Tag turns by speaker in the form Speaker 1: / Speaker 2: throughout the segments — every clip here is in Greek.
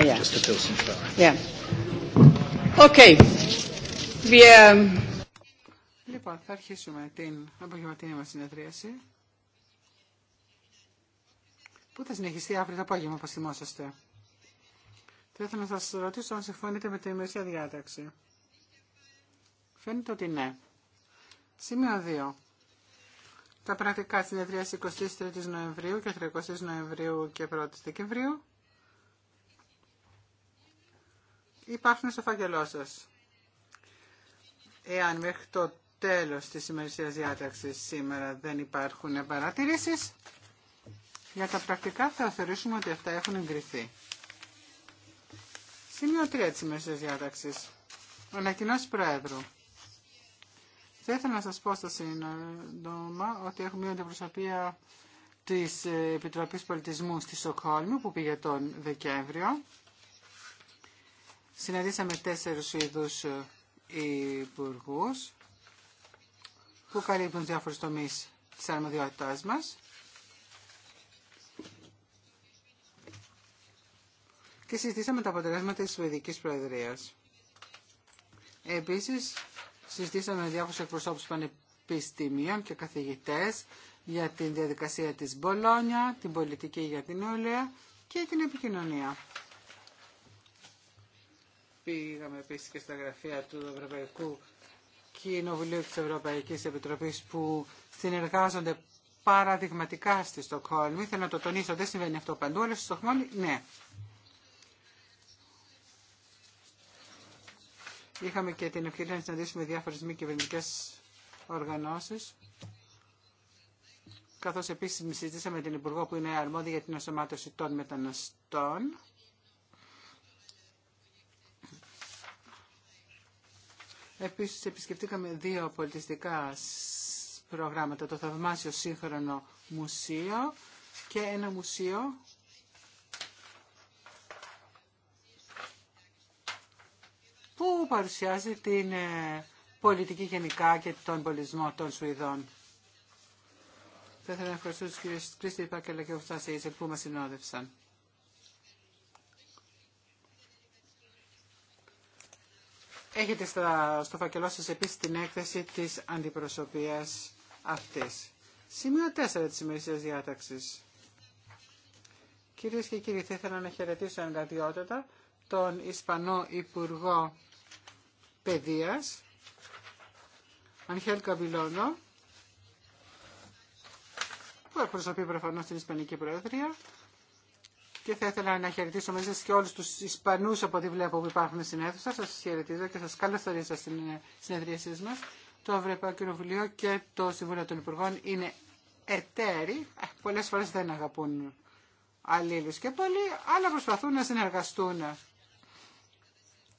Speaker 1: Okay. Um, λοιπόν, θα αρχίσουμε την απογευματινή μας συνεδρίαση που θα συνεχιστεί αύριο το απόγευμα, όπως θυμόσαστε. Θα ήθελα να σας ρωτήσω αν συμφωνείτε με την ημερήσια διάταξη. Φαίνεται ότι ναι. Σημείο 2. Τα πρακτικά συνεδρίαση 23 Νοεμβρίου και 30 Νοεμβρίου και 1 Δεκεμβρίου. υπάρχουν στο φάκελό σα. Εάν μέχρι το τέλος της ημερησίας διάταξης σήμερα δεν υπάρχουν παρατηρήσεις, για τα πρακτικά θα θεωρήσουμε ότι αυτά έχουν εγκριθεί. Σημείο 3 της ημερησίας διάταξης. Ανακοινώσει Προέδρου. Θα ήθελα να σας πω στο σύνολο ότι έχουμε μια αντιπροσωπεία της Επιτροπής Πολιτισμού στη Σοκχόλμη που πήγε τον Δεκέμβριο συναντήσαμε τέσσερους είδους ε, υπουργού που καλύπτουν διάφορε τομείς της αρμοδιότητάς μας. Και συζητήσαμε τα αποτελέσματα της Σουηδικής Προεδρίας. Επίσης, συζητήσαμε διάφορους εκπροσώπους πανεπιστημίων και καθηγητές για την διαδικασία της Μπολόνια, την πολιτική για την Ούλια και την επικοινωνία. Πήγαμε επίση και στα γραφεία του Ευρωπαϊκού Κοινοβουλίου τη Ευρωπαϊκή Επιτροπή που συνεργάζονται παραδειγματικά στη Στοκχόλμη. Θέλω να το τονίσω, δεν συμβαίνει αυτό παντού, αλλά στη Στοκχόλμη ναι. Είχαμε και την ευκαιρία να συναντήσουμε διάφορες μη κυβερνητικέ οργανώσεις. Καθώς επίσης συζητήσαμε την Υπουργό που είναι αρμόδια για την ασωμάτωση των μεταναστών. Επίσης επισκεφτήκαμε δύο πολιτιστικά προγράμματα, το Θαυμάσιο Σύγχρονο Μουσείο και ένα μουσείο που παρουσιάζει την ε, πολιτική γενικά και τον πολιτισμό των Σουηδών. Θα ήθελα να ευχαριστήσω τους κύριους Κρίστη Πάκελα και ο Φτάσης που μας συνόδευσαν. Έχετε στα, στο φακελό σας επίσης την έκθεση της αντιπροσωπείας αυτής. Σημείο 4 της ημερησίας διάταξης. Κυρίες και κύριοι, θα ήθελα να χαιρετήσω εγκαδιότατα τον Ισπανό Υπουργό Παιδείας, Ανχέλ Καμπιλόνο, που εκπροσωπεί προφανώς την Ισπανική Προεδρία, και θα ήθελα να χαιρετήσω μέσα και όλους τους Ισπανούς από ό,τι βλέπω που υπάρχουν στην αίθουσα. Σας χαιρετίζω και σας καλωσορίζω στην ε, συνεδρίασή μας. Το Ευρωπαϊκό Κοινοβουλίο και το Συμβούλιο των Υπουργών είναι εταίροι. Ε, πολλές φορές δεν αγαπούν αλλήλους και πολλοί, αλλά προσπαθούν να συνεργαστούν.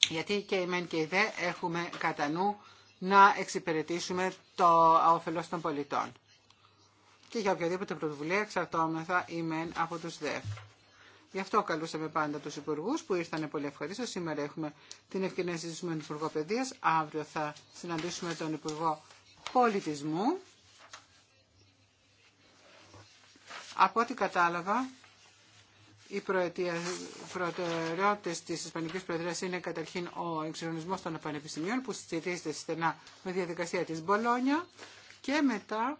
Speaker 1: Γιατί και οι ΜΕΝ και η ΔΕ έχουμε κατά νου να εξυπηρετήσουμε το οφελό των πολιτών. Και για οποιαδήποτε πρωτοβουλία εξαρτώμεθα η ΜΕΝ από τους ΔΕ. Γι' αυτό καλούσαμε πάντα του υπουργού που ήρθαν πολύ ευχαρίστω. Σήμερα έχουμε την ευκαιρία να συζητήσουμε τον Υπουργό Παιδεία. Αύριο θα συναντήσουμε τον Υπουργό Πολιτισμού. Από ό,τι κατάλαβα, οι προτεραιότητε τη Ισπανική Προεδρία είναι καταρχήν ο εξυγχρονισμό των πανεπιστημίων που συζητήσεται στενά με διαδικασία τη Μπολόνια και μετά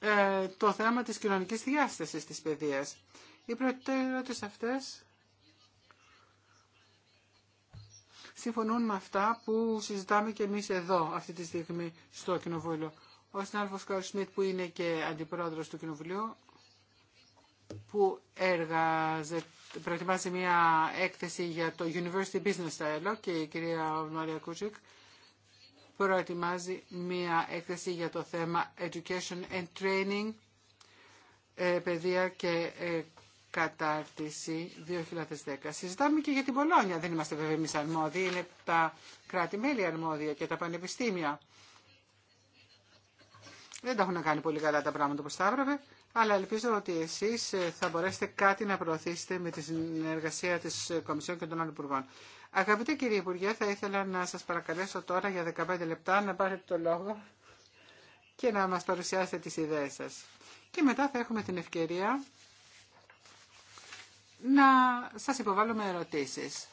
Speaker 1: ε, το θέμα τη κοινωνική διάσταση τη παιδεία. Οι προτεραιότητες αυτές συμφωνούν με αυτά που συζητάμε και εμείς εδώ αυτή τη στιγμή στο Κοινοβούλιο. Ο συνάδελφος Κάρου Σμιτ που είναι και αντιπρόεδρος του Κοινοβουλίου που έργαζε, προετοιμάζει μια έκθεση για το University Business Dialogue και η κυρία Μαρία Κούτσικ προετοιμάζει μια έκθεση για το θέμα Education and Training, ε, παιδεία και ε, κατάρτιση 2010. Συζητάμε και για την Πολόνια. Δεν είμαστε βέβαια εμεί αρμόδιοι. Είναι τα κράτη-μέλη αρμόδια και τα πανεπιστήμια. Δεν τα έχουν κάνει πολύ καλά τα πράγματα όπως τα έπρεπε, αλλά ελπίζω ότι εσείς ε, θα μπορέσετε κάτι να προωθήσετε με τη συνεργασία της Κομισιόν και των άλλων Υπουργών. Αγαπητέ κύριε Υπουργέ, θα ήθελα να σας παρακαλέσω τώρα για 15 λεπτά να πάρετε το λόγο και να μας παρουσιάσετε τις ιδέες σας. Και μετά θα έχουμε την ευκαιρία να σας υποβάλουμε ερωτήσεις.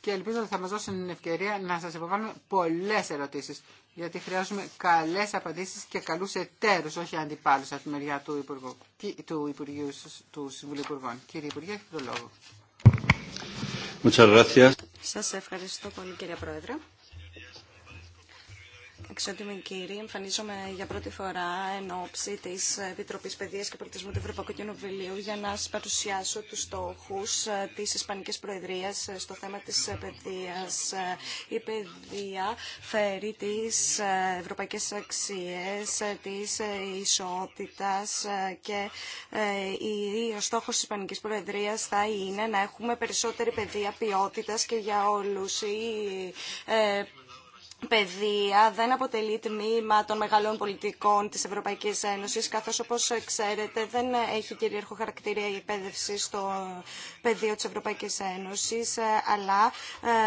Speaker 1: Και ελπίζω ότι θα μας δώσουν την ευκαιρία να σας υποβάλουμε πολλές ερωτήσεις. Γιατί χρειάζομαι καλές απαντήσεις και καλούς εταίρους, όχι αντιπάλους από τη μεριά του, Υπουργού, του, Υπουργείου, του Συμβουλίου Υπουργών. Κύριε Υπουργέ, έχετε το λόγο. Σας ευχαριστώ πολύ κύριε Πρόεδρε.
Speaker 2: Εξότιμοι κύριοι, εμφανίζομαι για πρώτη φορά εν ώψη τη Επιτροπή Παιδεία και Πολιτισμού του Ευρωπαϊκού Κοινοβουλίου για να σα παρουσιάσω του στόχου ε, τη Ισπανική Προεδρία ε, στο θέμα τη ε, παιδεία. Η παιδεία φέρει τι ευρωπαϊκέ αξίε τη ισότητα και ο στόχο τη Ισπανική Προεδρία θα είναι να έχουμε περισσότερη παιδεία ποιότητα και για όλου παιδεία δεν αποτελεί τμήμα των μεγαλών πολιτικών της Ευρωπαϊκής Ένωσης, καθώς όπως ξέρετε δεν έχει κυρίαρχο χαρακτήρα η εκπαίδευση στο πεδίο της Ευρωπαϊκής Ένωσης, ε, αλλά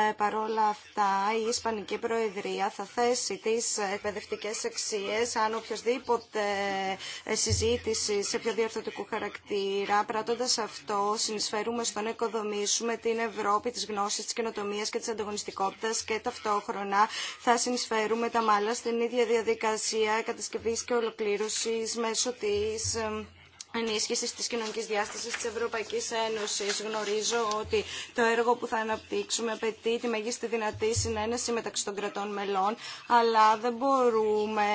Speaker 2: ε, παρόλα αυτά η Ισπανική Προεδρία θα θέσει τις εκπαιδευτικές αξίες αν οποιοδήποτε ε, συζήτηση σε πιο διορθωτικού χαρακτήρα, πρατώντας αυτό συνεισφέρουμε στο να οικοδομήσουμε την Ευρώπη της γνώσης, της καινοτομίας και της ανταγωνιστικότητας και ταυτόχρονα θα συνεισφέρουμε τα μάλλα στην ίδια διαδικασία κατασκευής και ολοκλήρωσης μέσω της ενίσχυσης της κοινωνικής διάστασης της Ευρωπαϊκής Ένωσης. Γνωρίζω ότι το έργο που θα αναπτύξουμε απαιτεί τη μέγιστη δυνατή συνένεση μεταξύ των κρατών μελών, αλλά δεν μπορούμε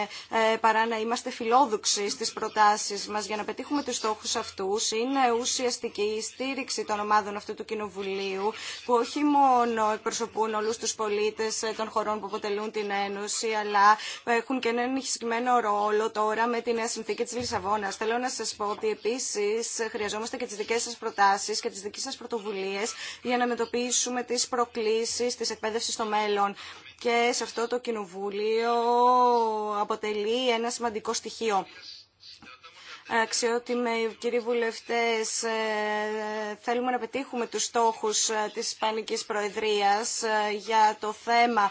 Speaker 2: ε, παρά να είμαστε φιλόδοξοι στις προτάσεις μας για να πετύχουμε τους στόχους αυτούς. Είναι ουσιαστική η στήριξη των ομάδων αυτού του Κοινοβουλίου, που όχι μόνο εκπροσωπούν όλους τους πολίτες ε, των χωρών που αποτελούν την Ένωση, αλλά έχουν και έναν ενισχυμένο ρόλο τώρα με τη νέα συνθήκη της Λισαβόνα. Θέλω να πω ότι Επίση, χρειαζόμαστε και τις δικέ σας προτάσεις και τις δικέ σας πρωτοβουλίε για να μετοποιήσουμε τις προκλήσεις της εκπαίδευση στο μέλλον. Και σε αυτό το κοινοβούλιο αποτελεί ένα σημαντικό στοιχείο αξιότιμοι κύριοι βουλευτές, ε, θέλουμε να πετύχουμε τους στόχους ε, της Ισπανικής Προεδρίας ε, για το θέμα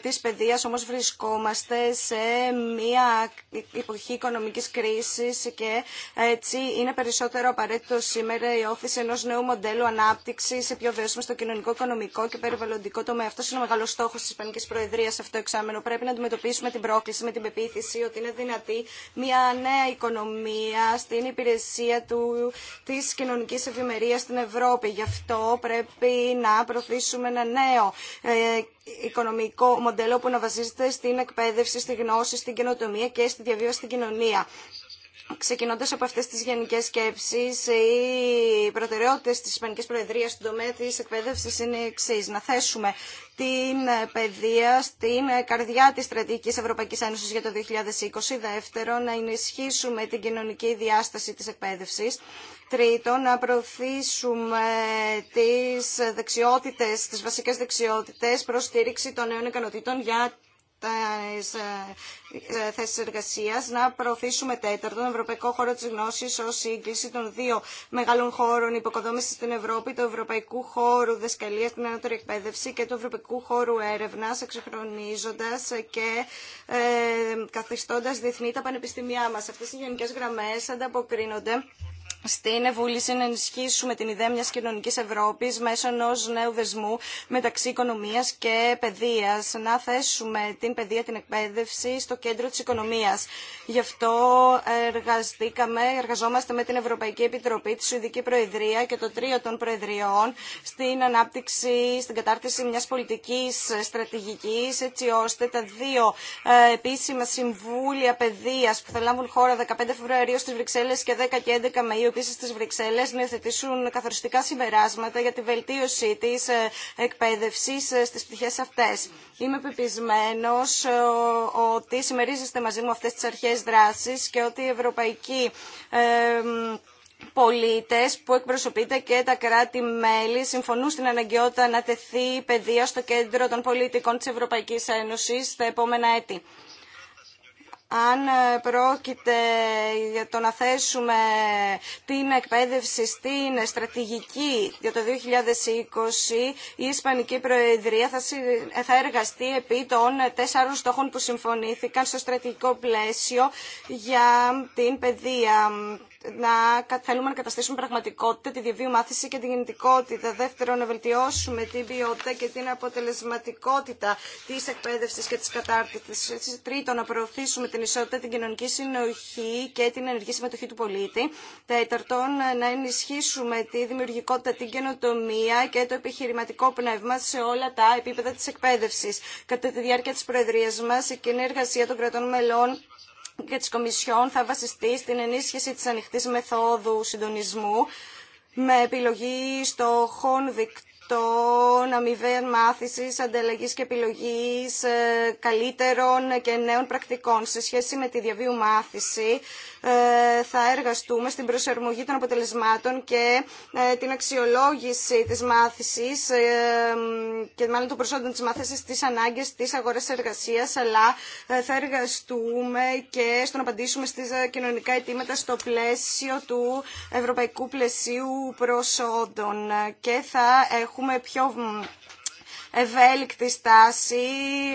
Speaker 2: της παιδείας, όμως βρισκόμαστε σε μια εποχή οικονομικής κρίσης και έτσι είναι περισσότερο απαραίτητο σήμερα η όθηση ενός νέου μοντέλου ανάπτυξης σε πιο βιώσιμο στο κοινωνικό, οικονομικό και περιβαλλοντικό τομέα. Αυτό είναι ο μεγάλος στόχος της Ισπανικής Προεδρίας αυτό το εξάμενο. Πρέπει να αντιμετωπίσουμε την πρόκληση με την πεποίθηση ότι είναι δυνατή μια νέα οικονομία στην υπηρεσία του, της κοινωνικής ευημερίας στην Ευρώπη. Γι' αυτό πρέπει να προωθήσουμε ένα νέο ε, οικονομικό μοντέλο που να βασίζεται στην εκπαίδευση, στη γνώση, στην καινοτομία και στη διαβίωση στην κοινωνία. Ξεκινώντας από αυτές τις γενικές σκέψεις, οι προτεραιότητες της Ισπανικής Προεδρίας στον τομέα της εκπαίδευσης είναι εξή. Να θέσουμε την παιδεία στην καρδιά της στρατηγικής Ευρωπαϊκής Ένωσης για το 2020. Δεύτερο, να ενισχύσουμε την κοινωνική διάσταση της εκπαίδευσης. Τρίτο, να προωθήσουμε τις δεξιότητες, τις βασικές δεξιότητες προς στήριξη των νέων ικανοτήτων για ε, ε, θέσει εργασία, να προωθήσουμε τέταρτον τον Ευρωπαϊκό Χώρο της Γνώσης ως σύγκληση των δύο μεγάλων χώρων υποκοδόμηση στην Ευρώπη, του Ευρωπαϊκού Χώρου Δεσκαλίας, στην Ανώτερη Εκπαίδευση και του Ευρωπαϊκού Χώρου Έρευνας εξυγχρονίζοντας και ε, καθιστώντα διεθνή τα πανεπιστήμια μας. Αυτές οι γενικές γραμμές ανταποκρίνονται στην ευούληση να ενισχύσουμε την ιδέα μια κοινωνική Ευρώπης μέσω ενό νέου δεσμού μεταξύ οικονομία και παιδεία. Να θέσουμε την παιδεία, την εκπαίδευση στο κέντρο τη οικονομία. Γι' αυτό εργαστήκαμε, εργαζόμαστε με την Ευρωπαϊκή Επιτροπή, τη Σουηδική Προεδρία και το Τρίο των Προεδριών στην ανάπτυξη, στην κατάρτιση μια πολιτική στρατηγική, έτσι ώστε τα δύο ε, επίσημα συμβούλια παιδεία που θα λάβουν χώρα 15 Φεβρουαρίου στι Βρυξέλλε και 10 και 11 Μαΐου επισκεπτήσει στι Βρυξέλλε να υιοθετήσουν καθοριστικά συμπεράσματα για τη βελτίωση τη ε, εκπαίδευση ε, στι πτυχέ αυτέ. Είμαι πεπισμένο ε, ότι συμμερίζεστε μαζί μου αυτέ τι αρχέ δράση και ότι η Ευρωπαϊκή πολίτες που εκπροσωπείται και τα κράτη-μέλη συμφωνούν στην αναγκαιότητα να τεθεί η παιδεία στο κέντρο των πολιτικών της Ευρωπαϊκής Ένωσης τα επόμενα έτη αν ε, πρόκειται για το να θέσουμε την εκπαίδευση στην στρατηγική για το 2020, η Ισπανική Προεδρία θα εργαστεί επί των τέσσερων στόχων που συμφωνήθηκαν στο στρατηγικό πλαίσιο για την παιδεία να θέλουμε να καταστήσουμε πραγματικότητα τη διαβίου μάθηση και την γεννητικότητα. Δεύτερον, να βελτιώσουμε την ποιότητα και την αποτελεσματικότητα τη εκπαίδευση και τη κατάρτιση. Τρίτον, να προωθήσουμε την ισότητα, την κοινωνική συνοχή και την ενεργή συμμετοχή του πολίτη. Τέταρτον, να ενισχύσουμε τη δημιουργικότητα, την καινοτομία και το επιχειρηματικό πνεύμα σε όλα τα επίπεδα τη εκπαίδευση. Κατά τη διάρκεια τη Προεδρία μα, η κοινή εργασία των κρατών μελών και της Κομισιόν θα βασιστεί στην ενίσχυση της ανοιχτής μεθόδου συντονισμού με επιλογή στοχών δικτών των αμοιβαίων μάθηση ανταλλαγή και επιλογής ε, καλύτερων και νέων πρακτικών. Σε σχέση με τη διαβίου μάθηση ε, θα εργαστούμε στην προσαρμογή των αποτελεσμάτων και ε, την αξιολόγηση της μάθησης και μάλλον των προσόντων της μάθηση στι ανάγκε της αγορά εργασία, αλλά θα εργαστούμε και στο να απαντήσουμε στις κοινωνικά αιτήματα στο πλαίσιο του ευρωπαϊκού πλαισίου προσόντων και θα έχουμε έχουμε πιο ευέλικτη στάση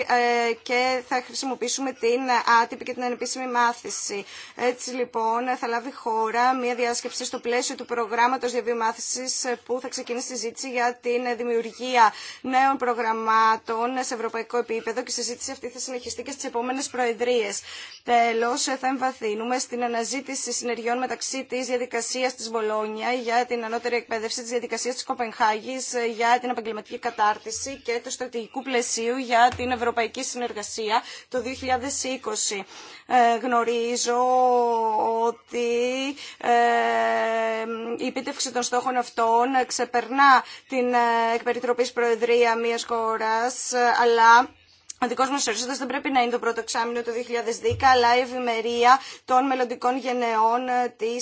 Speaker 2: ε, και θα χρησιμοποιήσουμε την άτυπη και την ανεπίσημη μάθηση. Έτσι λοιπόν θα λάβει χώρα μια διάσκεψη στο πλαίσιο του προγράμματος διαβιομάθησης ε, που θα ξεκινήσει συζήτηση για την δημιουργία νέων προγραμμάτων σε ευρωπαϊκό επίπεδο και η συζήτηση αυτή θα συνεχιστεί και στις επόμενες προεδρίες. Τέλος, θα εμβαθύνουμε στην αναζήτηση συνεργειών μεταξύ της διαδικασίας της Μπολόνια για την ανώτερη εκπαίδευση της διαδικασία της Κοπενχάγης ε, για την επαγγελματική κατάρτιση το στρατηγικού πλαισίου για την ευρωπαϊκή συνεργασία το 2020. Ε, γνωρίζω ότι ε, η επίτευξη των στόχων αυτών ξεπερνά την ε, εκπεριτροπής προεδρία μιας χώρας, αλλά ο δικό μα ορίζοντα δεν πρέπει να είναι το πρώτο εξάμεινο του 2010, αλλά η ευημερία των μελλοντικών γενεών τη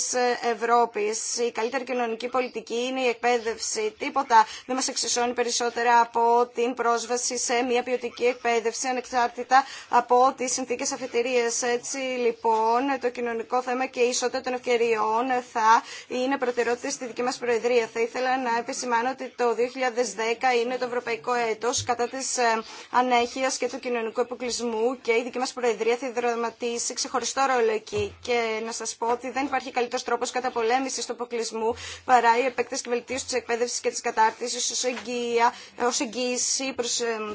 Speaker 2: Ευρώπη. Η καλύτερη κοινωνική πολιτική είναι η εκπαίδευση. Τίποτα δεν μα εξισώνει περισσότερα από την πρόσβαση σε μια ποιοτική εκπαίδευση, ανεξάρτητα από τι συνθήκε αφιτηρίε. Έτσι, λοιπόν, το κοινωνικό θέμα και η ισότητα των ευκαιριών θα είναι προτεραιότητα στη δική μα Προεδρία. Θα ήθελα να επισημάνω ότι το 2010 είναι το ευρωπαϊκό έτο κατά τη ε, ανέχεια και του κοινωνικού υποκλεισμού και η δική μα Προεδρία θα δραματίσει ξεχωριστό ρόλο εκεί. Και να σα πω ότι δεν υπάρχει καλύτερο τρόπο καταπολέμησης του αποκλεισμού παρά η επέκταση και βελτίωση τη εκπαίδευση και τη κατάρτιση ω ως εγγύηση ε,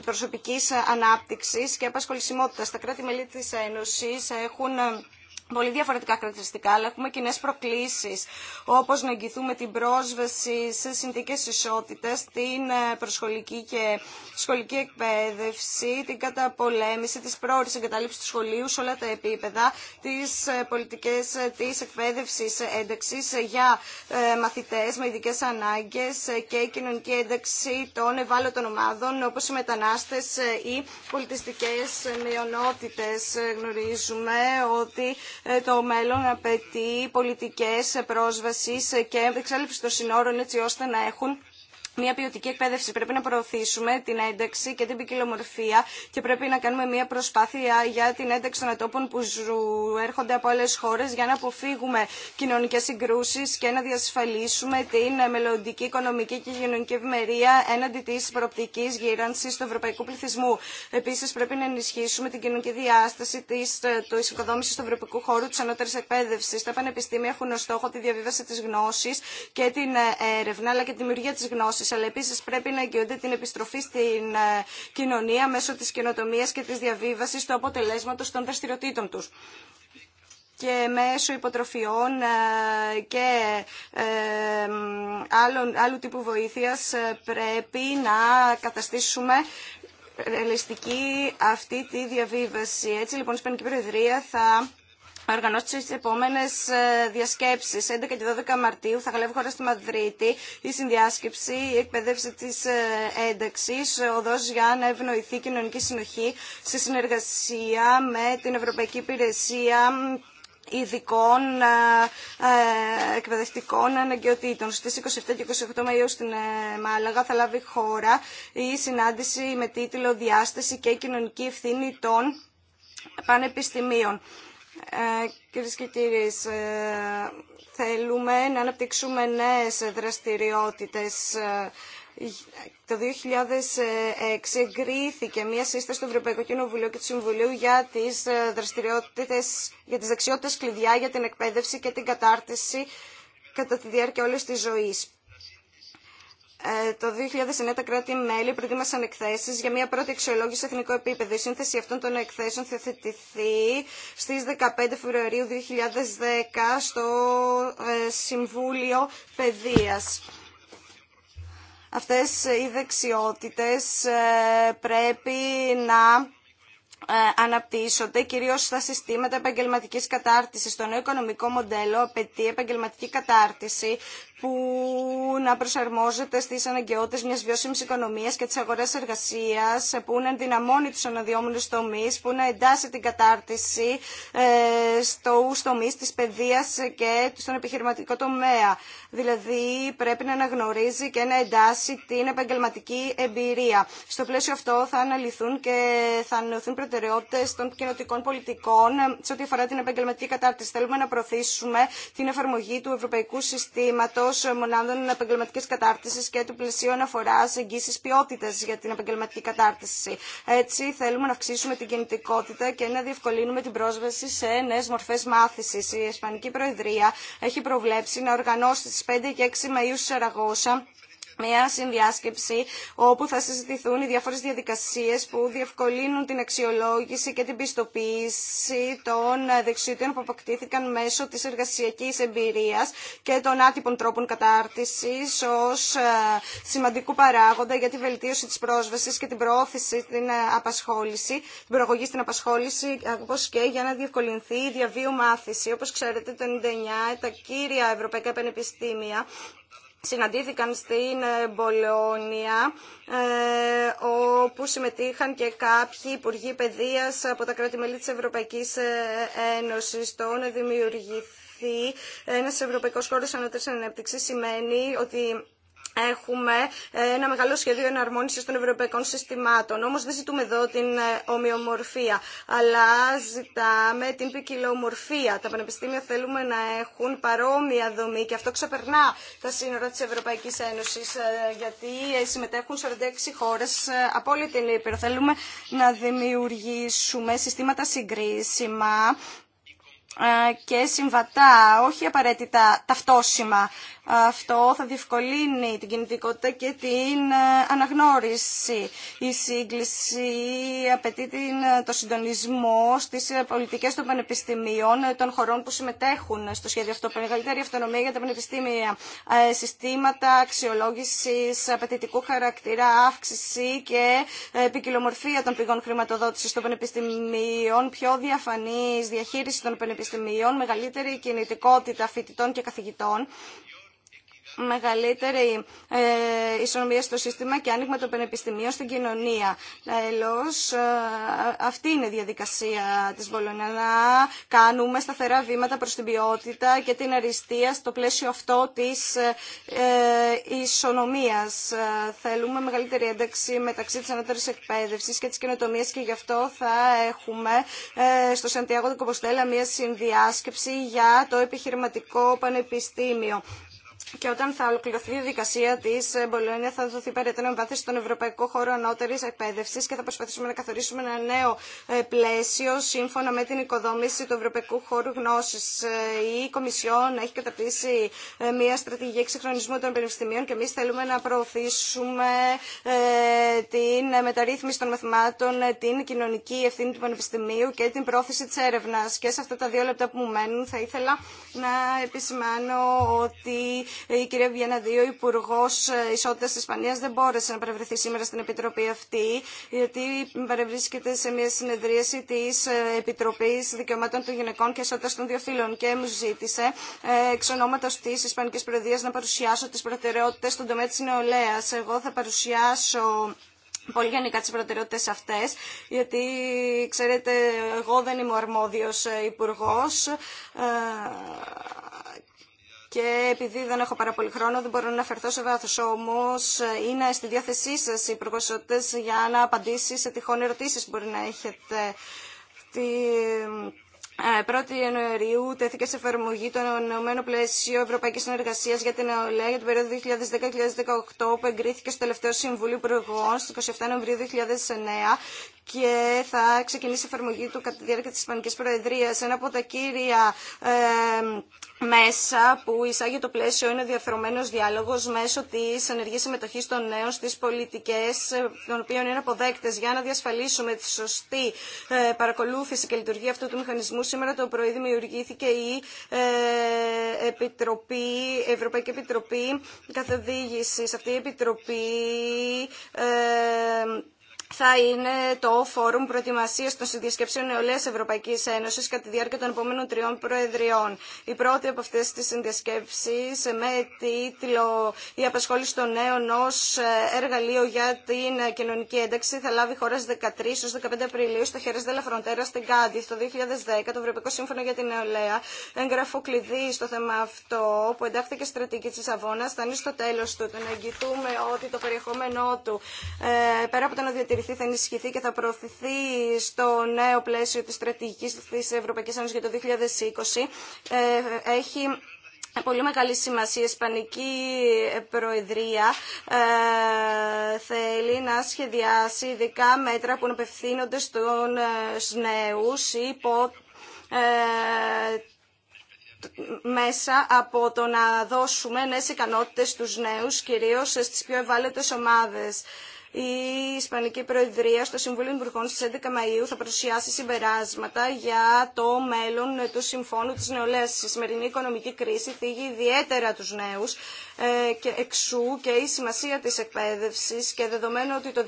Speaker 2: προσωπικής ανάπτυξης και απασχολησιμότητα. Τα κράτη-μέλη τη Ένωση έχουν ε, πολύ διαφορετικά χαρακτηριστικά, αλλά έχουμε κοινέ προκλήσει, όπω να εγγυθούμε την πρόσβαση σε συνθήκε ισότητα, την ε, προσχολική και σχολική εκπαίδευση, την καταπολέμηση τη πρόορη εγκαταλείψη του σχολείου σε όλα τα επίπεδα, τι ε, πολιτικέ ε, τη εκπαίδευση ένταξη για μαθητέ με ειδικέ ανάγκε και η κοινωνική ένταξη των ευάλωτων ομάδων, όπω οι μετανάστε ή πολιτιστικέ μειονότητε. Γνωρίζουμε ότι ε, το μέλλον απαιτεί πολιτικές ε, πρόσβασης ε, και εξάλληψη των συνόρων έτσι ώστε να έχουν μια ποιοτική εκπαίδευση. Πρέπει να προωθήσουμε την ένταξη και την ποικιλομορφία και πρέπει να κάνουμε μια προσπάθεια για την ένταξη των ατόπων που έρχονται από άλλε χώρε για να αποφύγουμε κοινωνικέ συγκρούσει και να διασφαλίσουμε την μελλοντική οικονομική και κοινωνική ευημερία έναντι τη προοπτική γύρανση του ευρωπαϊκού πληθυσμού. Επίση, πρέπει να ενισχύσουμε την κοινωνική διάσταση τη οικοδόμηση του ευρωπαϊκού χώρου τη ανώτερη εκπαίδευση. Τα πανεπιστήμια έχουν τη διαβίβαση τη γνώση και την ε, έρευνα αλλά και τη δημιουργία τη γνώση αλλά επίσης πρέπει να εγγυώνται την επιστροφή στην ε, κοινωνία μέσω της καινοτομίας και της διαβίβασης του αποτελέσματος των δραστηριοτήτων τους και μέσω υποτροφιών ε, και ε, άλλων, άλλου τύπου βοήθειας πρέπει να καταστήσουμε ρεαλιστική αυτή τη διαβίβαση. Έτσι λοιπόν η Ισπανική Προεδρία θα οργανώσει τι επόμενε διασκέψει. 11 και 12 Μαρτίου θα γαλεύει χώρα στη Μαδρίτη η συνδιάσκεψη, η εκπαίδευση τη ε, ένταξη, οδό για να ευνοηθεί κοινωνική συνοχή σε συνεργασία με την Ευρωπαϊκή Υπηρεσία ειδικών ε, ε, εκπαιδευτικών αναγκαιοτήτων. Στις 27 και 28 Μαΐου στην Μάλαγα θα λάβει χώρα η συνάντηση με τίτλο «Διάσταση και κοινωνική ευθύνη των πανεπιστημίων». Κυρίε και κύριοι, ε, θέλουμε να αναπτύξουμε νέες δραστηριότητες. Ε, το 2006 εγκρίθηκε μία σύσταση του Ευρωπαϊκού Κοινοβουλίου και του Συμβουλίου για τις ε, δραστηριότητες, για τις δεξιότητες κλειδιά, για την εκπαίδευση και την κατάρτιση κατά τη διάρκεια όλης της ζωής. Ε, το 2009 τα κράτη-μέλη προτίμασαν εκθέσει για μια πρώτη αξιολόγηση σε εθνικό επίπεδο. Η σύνθεση αυτών των εκθέσεων θα θετηθεί στις 15 Φεβρουαρίου 2010 στο ε, Συμβούλιο Παιδεία. Αυτές οι δεξιότητες ε, πρέπει να αναπτύσσονται κυρίως στα συστήματα επαγγελματικής κατάρτισης. Το νέο οικονομικό μοντέλο απαιτεί επαγγελματική κατάρτιση που να προσαρμόζεται στι αναγκαιότητε μια βιώσιμη οικονομία και τη αγορά εργασία, που να ενδυναμώνει του αναδυόμενου τομεί που να εντάσσει την κατάρτιση ε, στου τομεί τη παιδεία και στον επιχειρηματικό τομέα. Δηλαδή πρέπει να αναγνωρίζει και να εντάσσει την επαγγελματική εμπειρία. Στο πλαίσιο αυτό θα αναλυθούν και θα ανανεωθούν προτεραιότητε των κοινοτικών πολιτικών ε, σε ό,τι αφορά την επαγγελματική κατάρτιση. Θέλουμε να προωθήσουμε την εφαρμογή του ευρωπαϊκού συστήματο μονάδων επαγγελματική κατάρτιση και του πλαισίου αναφορά εγγύηση ποιότητα για την επαγγελματική κατάρτιση. Έτσι, θέλουμε να αυξήσουμε την κινητικότητα και να διευκολύνουμε την πρόσβαση σε νέε μορφέ μάθηση. Η Ισπανική Προεδρία έχει προβλέψει να οργανώσει στι 5 και 6 Μαου στη Σαραγώσα μια συνδιάσκεψη όπου θα συζητηθούν οι διάφορες διαδικασίες που διευκολύνουν την αξιολόγηση και την πιστοποίηση των δεξιοτήτων που αποκτήθηκαν μέσω της εργασιακής εμπειρίας και των άτυπων τρόπων κατάρτισης ως ε, σημαντικού παράγοντα για τη βελτίωση της πρόσβασης και την προώθηση στην ε, απασχόληση, την προαγωγή στην απασχόληση, όπως και για να διευκολυνθεί η διαβίου μάθηση. Όπως ξέρετε, το 99 τα κύρια ευρωπαϊκά πανεπιστήμια συναντήθηκαν στην ε, Μπολόνια ε, όπου συμμετείχαν και κάποιοι υπουργοί παιδείας από τα κράτη-μέλη της Ευρωπαϊκής ε, Ένωσης. Το να δημιουργηθεί ένας ευρωπαϊκός χώρος ανώτερης ανάπτυξης σημαίνει ότι Έχουμε ε, ένα μεγάλο σχέδιο εναρμόνιση των ευρωπαϊκών συστημάτων. Όμω δεν ζητούμε εδώ την ε, ομοιομορφία, αλλά ζητάμε την ποικιλομορφία. Τα πανεπιστήμια θέλουμε να έχουν παρόμοια δομή και αυτό ξεπερνά τα σύνορα τη Ευρωπαϊκή Ένωση, ε, γιατί συμμετέχουν 46 χώρε από όλη την Ήπειρο. Θέλουμε να δημιουργήσουμε συστήματα συγκρίσιμα και συμβατά, όχι απαραίτητα ταυτόσιμα αυτό θα διευκολύνει την κινητικότητα και την ε, αναγνώριση. Η σύγκληση απαιτεί ε, το συντονισμό στις ε, πολιτικές των πανεπιστημίων των χωρών που συμμετέχουν στο σχέδιο αυτό. Μεγαλύτερη αυτονομία για τα πανεπιστήμια, συστήματα αξιολόγησης απαιτητικού χαρακτήρα, αύξηση και επικοινομορφία των πηγών χρηματοδότησης των πανεπιστημίων, πιο διαφανής διαχείριση των πανεπιστημίων, μεγαλύτερη κινητικότητα φοιτητών και καθηγητών μεγαλύτερη ε, ισονομία στο σύστημα και άνοιγμα των πανεπιστημίων στην κοινωνία. Τέλος, ε, αυτή είναι η διαδικασία της Βολονία, να κάνουμε σταθερά βήματα προς την ποιότητα και την αριστεία στο πλαίσιο αυτό της ε, ισονομίας. Θέλουμε μεγαλύτερη ένταξη μεταξύ της ανώτερης εκπαίδευσης και της καινοτομίας και γι' αυτό θα έχουμε στο Σαντιάγο μια συνδιάσκεψη για το επιχειρηματικό πανεπιστήμιο και όταν θα ολοκληρωθεί η διαδικασία τη ε, Μπολόνια, θα δοθεί περαιτέρω εμβάθυνση στον Ευρωπαϊκό Χώρο Ανώτερη Εκπαίδευση και θα προσπαθήσουμε να καθορίσουμε ένα νέο ε, πλαίσιο σύμφωνα με την οικοδόμηση του Ευρωπαϊκού Χώρου Γνώση. Ε, η Κομισιόν έχει καταρτήσει μια στρατηγική εξυγχρονισμού των πανεπιστημίων και εμεί θέλουμε να προωθήσουμε την μεταρρύθμιση των μαθημάτων, την κοινωνική ευθύνη του Πανεπιστημίου και την πρόθεση τη έρευνα. Και σε αυτά τα δύο λεπτά που μου μένουν, θα ήθελα να επισημάνω ότι ε, η κυρία Βιένα Δύο, Υπουργό ε, Ισότητα τη Ισπανία, δεν μπόρεσε να παρευρεθεί σήμερα στην Επιτροπή αυτή, γιατί παρευρίσκεται σε μια συνεδρίαση τη ε, Επιτροπή Δικαιωμάτων των Γυναικών και Ισότητα των Διοφύλων και μου ζήτησε εξ ονόματο τη Ισπανική Προεδρία να παρουσιάσω τι προτεραιότητε στον τομέα τη νεολαία. Εγώ θα παρουσιάσω πολύ γενικά τις προτεραιότητες αυτές, γιατί ξέρετε εγώ δεν είμαι ο αρμόδιος υπουργός, και επειδή δεν έχω πάρα πολύ χρόνο δεν μπορώ να αναφερθώ σε βάθος όμως είναι στη διάθεσή σας οι προκοσιότητες για να απαντήσει σε τυχόν ερωτήσεις που μπορεί να έχετε. Τη 1η ε, Ιανουαρίου τέθηκε σε εφαρμογή το ενωμένο πλαίσιο Ευρωπαϊκή Συνεργασίας για την ΕΟΛΕ για την περίοδο 2010-2018 που εγκρίθηκε στο τελευταίο Συμβούλιο Υπουργών στις 27 Νοεμβρίου 2009 και θα ξεκινήσει η εφαρμογή του κατά τη διάρκεια της Ισπανικής Προεδρίας. Ένα από τα κύρια ε, μέσα που εισάγει το πλαίσιο είναι ο διαφερωμένο διάλογος μέσω της ενεργής συμμετοχής των νέων στις πολιτικές, των οποίων είναι αποδέκτες για να διασφαλίσουμε τη σωστή ε, παρακολούθηση και λειτουργία αυτού του μηχανισμού. Σήμερα το πρωί δημιουργήθηκε η ε, Επιτροπή, Ευρωπαϊκή Επιτροπή Καθοδήγησης. Αυτή η Επιτροπή ε, θα είναι το Φόρουμ Προετοιμασία των Συνδιασκεψίων Νεολαία Ευρωπαϊκή Ένωση κατά τη διάρκεια των επόμενων τριών Προεδριών. Η πρώτη από αυτέ τι συνδιασκέψει με τίτλο Η απασχόληση των νέων ω ε, εργαλείο για την κοινωνική ένταξη θα λάβει χώρα 13 έω 15 Απριλίου στο Χέρι Δελα Φροντέρα στην Κάντι. Το 2010 το Ευρωπαϊκό Σύμφωνο για την Νεολαία έγγραφο κλειδί στο θέμα αυτό που εντάχθηκε στρατηγική τη Αβώνα θα είναι στο τέλο του. Το να ότι το περιεχόμενό του ε, πέρα από το να διατηρηθεί θα ενισχυθεί και θα προωθηθεί στο νέο πλαίσιο της στρατηγικής της Ευρωπαϊκής Ένωσης για το 2020 ε, έχει Πολύ μεγάλη σημασία. Η Ισπανική Προεδρία ε, θέλει να σχεδιάσει ειδικά μέτρα που απευθύνονται ε, στους νέους υπό ε, μέσα από το να δώσουμε νέες ικανότητες στους νέους, κυρίως στις πιο ευάλωτες ομάδες η Ισπανική Προεδρία στο Συμβούλιο Υπουργών στις 11 Μαΐου θα παρουσιάσει συμπεράσματα για το μέλλον του Συμφώνου της Νεολαίας. Η σημερινή οικονομική κρίση θίγει ιδιαίτερα τους νέους ε, και εξού και η σημασία της εκπαίδευσης και δεδομένου ότι το 2010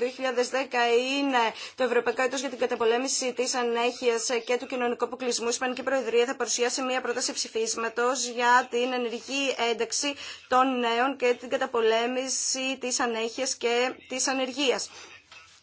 Speaker 2: είναι το Ευρωπαϊκό Έτος για την καταπολέμηση της ανέχειας και του κοινωνικού αποκλεισμού, η Ισπανική Προεδρία θα παρουσιάσει μια πρόταση ψηφίσματος για την ενεργή ένταξη των νέων και την καταπολέμηση της ανέχειας και της ανεργίας.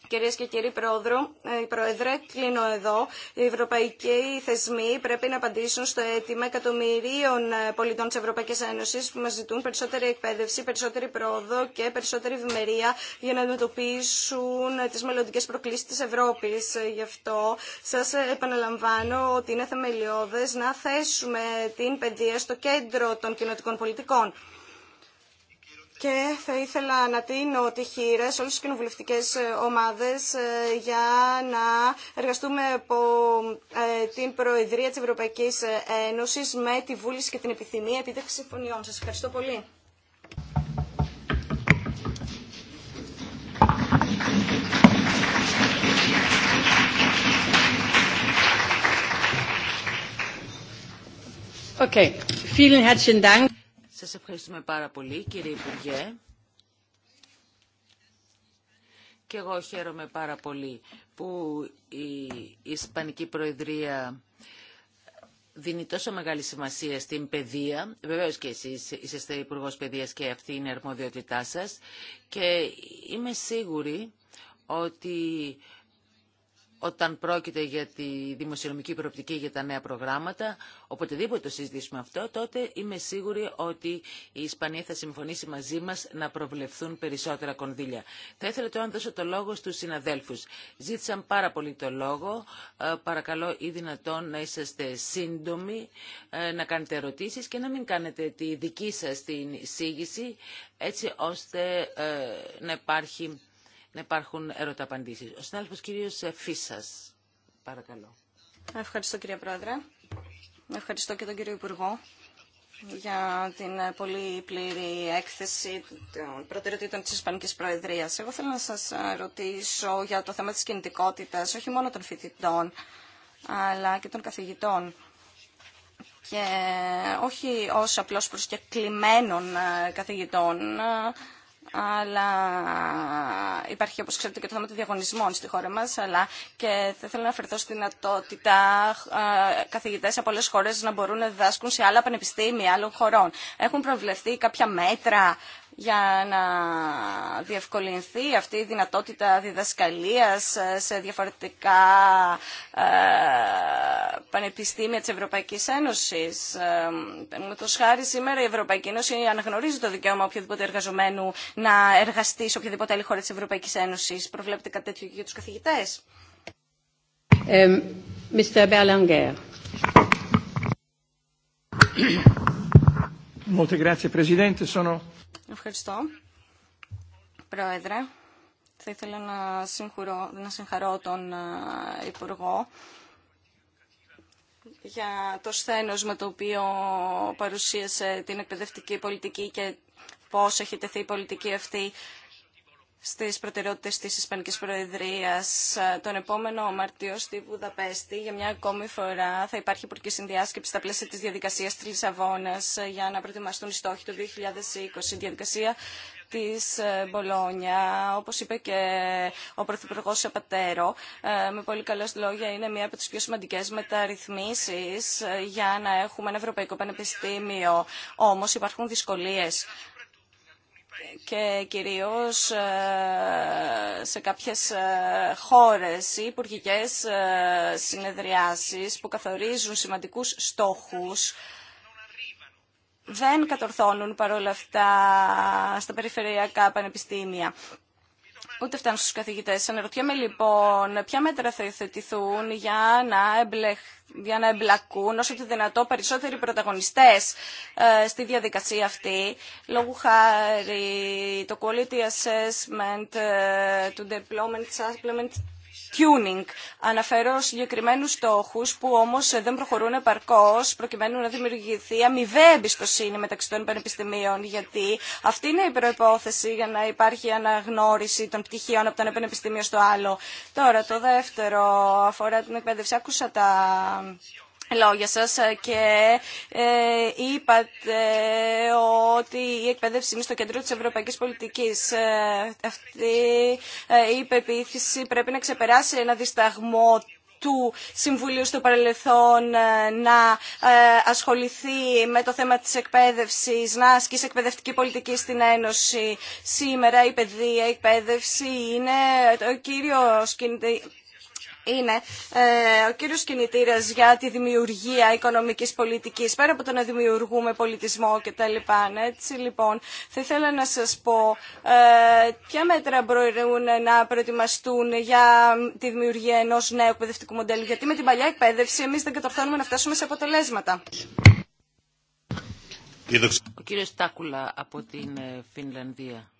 Speaker 2: Κυρίε και κύριοι Πρόεδρο, ε, η Πρόεδρε, κλείνω εδώ. Οι ευρωπαϊκοί θεσμοί πρέπει να απαντήσουν στο αίτημα εκατομμυρίων ε, πολιτών τη Ευρωπαϊκή Ένωση που μα ζητούν περισσότερη εκπαίδευση, περισσότερη πρόοδο και περισσότερη ευημερία για να αντιμετωπίσουν ε, τι μελλοντικέ προκλήσει τη Ευρώπη. Γι' αυτό σα επαναλαμβάνω ότι είναι θεμελιώδε να θέσουμε την παιδεία στο κέντρο των κοινοτικών πολιτικών και θα ήθελα να τίνω τη χείρα σε όλες τις κοινοβουλευτικές ε, ομάδες ε, για να εργαστούμε από ε, την Προεδρία της Ευρωπαϊκής Ένωσης με τη βούληση και την επιθυμία επίτευξη συμφωνιών. Σας ευχαριστώ πολύ.
Speaker 1: Okay. Vielen herzlichen Dank.
Speaker 3: Σας ευχαριστούμε πάρα πολύ κύριε Υπουργέ. Και εγώ χαίρομαι πάρα πολύ που η Ισπανική Προεδρία δίνει τόσο μεγάλη σημασία στην παιδεία. Βεβαίω και εσεί είσαστε Υπουργό Παιδεία και αυτή είναι η αρμοδιότητά σα. Και είμαι σίγουρη ότι όταν πρόκειται για τη δημοσιονομική προοπτική για τα νέα προγράμματα, οποτεδήποτε το συζητήσουμε αυτό, τότε είμαι σίγουρη ότι η Ισπανία θα συμφωνήσει μαζί μας να προβλεφθούν περισσότερα κονδύλια. Θα ήθελα τώρα να δώσω το λόγο στους συναδέλφους. Ζήτησαν πάρα πολύ το λόγο. Ε, παρακαλώ ή δυνατόν να είσαστε σύντομοι, ε, να κάνετε ερωτήσεις και να μην κάνετε τη δική σας την εισήγηση, έτσι ώστε ε, να υπάρχει να υπάρχουν ερωταπαντήσεις. Ο συνάδελφος κύριος Φίσας, παρακαλώ.
Speaker 2: Ευχαριστώ κύριε Πρόεδρε. Ευχαριστώ και τον κύριο Υπουργό για την πολύ πλήρη έκθεση των προτεραιοτήτων της Ισπανικής Προεδρίας. Εγώ θέλω να σας ρωτήσω για το θέμα της κινητικότητας, όχι μόνο των φοιτητών, αλλά και των καθηγητών και όχι ως απλώς προσκεκλημένων καθηγητών, αλλά υπάρχει όπως ξέρετε και το θέμα των διαγωνισμών στη χώρα μας, αλλά και θα ήθελα να αφαιρθώ στη δυνατότητα ε, καθηγητές από πολλές χώρες να μπορούν να διδάσκουν σε άλλα πανεπιστήμια άλλων χωρών. Έχουν προβλεφθεί κάποια μέτρα για να διευκολυνθεί αυτή η δυνατότητα διδασκαλίας ε, σε διαφορετικά ε, πανεπιστήμια της Ευρωπαϊκής Ένωσης. Ε, με το σχάρι σήμερα η Ευρωπαϊκή Ένωση αναγνωρίζει το δικαίωμα οποιοδήποτε εργαζομένου να εργαστεί σε οποιαδήποτε άλλη χώρα της Ευρωπαϊκής Ένωσης. Προβλέπετε κάτι τέτοιο για τους καθηγητές.
Speaker 1: Molte grazie Presidente,
Speaker 2: Ευχαριστώ. Πρόεδρε, θα ήθελα να, να συγχαρώ τον Υπουργό για το σθένος με το οποίο παρουσίασε την εκπαιδευτική πολιτική και πώς έχει τεθεί η πολιτική αυτή στις προτεραιότητες της Ισπανικής Προεδρίας τον επόμενο Μαρτίο στη Βουδαπέστη. Για μια ακόμη φορά θα υπάρχει υπουργική συνδιάσκεψη στα πλαίσια της διαδικασίας της Λισαβόνας ε, για να προετοιμαστούν οι στόχοι του 2020. Η διαδικασία της ε, Μπολόνια, όπως είπε και ο Πρωθυπουργό Σαπατέρο, ε, με πολύ καλές λόγια είναι μία από τις πιο σημαντικές μεταρρυθμίσεις για να έχουμε ένα Ευρωπαϊκό Πανεπιστήμιο. Όμως υπάρχουν δυσκολίες και κυρίως ε, σε κάποιες ε, χώρες ή υπουργικές ε, συνεδριάσεις που καθορίζουν σημαντικούς στόχους δεν κατορθώνουν παρόλα αυτά στα περιφερειακά πανεπιστήμια ούτε φτάνουν στους καθηγητές. Αναρωτιέμαι λοιπόν ποια μέτρα θα υιοθετηθούν για να, για να εμπλακούν όσο το δυνατό περισσότεροι πρωταγωνιστές ε, στη διαδικασία αυτή. Λόγου χάρη το quality assessment ε, του deployment supplement tuning. Αναφέρω συγκεκριμένους στόχους που όμως δεν προχωρούν επαρκώς προκειμένου να δημιουργηθεί αμοιβαία εμπιστοσύνη μεταξύ των πανεπιστημίων γιατί αυτή είναι η προϋπόθεση για να υπάρχει αναγνώριση των πτυχίων από το ένα πανεπιστήμιο στο άλλο. Τώρα το δεύτερο αφορά την εκπαίδευση. Άκουσα τα λόγια σας ε, και ε, είπατε ότι η εκπαίδευση είναι στο κέντρο της ευρωπαϊκής πολιτικής. Ε, αυτή η υπεποίθηση πρέπει να ξεπεράσει ένα δισταγμό του Συμβουλίου στο παρελθόν να ασχοληθεί με το θέμα της εκπαίδευσης, να ασκήσει εκπαιδευτική πολιτική στην Ένωση. Σήμερα η παιδεία, η εκπαίδευση είναι το κύριο είναι ε, ο κύριος κινητήρας για τη δημιουργία οικονομικής πολιτικής, πέρα από το να δημιουργούμε πολιτισμό κτλ. Ναι, έτσι λοιπόν, θα ήθελα να σας πω ε, ποια μέτρα μπορούν να προετοιμαστούν για τη δημιουργία ενός νέου εκπαιδευτικού μοντέλου, γιατί με την παλιά εκπαίδευση εμείς δεν κατορθώνουμε να φτάσουμε σε αποτελέσματα. Ο κύριος Τάκουλα
Speaker 3: από την ε, Φινλανδία.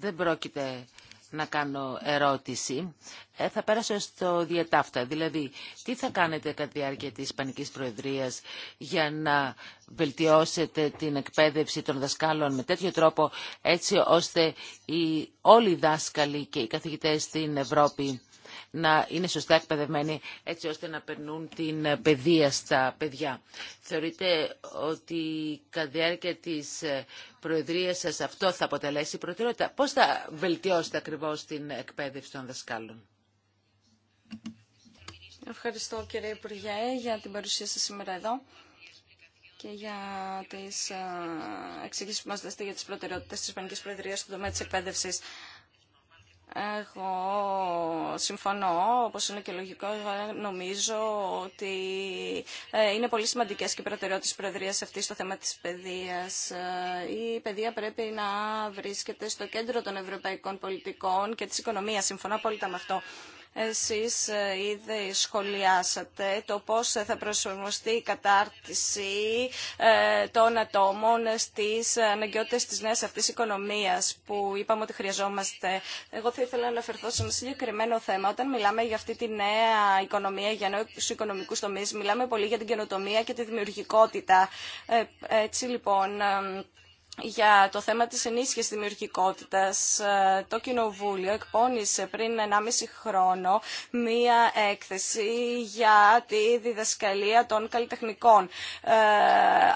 Speaker 3: δεν πρόκειται να κάνω ερώτηση. Ε, θα πέρασω στο διατάφτα. Δηλαδή, τι θα κάνετε κατά τη διάρκεια της Ισπανικής Προεδρίας για να βελτιώσετε την εκπαίδευση των δασκάλων με τέτοιο τρόπο έτσι ώστε οι, όλοι οι δάσκαλοι και οι καθηγητές στην Ευρώπη να είναι σωστά εκπαιδευμένοι έτσι ώστε να περνούν την παιδεία στα παιδιά. Θεωρείτε ότι κατά διάρκεια της ε, προεδρίας σας αυτό θα αποτελέσει προτεραιότητα. Πώς θα βελτιώσετε ακριβώς την εκπαίδευση των δασκάλων.
Speaker 2: Ευχαριστώ κύριε Υπουργέ για την παρουσία σας σήμερα εδώ και για τις ε, εξηγήσεις που μας δώσετε για τις προτεραιότητες της Ισπανικής Προεδρίας στον τομέα της εκπαίδευσης. Εγώ συμφωνώ, όπως είναι και λογικό, νομίζω ότι ε, είναι πολύ σημαντικές και προτεραιότητες Προεδρίας αυτή στο θέμα της παιδείας. Ε, η παιδεία πρέπει να βρίσκεται στο κέντρο των ευρωπαϊκών πολιτικών και της οικονομίας. Συμφωνώ απόλυτα με αυτό. Εσείς ε, ήδη σχολιάσατε το πώς θα προσαρμοστεί η κατάρτιση ε, των ατόμων στις αναγκαιότητες της νέας αυτής οικονομίας που είπαμε ότι χρειαζόμαστε. Εγώ θα ήθελα να αναφερθώ σε ένα συγκεκριμένο θέμα. Όταν μιλάμε για αυτή τη νέα οικονομία, για νέους οικονομικούς τομείς, μιλάμε πολύ για την καινοτομία και τη δημιουργικότητα. Ε, έτσι λοιπόν για το θέμα της ενίσχυσης δημιουργικότητας. Ε, το Κοινοβούλιο εκπώνησε πριν 1,5 χρόνο μία έκθεση για τη διδασκαλία των καλλιτεχνικών. Ε,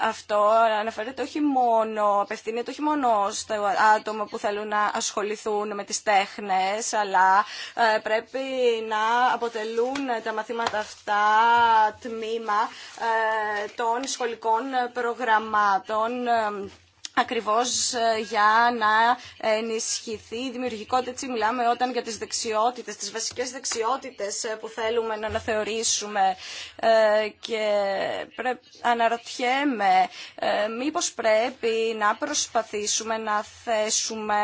Speaker 2: αυτό αναφέρεται όχι μόνο, απευθύνεται όχι μόνο στα άτομα που θέλουν να ασχοληθούν με τις τέχνες, αλλά ε, πρέπει να αποτελούν τα μαθήματα αυτά τμήμα των σχολικών προγραμμάτων ακριβώς ε, για να ενισχυθεί η δημιουργικότητα. Έτσι μιλάμε όταν για τις δεξιότητες, τις βασικές δεξιότητες ε, που θέλουμε να αναθεωρήσουμε ε, και αναρωτιέμαι μήπως πρέπει να προσπαθήσουμε να θέσουμε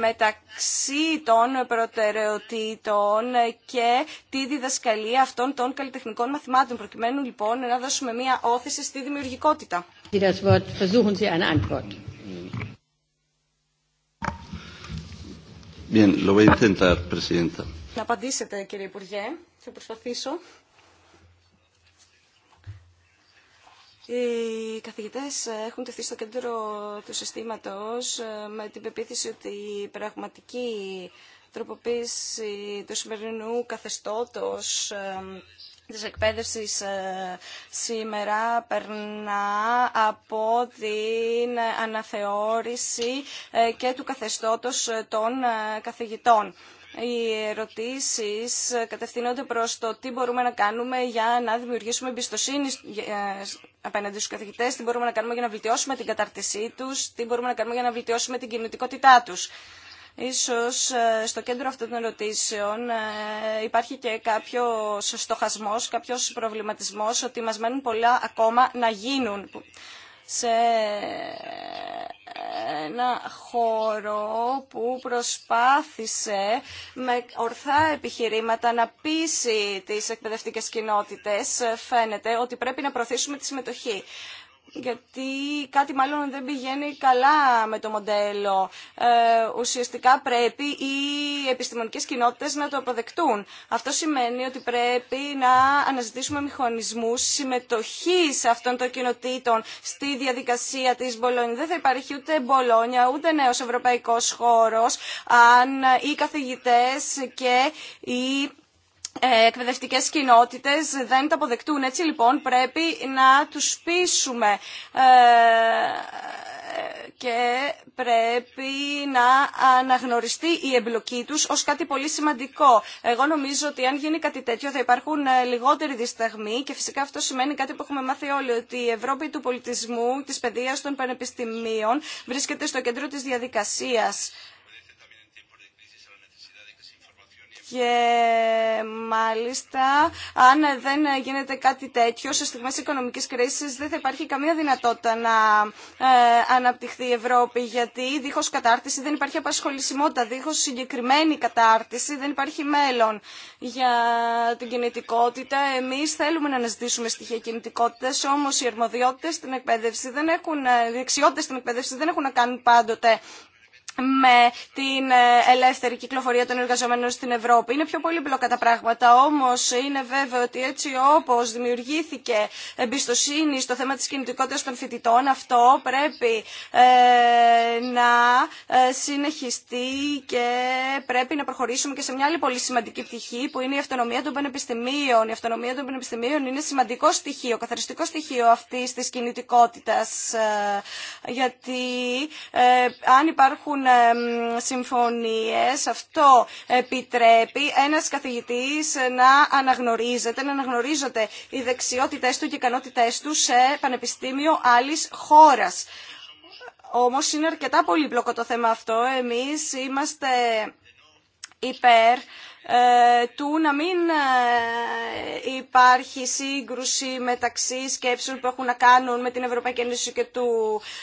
Speaker 2: μεταξύ των προτεραιοτήτων και τη διδασκαλία αυτών των καλλιτεχνικών μαθημάτων προκειμένου λοιπόν να δώσουμε μία όθηση στη δημιουργικότητα. Bien, lo voy a intentar, Presidenta. Να απαντήσετε, κύριε Υπουργέ. Θα προσπαθήσω. Οι καθηγητές έχουν τεθεί στο κέντρο του συστήματος ε, με την πεποίθηση ότι η πραγματική τροποποίηση του σημερινού καθεστώτος ε, της εκπαίδευσης ε, σήμερα περνά από την αναθεώρηση ε, και του καθεστώτος των ε, καθηγητών. Οι ερωτήσεις κατευθύνονται προς το τι μπορούμε να κάνουμε για να δημιουργήσουμε εμπιστοσύνη απέναντι στους καθηγητές, τι μπορούμε να κάνουμε για να βελτιώσουμε την κατάρτισή τους, τι μπορούμε να κάνουμε για να βελτιώσουμε την κινητικότητά τους. Ίσως ε, στο κέντρο αυτών των ερωτήσεων ε, υπάρχει και κάποιος στοχασμός, κάποιος προβληματισμός ότι μας μένουν πολλά ακόμα να γίνουν σε ένα χώρο που προσπάθησε με ορθά επιχειρήματα να πείσει τις εκπαιδευτικές κοινότητες. Ε, φαίνεται ότι πρέπει να προωθήσουμε τη συμμετοχή γιατί κάτι μάλλον δεν πηγαίνει καλά με το μοντέλο. Ε, ουσιαστικά πρέπει οι επιστημονικές κοινότητες να το αποδεκτούν. Αυτό σημαίνει ότι πρέπει να αναζητήσουμε μηχανισμούς συμμετοχής αυτών των κοινοτήτων στη διαδικασία της Μπολόνια. Δεν θα υπάρχει ούτε Μπολόνια, ούτε νέος ευρωπαϊκός χώρος, αν οι καθηγητές και οι ε, εκπαιδευτικές κοινότητες δεν τα αποδεκτούν. Έτσι λοιπόν πρέπει να τους πείσουμε ε, και πρέπει να αναγνωριστεί η εμπλοκή τους ως κάτι πολύ σημαντικό. Εγώ νομίζω ότι αν γίνει κάτι τέτοιο θα υπάρχουν ε, λιγότεροι δισταγμοί και φυσικά αυτό σημαίνει κάτι που έχουμε μάθει όλοι, ότι η Ευρώπη του πολιτισμού, της παιδείας, των πανεπιστημίων βρίσκεται στο κέντρο της διαδικασίας. και μάλιστα αν δεν γίνεται κάτι τέτοιο σε στιγμές οικονομικής κρίσης δεν θα υπάρχει καμία δυνατότητα να ε, αναπτυχθεί η Ευρώπη γιατί δίχως κατάρτιση δεν υπάρχει απασχολησιμότητα, δίχως συγκεκριμένη κατάρτιση δεν υπάρχει μέλλον για την κινητικότητα. Εμείς θέλουμε να αναζητήσουμε στοιχεία κινητικότητας όμως οι αρμοδιότητες στην εκπαίδευση ε, οι στην εκπαίδευση δεν έχουν να κάνουν πάντοτε με την ε, ελεύθερη κυκλοφορία των εργαζομένων στην Ευρώπη. Είναι πιο πολύ πολύπλοκα τα πράγματα, όμως είναι βέβαιο ότι έτσι όπως δημιουργήθηκε εμπιστοσύνη στο θέμα της κινητικότητας των φοιτητών, αυτό πρέπει ε, να ε, συνεχιστεί και πρέπει να προχωρήσουμε και σε μια άλλη πολύ σημαντική πτυχή που είναι η αυτονομία των πανεπιστημίων. Η αυτονομία των πανεπιστημίων είναι σημαντικό στοιχείο, καθαριστικό στοιχείο αυτής της κινητικότητας, γιατί ε, αν υπάρχουν υπάρχουν συμφωνίες. Αυτό επιτρέπει ένας καθηγητής να αναγνωρίζεται, να αναγνωρίζονται οι δεξιότητές του και οι ικανότητές του σε πανεπιστήμιο άλλης χώρας. Όμως είναι αρκετά πολύπλοκο το θέμα αυτό. Εμείς είμαστε υπέρ ε, του να μην ε, υπάρχει σύγκρουση μεταξύ σκέψεων που έχουν να κάνουν με την Ευρωπαϊκή Ένωση και του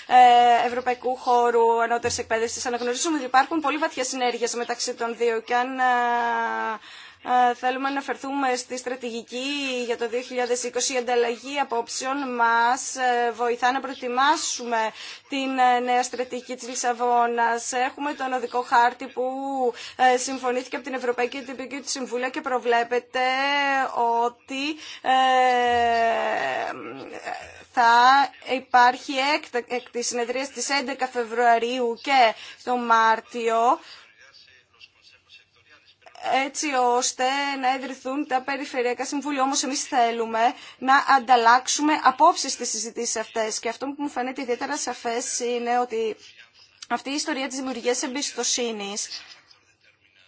Speaker 2: ε, Ευρωπαϊκού Χώρου Ανώτερης Εκπαίδευσης. Αναγνωρίζουμε ότι υπάρχουν πολύ βαθιά συνέργειες μεταξύ των δύο και αν ε, θέλουμε να αναφερθούμε στη στρατηγική για το 2020. Η ανταλλαγή απόψεων μας ε, βοηθά να προετοιμάσουμε την ε, νέα στρατηγική της Λισαβόνας. Έχουμε τον οδικό χάρτη που συμφωνήθηκε από την Ευρωπαϊκή Τυπική του Συμβούλια και προβλέπεται ότι θα υπάρχει έκτακτη συνεδρία στις 11 Φεβρουαρίου και στο Μάρτιο έτσι ώστε να ιδρυθούν τα περιφερειακά συμβούλια. όμω εμείς θέλουμε να ανταλλάξουμε απόψεις στις συζητήσει αυτές και αυτό που μου φαίνεται ιδιαίτερα σαφέ είναι ότι αυτή η ιστορία της δημιουργία εμπιστοσύνη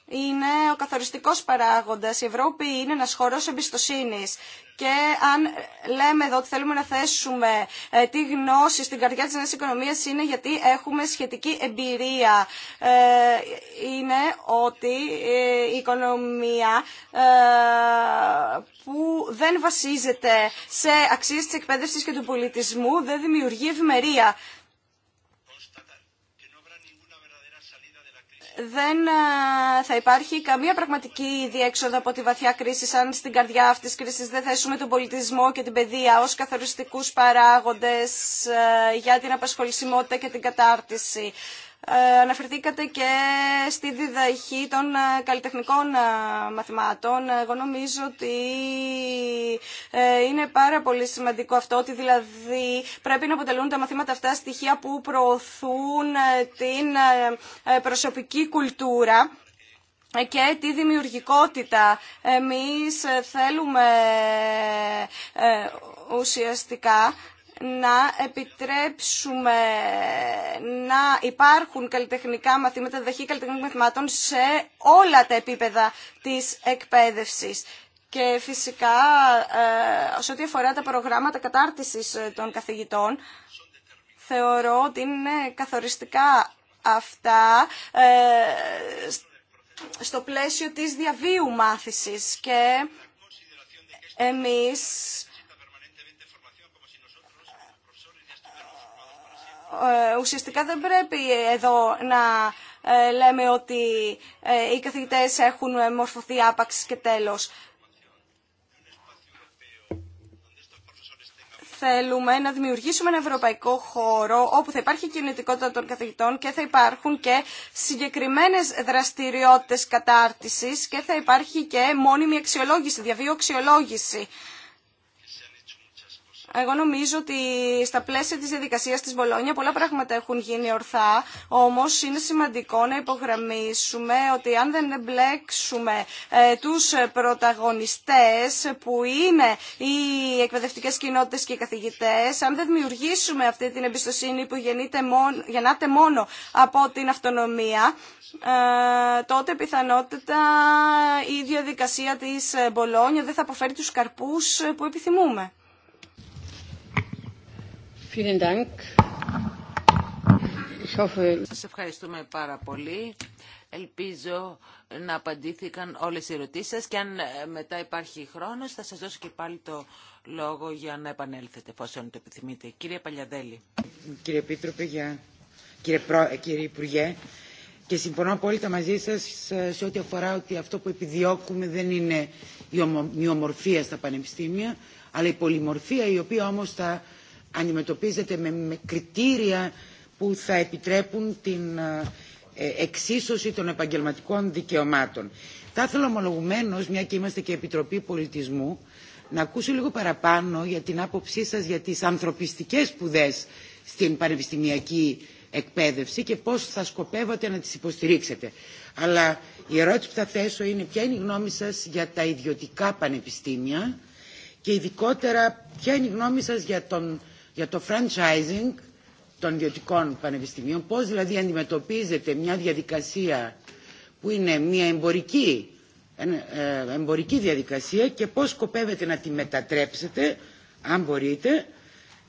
Speaker 2: είναι ο καθοριστικός παράγοντας. Η Ευρώπη είναι ένας χώρος εμπιστοσύνης. Και αν λέμε εδώ ότι θέλουμε να θέσουμε ε, τη γνώση στην καρδιά της νέας οικονομίας είναι γιατί έχουμε σχετική εμπειρία. Ε, είναι ότι ε, η οικονομία που δεν βασίζεται σε αξίες της εκπαίδευσης και του πολιτισμού δεν δημιουργεί ευημερία. δεν ε, θα υπάρχει καμία πραγματική διέξοδο από τη βαθιά κρίση αν στην καρδιά αυτής της κρίσης δεν θέσουμε τον πολιτισμό και την παιδεία ως καθοριστικούς παράγοντες ε, για την απασχολησιμότητα και την κατάρτιση. Ε, αναφερθήκατε και στη διδαχή των ε, καλλιτεχνικών ε, μαθημάτων. Εγώ νομίζω ότι είναι πάρα πολύ σημαντικό αυτό, ότι δηλαδή πρέπει να αποτελούν τα μαθήματα αυτά στοιχεία που προωθούν την προσωπική κουλτούρα και τη δημιουργικότητα. Εμείς θέλουμε ουσιαστικά να επιτρέψουμε να υπάρχουν καλλιτεχνικά μαθήματα, διδαχή καλλιτεχνικών μαθημάτων σε όλα τα επίπεδα της εκπαίδευσης. Και φυσικά, ε, σε ό,τι αφορά τα προγράμματα κατάρτισης ε, των καθηγητών, θεωρώ ότι είναι καθοριστικά αυτά ε, στο πλαίσιο της διαβίου μάθησης και εμείς Ε, ουσιαστικά δεν πρέπει εδώ να ε, λέμε ότι ε, οι καθηγητές έχουν μορφωθεί άπαξ και τέλος. θέλουμε να δημιουργήσουμε ένα ευρωπαϊκό χώρο όπου θα υπάρχει κινητικότητα των καθηγητών και θα υπάρχουν και συγκεκριμένες δραστηριότητες κατάρτισης και θα υπάρχει και μόνιμη αξιολόγηση, διαβίω αξιολόγηση. Εγώ νομίζω ότι στα πλαίσια της διαδικασίας της Μπολόνια πολλά πράγματα έχουν γίνει ορθά, όμως είναι σημαντικό να υπογραμμίσουμε ότι αν δεν εμπλέξουμε ε, τους πρωταγωνιστές που είναι οι εκπαιδευτικές κοινότητες και οι καθηγητές, αν δεν δημιουργήσουμε αυτή την εμπιστοσύνη που μόνο, γεννάται μόνο από την αυτονομία, ε, τότε πιθανότητα η διαδικασία της Μπολόνια δεν θα αποφέρει τους καρπούς που επιθυμούμε.
Speaker 3: Σα ευχαριστούμε πάρα πολύ. Ελπίζω να απαντήθηκαν όλες οι ερωτήσεις σας και αν ε, μετά υπάρχει χρόνος θα σας δώσω και πάλι το λόγο για να επανέλθετε εφόσον το επιθυμείτε. Κύριε Παλιαδέλη.
Speaker 4: Κύριε Επίτροπε, για... κύριε, Προ... Ε, κύριε Υπουργέ, και συμφωνώ απόλυτα μαζί σας σε ό,τι αφορά ότι αυτό που επιδιώκουμε δεν είναι η ομορφία στα πανεπιστήμια, αλλά η πολυμορφία η οποία όμως θα αντιμετωπίζεται με κριτήρια που θα επιτρέπουν την ε, ε, εξίσωση των επαγγελματικών δικαιωμάτων. Θα ήθελα ομολογουμένως, μια και είμαστε και Επιτροπή Πολιτισμού, να ακούσω λίγο παραπάνω για την άποψή σας για τις ανθρωπιστικές σπουδέ στην πανεπιστημιακή εκπαίδευση και πώς θα σκοπεύατε να τις υποστηρίξετε. Αλλά η ερώτηση που θα θέσω είναι ποια είναι η γνώμη σας για τα ιδιωτικά πανεπιστήμια και ειδικότερα ποια είναι η γνώμη σας για τον για το franchising των ιδιωτικών πανεπιστημίων, πώς δηλαδή αντιμετωπίζεται μια διαδικασία που είναι μια εμπορική, ε, εμπορική διαδικασία και πώς σκοπεύετε να τη μετατρέψετε, αν μπορείτε,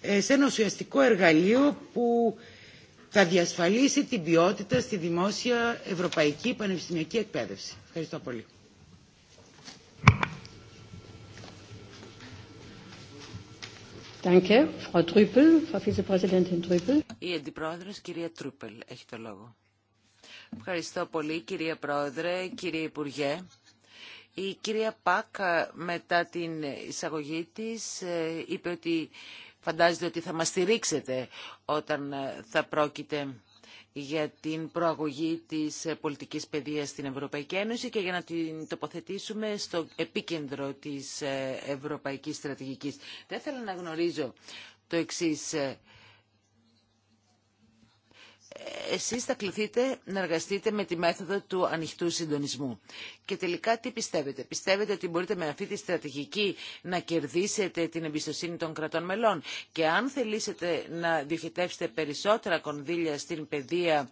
Speaker 4: ε, σε ένα ουσιαστικό εργαλείο που θα διασφαλίσει την ποιότητα στη δημόσια ευρωπαϊκή πανεπιστημιακή εκπαίδευση. Ευχαριστώ πολύ.
Speaker 1: Danke, Frau Trüppel, Frau Trüppel.
Speaker 3: Η Αντιπρόεδρος, κυρία Τρούπελ, έχει το λόγο. Ευχαριστώ πολύ, κυρία Πρόεδρε, κύριε Υπουργέ. Η κυρία Πακ μετά την εισαγωγή της ε, είπε ότι φαντάζεται ότι θα μας στηρίξετε όταν ε, θα πρόκειται για την προαγωγή της ε, πολιτικής παιδείας στην Ευρωπαϊκή Ένωση και για να την τοποθετήσουμε στο επίκεντρο της ε, Ευρωπαϊκής Στρατηγικής. Δεν θέλω να γνωρίζω το εξής. Ε, εσείς θα κληθείτε να εργαστείτε με τη μέθοδο του ανοιχτού συντονισμού. Και τελικά τι πιστεύετε. Πιστεύετε ότι μπορείτε με αυτή τη στρατηγική να κερδίσετε την εμπιστοσύνη των κρατών μελών. Και αν θελήσετε να διοχετεύσετε περισσότερα κονδύλια στην παιδεία,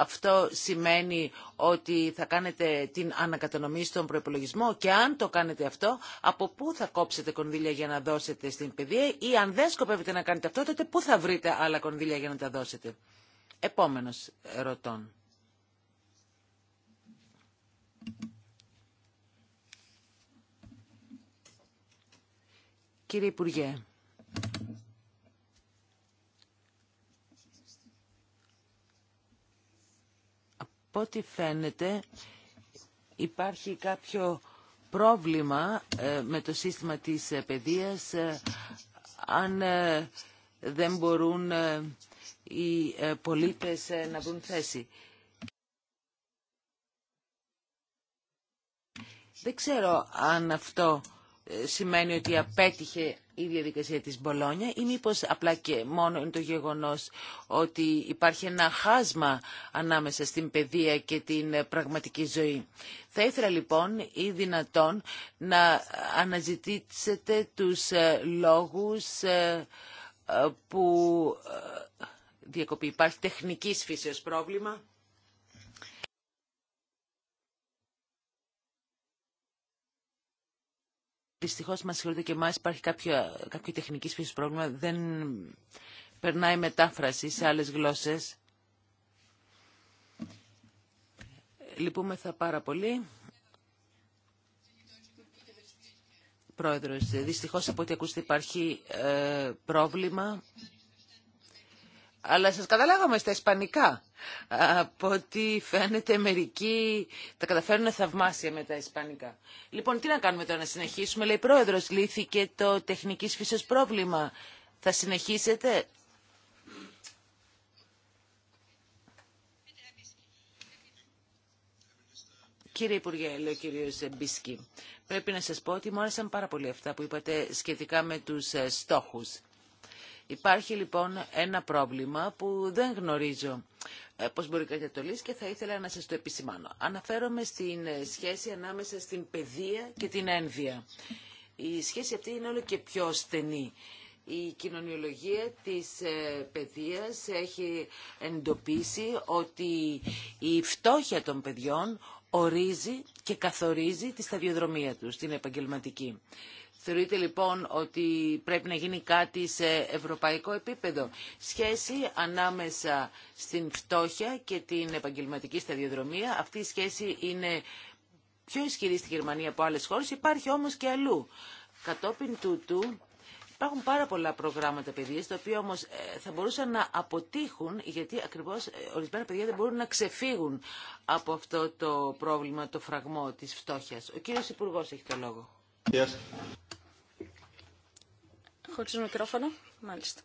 Speaker 3: αυτό σημαίνει ότι θα κάνετε την ανακατανομή στον προπολογισμό και αν το κάνετε αυτό, από πού θα κόψετε κονδύλια για να δώσετε στην παιδεία ή αν δεν σκοπεύετε να κάνετε αυτό, τότε πού θα βρείτε άλλα κονδύλια για να τα δώσετε. Επόμενος ερωτών. Κύριε Υπουργέ, από ό,τι φαίνεται υπάρχει κάποιο πρόβλημα ε, με το σύστημα της ε, παιδείας ε, αν δεν μπορούν οι ε, πολίτες ε, να βρουν θέση. Δεν ξέρω αν αυτό ε, σημαίνει ότι απέτυχε η διαδικασία της Μπολόνια ή μήπως απλά και μόνο είναι το γεγονός ότι υπάρχει ένα χάσμα ανάμεσα στην παιδεία και την πραγματική ζωή. Θα ήθελα λοιπόν ή δυνατόν να αναζητήσετε τους λόγους που διακοπή. Υπάρχει τεχνικής φύσεως πρόβλημα. Δυστυχώς μας συγχωρείτε και εμάς υπάρχει κάποιο, κάποιο τεχνικής φύσεως πρόβλημα. Δεν περνάει μετάφραση σε άλλες γλώσσες. Λυπούμεθα πάρα πολύ. Πρόεδρος, δυστυχώς από ό,τι ακούστε υπάρχει ε, πρόβλημα αλλά σας καταλάβαμε στα ισπανικά. Από ό,τι φαίνεται μερικοί τα καταφέρνουν θαυμάσια με τα ισπανικά. Λοιπόν, τι να κάνουμε τώρα, να συνεχίσουμε. Λέει, πρόεδρος, λύθηκε το τεχνικής φύσεως πρόβλημα. Θα συνεχίσετε. Κύριε Υπουργέ, λέει ο κύριο Μπίσκι, πρέπει να σας πω ότι μου άρεσαν πάρα πολύ αυτά που είπατε σχετικά με τους ε, στόχους. Υπάρχει λοιπόν ένα πρόβλημα που δεν γνωρίζω ε, πώς μπορεί κάτι να το λύσει και θα ήθελα να σας το επισημάνω. Αναφέρομαι στην ε, σχέση ανάμεσα στην παιδεία και την ένδυα. Η σχέση αυτή είναι όλο και πιο στενή. Η κοινωνιολογία της ε, παιδείας έχει εντοπίσει ότι η φτώχεια των παιδιών ορίζει και καθορίζει τη σταδιοδρομία τους, την επαγγελματική. Θεωρείτε λοιπόν ότι πρέπει να γίνει κάτι σε ευρωπαϊκό επίπεδο. Σχέση ανάμεσα στην φτώχεια και την επαγγελματική σταδιοδρομία. Αυτή η σχέση είναι πιο ισχυρή στη Γερμανία από άλλες χώρες. Υπάρχει όμως και αλλού. Κατόπιν τούτου υπάρχουν πάρα πολλά προγράμματα παιδείας, τα οποία όμως ε, θα μπορούσαν να αποτύχουν, γιατί ακριβώς ε, ορισμένα παιδιά δεν μπορούν να ξεφύγουν από αυτό το πρόβλημα, το φραγμό της φτώχειας. Ο κύριος Υπουργός έχει το λόγο.
Speaker 2: Yes. Χωρίς μικρόφωνο, μάλιστα.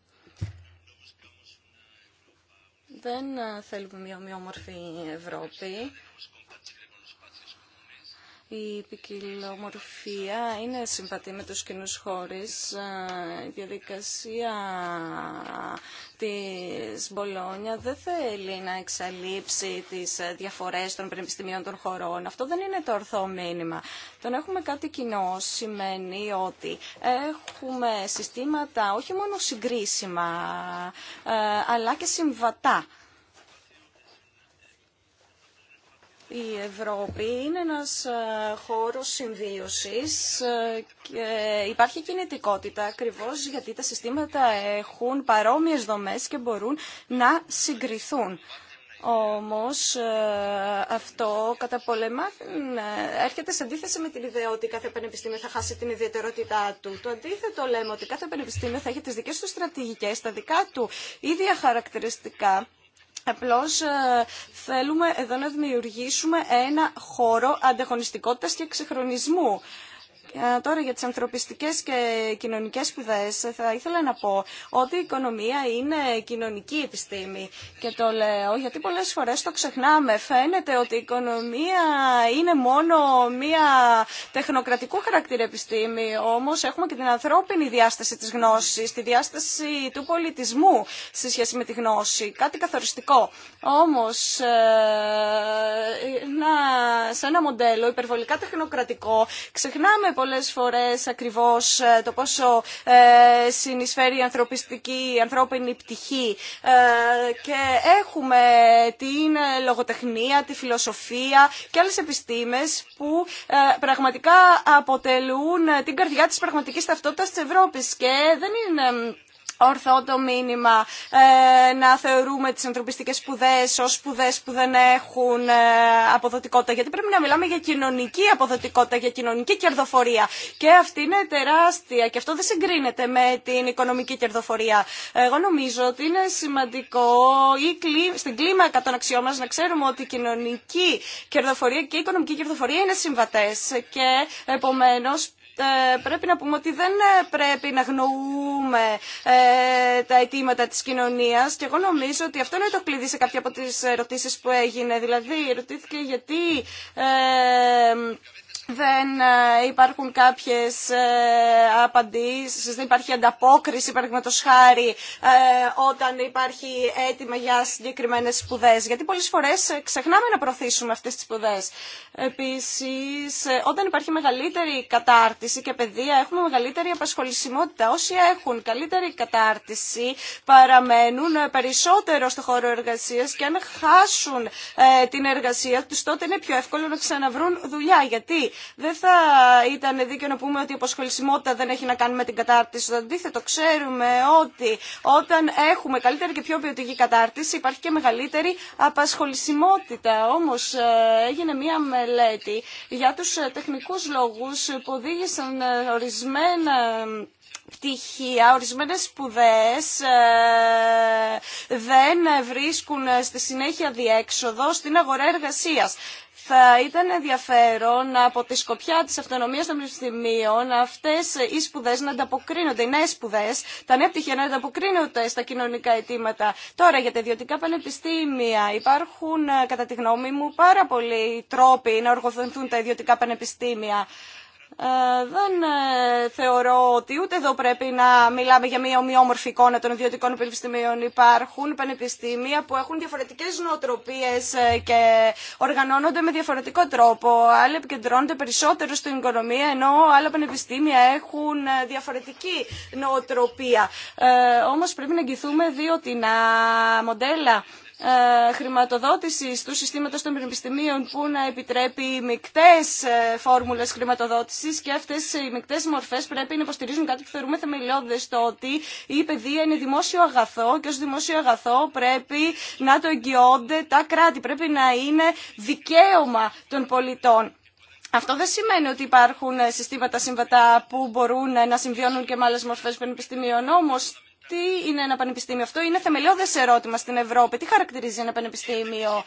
Speaker 2: Δεν ε, θέλουμε μια ομοιόμορφη Ευρώπη η ποικιλομορφία είναι συμβατή με τους κοινούς χώρες. Η διαδικασία της Μπολόνια δεν θέλει να εξαλείψει τις διαφορές των πανεπιστημίων των χωρών. Αυτό δεν είναι το ορθό μήνυμα. Το έχουμε κάτι κοινό σημαίνει ότι έχουμε συστήματα όχι μόνο συγκρίσιμα, ε, αλλά και συμβατά Η Ευρώπη είναι ένας ε, χώρος συνδύωσης ε, και υπάρχει κινητικότητα ακριβώ γιατί τα συστήματα έχουν παρόμοιες δομές και μπορούν να συγκριθούν. Όμως ε, αυτό κατά πολεμά έρχεται σε αντίθεση με την ιδέα ότι κάθε πανεπιστήμιο θα χάσει την ιδιαιτερότητά του. Το αντίθετο λέμε ότι κάθε πανεπιστήμιο θα έχει τις δικές του στρατηγικές, τα δικά του ίδια χαρακτηριστικά Απλώς ε, θέλουμε εδώ να δημιουργήσουμε ένα χώρο ανταγωνιστικότητας και ξεχρονισμού. Ε, τώρα για τις ανθρωπιστικές και κοινωνικές σπουδές θα ήθελα να πω ότι η οικονομία είναι κοινωνική επιστήμη και το λέω γιατί πολλές φορές το ξεχνάμε. Φαίνεται ότι η οικονομία είναι μόνο μία τεχνοκρατικού χαρακτήρα επιστήμη όμως έχουμε και την ανθρώπινη διάσταση της γνώσης, τη διάσταση του πολιτισμού σε σχέση με τη γνώση, κάτι καθοριστικό. Όμως ε, σε ένα μοντέλο υπερβολικά τεχνοκρατικό ξεχνάμε πολλές φορές ακριβώς ε, το πόσο ε, συνεισφέρει η ανθρωπιστική, η ανθρώπινη πτυχή ε, και έχουμε την λογοτεχνία, τη φιλοσοφία και άλλες επιστήμες που πραγματικά αποτελούν την καρδιά της πραγματικής ταυτότητας της Ευρώπης και δεν είναι ορθό το μήνυμα, ε, να θεωρούμε τις ανθρωπιστικές σπουδέ ως σπουδέ που δεν έχουν ε, αποδοτικότητα, γιατί πρέπει να μιλάμε για κοινωνική αποδοτικότητα, για κοινωνική κερδοφορία. Και αυτή είναι τεράστια και αυτό δεν συγκρίνεται με την οικονομική κερδοφορία. Εγώ νομίζω ότι είναι σημαντικό ή στην κλίμακα των αξιών μας να ξέρουμε ότι η κοινωνική κερδοφορία και η οικονομική κερδοφορία είναι συμβατές και επομένως ε, πρέπει να πούμε ότι δεν ε, πρέπει να γνωρούμε ε, τα αιτήματα της κοινωνίας και εγώ νομίζω ότι αυτό είναι το κλειδί σε κάποια από τις ερωτήσεις που έγινε. Δηλαδή, ρωτήθηκε γιατί δεν ε, υπάρχουν κάποιες ε, απαντήσεις, δεν υπάρχει ανταπόκριση, παραδείγματο χάρη, ε, όταν υπάρχει αίτημα για συγκεκριμένες σπουδές. Γιατί πολλές φορές ξεχνάμε να προωθήσουμε αυτές τις σπουδές. Επίσης, όταν υπάρχει μεγαλύτερη κατάρτιση και παιδεία, έχουμε μεγαλύτερη απασχολησιμότητα. Όσοι έχουν καλύτερη κατάρτιση παραμένουν περισσότερο στο χώρο εργασίας και αν χάσουν την εργασία τους, τότε είναι πιο εύκολο να ξαναβρούν δουλειά. Γιατί δεν θα ήταν δίκαιο να πούμε ότι η αποσχολησιμότητα δεν έχει να κάνει με την κατάρτιση. Το αντίθετο, ξέρουμε ότι όταν έχουμε καλύτερη και πιο ποιοτική κατάρτιση υπάρχει και μεγαλύτερη απασχολησιμότητα. Όμω ε, έγινε μία μελέτη για του ε, τεχνικού λόγου που οδήγησαν ε, ορισμένα πτυχία, ορισμένες σπουδές δεν βρίσκουν στη συνέχεια διέξοδο στην αγορά εργασίας θα ήταν ενδιαφέρον από τη σκοπιά της αυτονομίας των πνευστημίων αυτές οι σπουδές να ανταποκρίνονται, οι νέες σπουδές, τα νέα πτυχία να ανταποκρίνονται στα κοινωνικά αιτήματα. Τώρα για τα ιδιωτικά πανεπιστήμια υπάρχουν ε, κατά τη γνώμη μου πάρα πολλοί τρόποι να οργανωθούν τα ιδιωτικά πανεπιστήμια. Ε, δεν ε, θεωρώ ότι ούτε εδώ πρέπει να μιλάμε για μια ομοιόμορφη εικόνα των ιδιωτικών πανεπιστημίων. Υπάρχουν πανεπιστήμια που έχουν διαφορετικέ νοοτροπίε ε, και οργανώνονται με διαφορετικό τρόπο. Άλλοι επικεντρώνονται περισσότερο στην οικονομία, ενώ άλλα πανεπιστήμια έχουν διαφορετική νοοτροπία. Ε, Όμω πρέπει να εγγυθούμε διότι να μοντέλα ε, χρηματοδότηση του συστήματο των πανεπιστημίων που να επιτρέπει μεικτές ε, φόρμουλες χρηματοδότησης και αυτές οι μεικτέ μορφές πρέπει να υποστηρίζουν κάτι που θεωρούμε θεμελιώδες το ότι η παιδεία είναι δημόσιο αγαθό και ως δημόσιο αγαθό πρέπει να το εγγυώνται τα κράτη, πρέπει να είναι δικαίωμα των πολιτών. Αυτό δεν σημαίνει ότι υπάρχουν συστήματα συμβατά που μπορούν να συμβιώνουν και με άλλε μορφέ πανεπιστημίων. Όμω τι είναι ένα πανεπιστήμιο. Αυτό είναι θεμελιώδες ερώτημα στην Ευρώπη. Τι χαρακτηρίζει ένα πανεπιστήμιο.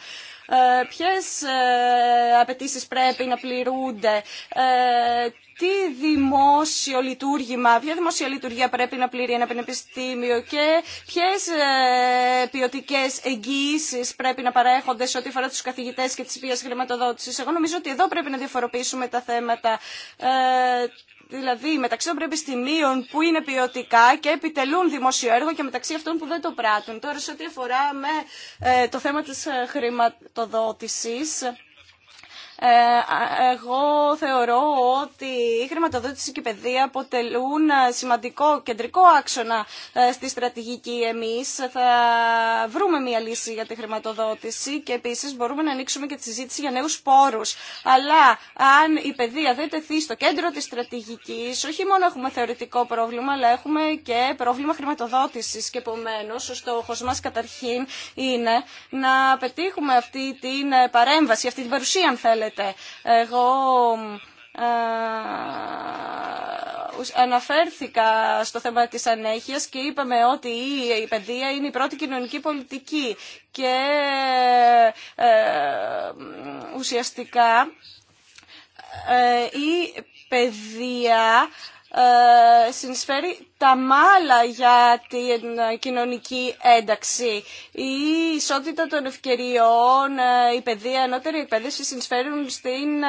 Speaker 2: Ε, ποιες ε, απαιτήσει πρέπει να πληρούνται. Ε, τι δημόσιο λειτουργήμα, ποια δημόσια λειτουργία πρέπει να πληρεί ένα πανεπιστήμιο και ποιε ποιοτικέ εγγύσει πρέπει να παρέχονται σε ό,τι αφορά του καθηγητές και τις ποιε χρηματοδότηση. Εγώ νομίζω ότι εδώ πρέπει να διαφοροποιήσουμε τα θέματα. Ε, Δηλαδή, μεταξύ των πρεπιστημίων που είναι ποιοτικά και επιτελούν δημόσιο έργο και μεταξύ αυτών που δεν το πράττουν. Τώρα, σε ό,τι αφορά με ε, το θέμα της ε, χρηματοδότησης, ε, εγώ θεωρώ ότι η χρηματοδότηση και η παιδεία αποτελούν ε, σημαντικό κεντρικό άξονα ε, στη στρατηγική. Εμείς θα βρούμε μια λύση για τη χρηματοδότηση και επίσης μπορούμε να ανοίξουμε και τη συζήτηση για νέους πόρους. Αλλά αν η παιδεία δεν τεθεί στο κέντρο της στρατηγικής, όχι μόνο έχουμε θεωρητικό πρόβλημα, αλλά έχουμε και πρόβλημα χρηματοδότησης. Και επομένω, ο στόχος μας καταρχήν είναι να πετύχουμε αυτή την παρέμβαση, αυτή την παρουσία αν θέλετε, εγώ ε, αναφέρθηκα στο θέμα της ανέχειας και είπαμε ότι η παιδεία είναι η πρώτη κοινωνική πολιτική και ε, ουσιαστικά ε, η παιδεία ε, συνεισφέρει τα μάλα για την κοινωνική ένταξη. Η ισότητα των ευκαιριών, ε, η παιδεία, η ανώτερη εκπαίδευση συνεισφέρουν στην ε,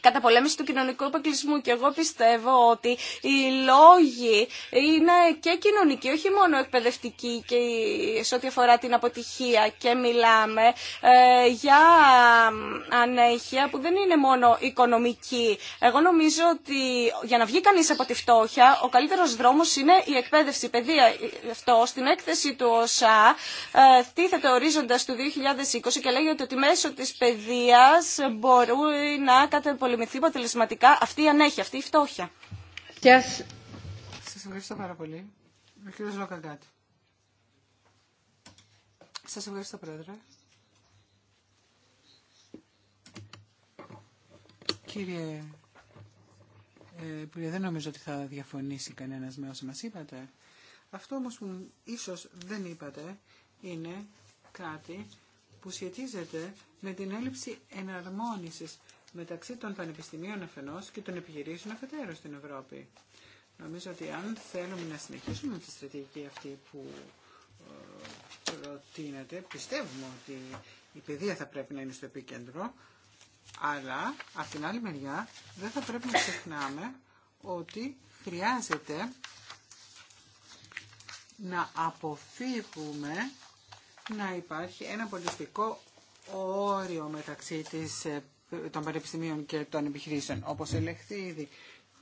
Speaker 2: καταπολέμηση του κοινωνικού αποκλεισμού. Και εγώ πιστεύω ότι οι λόγοι είναι και κοινωνικοί, όχι μόνο εκπαιδευτικοί και σε ό,τι αφορά την αποτυχία. Και μιλάμε ε, για ανέχεια που δεν είναι μόνο οικονομική. Εγώ νομίζω ότι για να βγει κανείς από τη φτώχεια, ο καλύτερος δρόμος είναι η εκπαίδευση, η παιδεία. Αυτό στην έκθεση του ΩΣΑ ε, ορίζοντας του 2020 και λέγεται ότι μέσω της παιδείας μπορεί να αποτελεσματικά αυτή η ανέχεια, αυτή η φτώχεια.
Speaker 1: Yes. Σας ευχαριστώ πάρα πολύ. Ο κ. Σας ευχαριστώ πρόεδρε. Κύριε ε, Υπουργέ, δεν νομίζω ότι θα διαφωνήσει κανένας με όσα μας είπατε. Αυτό όμως που ίσως δεν είπατε είναι κάτι που σχετίζεται με την έλλειψη εναρμόνισης μεταξύ των πανεπιστημίων Αφενό και των επιχειρήσεων αφετέρου στην Ευρώπη. Νομίζω ότι αν θέλουμε να συνεχίσουμε τη στρατηγική αυτή που ε, προτείνεται, πιστεύουμε ότι η παιδεία θα πρέπει να είναι στο επίκεντρο, αλλά από την άλλη μεριά δεν θα πρέπει να ξεχνάμε ότι χρειάζεται να αποφύγουμε να υπάρχει ένα πολιτιστικό όριο μεταξύ της ε, των πανεπιστημίων και των επιχειρήσεων, όπως ελεγχθεί ήδη.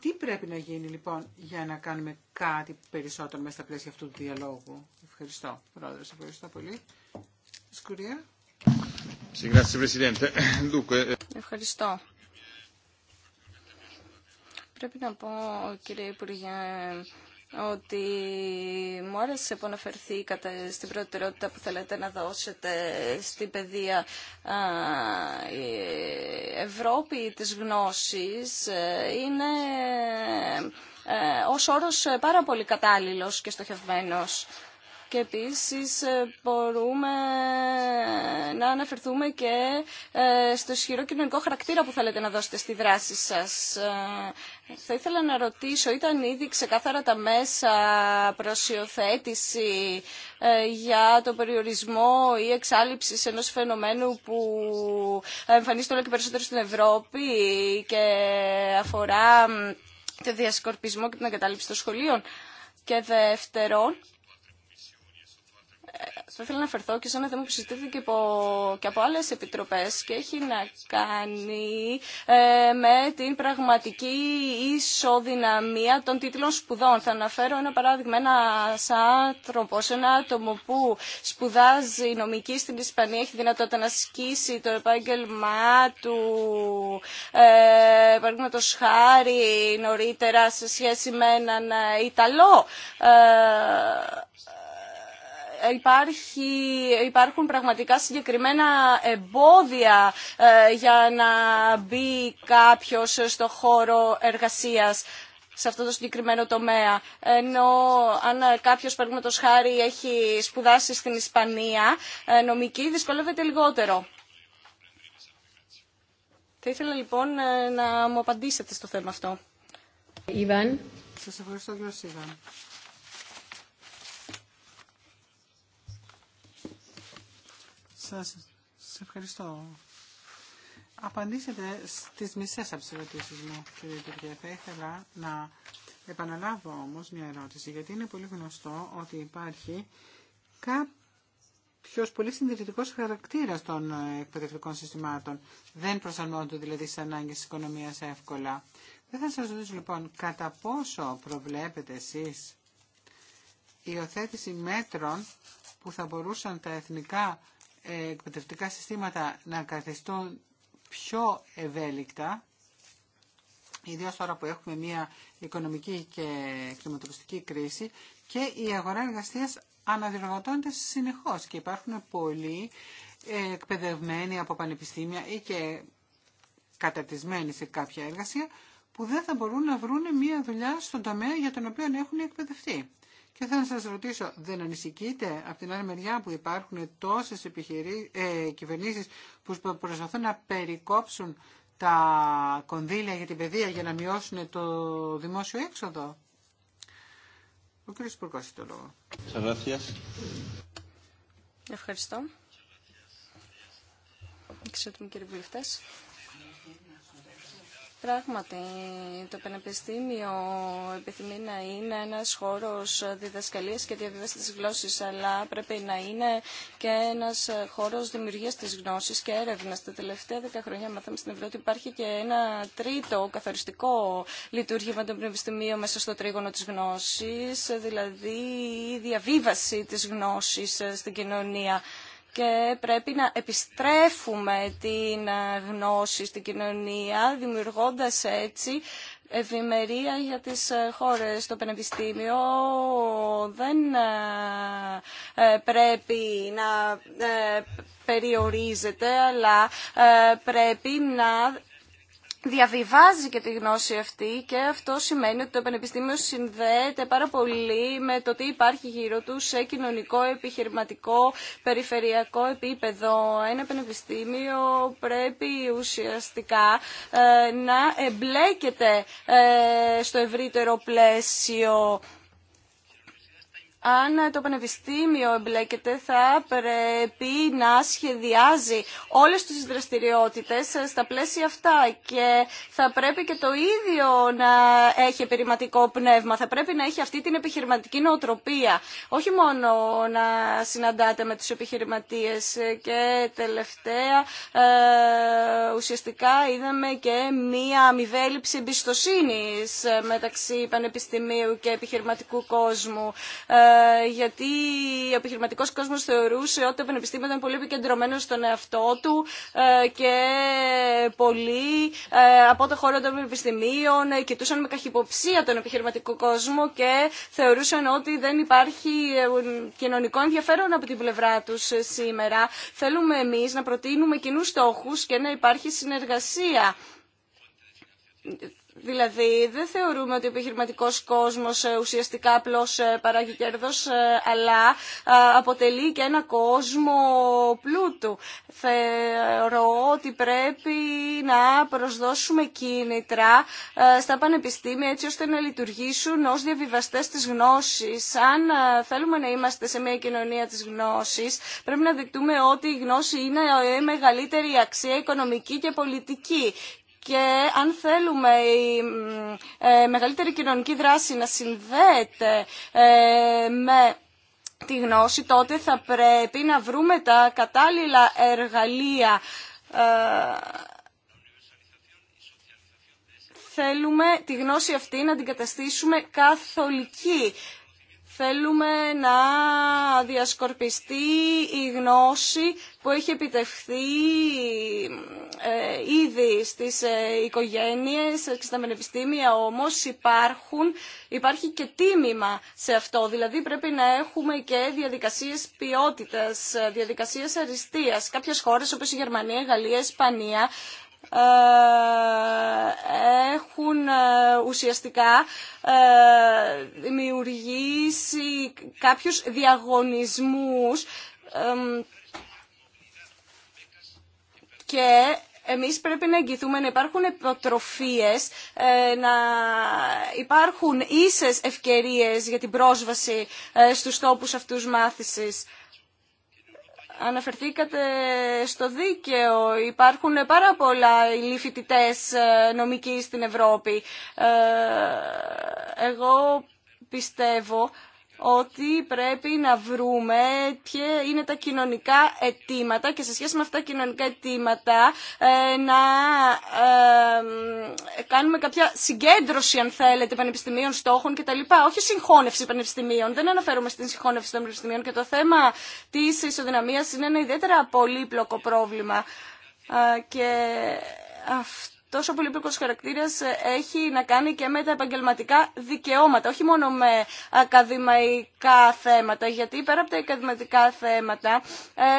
Speaker 1: Τι πρέπει να γίνει λοιπόν για να κάνουμε κάτι περισσότερο μέσα στα πλαίσια αυτού του διαλόγου. Ευχαριστώ, Πρόεδρε. Ευχαριστώ πολύ. Σκουρία. Ε, Ευχαριστώ.
Speaker 2: Πρέπει να πω, κύριε Υπουργέ, ότι μου άρεσε που αναφερθήκατε στην προτεραιότητα που θέλετε να δώσετε στην παιδεία η Ευρώπη της γνώσης ε, είναι ε, ως όρος πάρα πολύ κατάλληλος και στοχευμένος και επίσης ε, μπορούμε να αναφερθούμε και ε, στο ισχυρό κοινωνικό χαρακτήρα που θέλετε να δώσετε στη δράση σας. Ε, θα ήθελα να ρωτήσω, ήταν ήδη ξεκάθαρα τα μέσα προσιοθέτηση για το περιορισμό ή εξάλληψη ενός φαινομένου που εμφανίζεται όλο και περισσότερο στην Ευρώπη και αφορά το διασκορπισμό και την εγκατάλειψη των σχολείων. Και δεύτερον, θα ήθελα να φερθώ και σε ένα θέμα που συζητήθηκε και από άλλες επιτροπές και έχει να κάνει ε, με την πραγματική ισοδυναμία των τίτλων σπουδών. Θα αναφέρω ένα παράδειγμα, ένα άνθρωπο, ένα άτομο που σπουδάζει νομική στην Ισπανία, έχει δυνατότητα να ασκήσει το επάγγελμά του, ε, παραδείγματο χάρη νωρίτερα σε σχέση με έναν Ιταλό ε, υπάρχουν πραγματικά συγκεκριμένα εμπόδια ε, για να μπει κάποιος στο χώρο εργασίας σε αυτό το συγκεκριμένο τομέα. Ενώ αν κάποιος, παραδείγματος χάρη, έχει σπουδάσει στην Ισπανία, ε, νομική δυσκολεύεται λιγότερο. Θα ήθελα λοιπόν ε, να μου απαντήσετε στο
Speaker 1: θέμα αυτό. Σας ευχαριστώ, Ιβάν. Σας ευχαριστώ. Απαντήσετε στις μισές από τις ερωτήσεις μου, κύριε Υπουργέ. Θα ήθελα να επαναλάβω όμως μια ερώτηση, γιατί είναι πολύ γνωστό ότι υπάρχει κάποιο πολύ συντηρητικό χαρακτήρα των εκπαιδευτικών συστημάτων. Δεν προσαρμόζονται δηλαδή στις ανάγκες της οικονομίας εύκολα. Δεν θα σας ρωτήσω λοιπόν κατά πόσο προβλέπετε εσείς η υιοθέτηση μέτρων που θα μπορούσαν τα εθνικά εκπαιδευτικά συστήματα να καθιστούν πιο ευέλικτα, ιδίως τώρα που έχουμε μια οικονομική και κλιματοπιστική κρίση και η αγορά εργασίας αναδιοργανώνεται συνεχώς και υπάρχουν πολλοί εκπαιδευμένοι από πανεπιστήμια ή και κατατισμένοι σε κάποια εργασία που δεν θα μπορούν να βρουν μια δουλειά στον τομέα για τον οποίο έχουν εκπαιδευτεί. Και θέλω να σας ρωτήσω, δεν ανησυχείτε από την άλλη μεριά που υπάρχουν τόσες επιχειρή... ε, κυβερνήσεις που προσπαθούν να περικόψουν τα κονδύλια για την παιδεία για να μειώσουν το δημόσιο έξοδο. Ο κ. Υπουργός έχει το λόγο. Ευχαριστώ.
Speaker 2: Εξαιρετικοί κύριοι βουλευτές. Πράγματι, το Πανεπιστήμιο επιθυμεί να είναι ένας χώρος διδασκαλίας και διαβίβασης της γλώσσης, αλλά πρέπει να είναι και ένας χώρος δημιουργίας της γνώσης και έρευνας. Τα τελευταία δέκα χρόνια μάθαμε στην Ευρώπη ότι υπάρχει και ένα τρίτο καθοριστικό λειτουργήμα του Πανεπιστημίου μέσα στο τρίγωνο της γνώσης, δηλαδή η διαβίβαση της γνώσης στην κοινωνία και πρέπει να επιστρέφουμε την γνώση στην κοινωνία, δημιουργώντας έτσι ευημερία για τις ε, χώρες. Το Πανεπιστήμιο δεν ε, ε, πρέπει να περιορίζεται, αλλά πρέπει να διαβιβάζει και τη γνώση αυτή και αυτό σημαίνει ότι το πανεπιστήμιο συνδέεται πάρα πολύ με το τι υπάρχει γύρω του σε κοινωνικό, επιχειρηματικό, περιφερειακό επίπεδο. Ένα πανεπιστήμιο πρέπει ουσιαστικά ε, να εμπλέκεται ε, στο ευρύτερο πλαίσιο αν το Πανεπιστήμιο εμπλέκεται θα πρέπει να σχεδιάζει όλες τις δραστηριότητες στα πλαίσια αυτά και θα πρέπει και το ίδιο να έχει επιρρηματικό πνεύμα, θα πρέπει να έχει αυτή την επιχειρηματική νοοτροπία. Όχι μόνο να συναντάτε με τους επιχειρηματίες και τελευταία ε, ουσιαστικά είδαμε και μία αμοιβέληψη εμπιστοσύνη μεταξύ Πανεπιστημίου και επιχειρηματικού κόσμου. Ε, γιατί ο επιχειρηματικό κόσμο θεωρούσε ότι το πανεπιστήμιο ήταν πολύ επικεντρωμένο στον εαυτό του ε, και πολλοί ε, από το χώρο των πανεπιστημίων ε, κοιτούσαν με καχυποψία τον επιχειρηματικό κόσμο και θεωρούσαν ότι δεν υπάρχει κοινωνικό ενδιαφέρον από την πλευρά του σήμερα. Θέλουμε εμεί να προτείνουμε κοινού στόχου και να υπάρχει συνεργασία Δηλαδή δεν θεωρούμε ότι ο επιχειρηματικό κόσμος ε, ουσιαστικά απλώ ε, παράγει κέρδο, ε, αλλά αποτελεί και ένα κόσμο πλούτου. Θεωρώ ότι πρέπει να προσδώσουμε κίνητρα στα πανεπιστήμια έτσι ώστε να λειτουργήσουν ω διαβιβαστές τη γνώσης. Αν θέλουμε να είμαστε σε μια κοινωνία της γνώσης, πρέπει να δεικτούμε ότι η γνώση είναι η μεγαλύτερη αξία οικονομική και πολιτική και αν θέλουμε η ε, μεγαλύτερη κοινωνική δράση να συνδέεται ε, με τη γνώση, τότε θα πρέπει να βρούμε τα κατάλληλα εργαλεία. Ε, θέλουμε τη γνώση αυτή να την καταστήσουμε καθολική Θέλουμε να διασκορπιστεί η γνώση που έχει επιτευχθεί ε, ήδη στις ε, οικογένειες, στα πανεπιστήμια όμως υπάρχουν, υπάρχει και τίμημα σε αυτό. Δηλαδή πρέπει να έχουμε και διαδικασίες ποιότητας, ε, διαδικασίες αριστείας. Κάποιες χώρες όπως η Γερμανία, η Γαλλία, η Ισπανία ε, έχουν ε, ουσιαστικά ε, δημιουργήσει κάποιους διαγωνισμούς και εμείς πρέπει να εγγυθούμε να υπάρχουν υποτροφίες, να υπάρχουν ίσες ευκαιρίες για την πρόσβαση στους τόπους αυτούς μάθησης. Αναφερθήκατε στο δίκαιο. Υπάρχουν πάρα πολλά ληφητητές ε, νομικοί στην Ευρώπη. Ε, εγώ πιστεύω ότι πρέπει να βρούμε ποια είναι τα κοινωνικά αιτήματα και σε σχέση με αυτά τα κοινωνικά αιτήματα ε, να ε, κάνουμε κάποια συγκέντρωση, αν θέλετε, πανεπιστημίων, στόχων κτλ. Όχι συγχώνευση πανεπιστημίων. Δεν αναφέρομαι στην συγχώνευση των πανεπιστημίων και το θέμα τη ισοδυναμία είναι ένα ιδιαίτερα πολύπλοκο πρόβλημα. Και αυτό τόσο πολύπλοκο χαρακτήρα ε, έχει να κάνει και με τα επαγγελματικά δικαιώματα, όχι μόνο με ακαδημαϊκά θέματα, γιατί πέρα από τα ακαδημαϊκά θέματα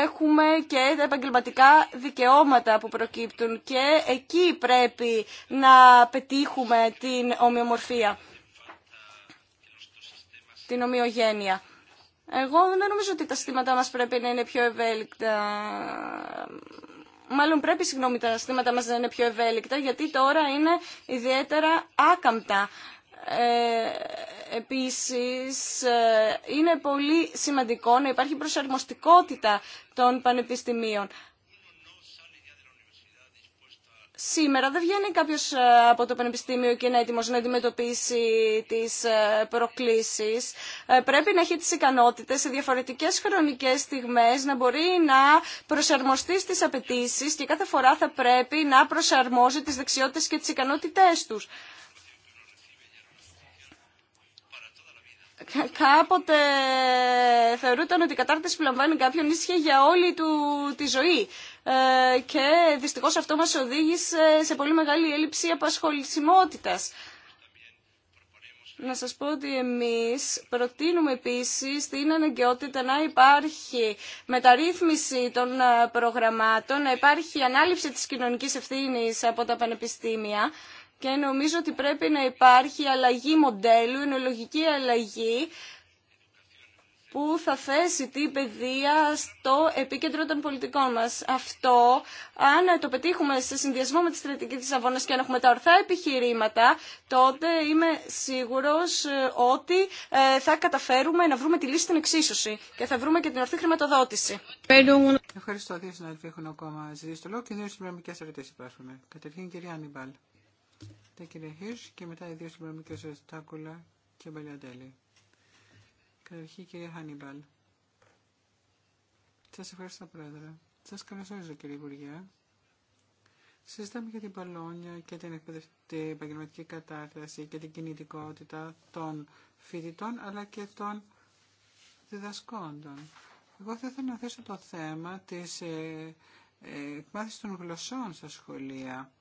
Speaker 2: έχουμε και τα επαγγελματικά δικαιώματα που προκύπτουν και εκεί πρέπει να πετύχουμε την ομοιομορφία, την ομοιογένεια. Εγώ δεν νομίζω ότι τα συστήματα μας πρέπει να είναι πιο ευέλικτα μάλλον πρέπει συγγνώμη τα συστήματα μας να είναι πιο ευέλικτα, γιατί τώρα είναι ιδιαίτερα άκαμπτα. Ε, επίσης, ε, είναι πολύ σημαντικό να υπάρχει προσαρμοστικότητα των πανεπιστημίων. Σήμερα δεν βγαίνει κάποιο ε, από το Πανεπιστήμιο και είναι έτοιμο να αντιμετωπίσει τι ε, προκλήσει. Ε, πρέπει να έχει τι ικανότητες σε διαφορετικές χρονικές στιγμές να μπορεί να προσαρμοστεί στι απαιτήσει και κάθε φορά θα πρέπει να προσαρμόζει τις δεξιότητες και τις ικανότητές τους. κάποτε θεωρούταν ότι η κατάρτιση που λαμβάνει κάποιον ίσχυε για όλη του τη ζωή. Ε, και δυστυχώς αυτό μας οδήγησε σε πολύ μεγάλη έλλειψη απασχολησιμότητας. Να σας πω ότι εμείς προτείνουμε επίσης την αναγκαιότητα να υπάρχει μεταρρύθμιση των ε, προγραμμάτων, να υπάρχει ανάληψη της κοινωνικής ευθύνης από τα πανεπιστήμια και νομίζω ότι πρέπει να υπάρχει αλλαγή μοντέλου, ενολογική αλλαγή που θα θέσει την παιδεία στο επίκεντρο των πολιτικών μας. Αυτό, αν το πετύχουμε σε συνδυασμό με τη στρατηγική της Αβώνας και αν έχουμε τα ορθά επιχειρήματα, τότε είμαι σίγουρος ε, ότι ε, θα καταφέρουμε να βρούμε τη λύση στην εξίσωση και θα βρούμε και την ορθή χρηματοδότηση.
Speaker 1: Ευχαριστώ. Δύο συνάδελφοι έχουν ακόμα ζητήσει το λόγο και δύο συμπληρωμικέ ερωτήσει υπάρχουν. Καταρχήν, κυρία Ανιμπάλ. Τα κυρία Χίρ και μετά οι δύο συμπληρωμικέ ερωτήσει, Τάκουλα και Μπαλιαντέλη. Καταρχήν κύριε Χάνιμπαλ. Σα ευχαριστώ πρόεδρε. Σα καλωσορίζω κύριε Υπουργέ. Συζητάμε για την Πολόνια και την επαγγελματική κατάρτιση και την κινητικότητα των φοιτητών αλλά και των διδασκόντων. Εγώ θα ήθελα να θέσω το θέμα της ε, ε, εκμάθησης των γλωσσών στα σχολεία.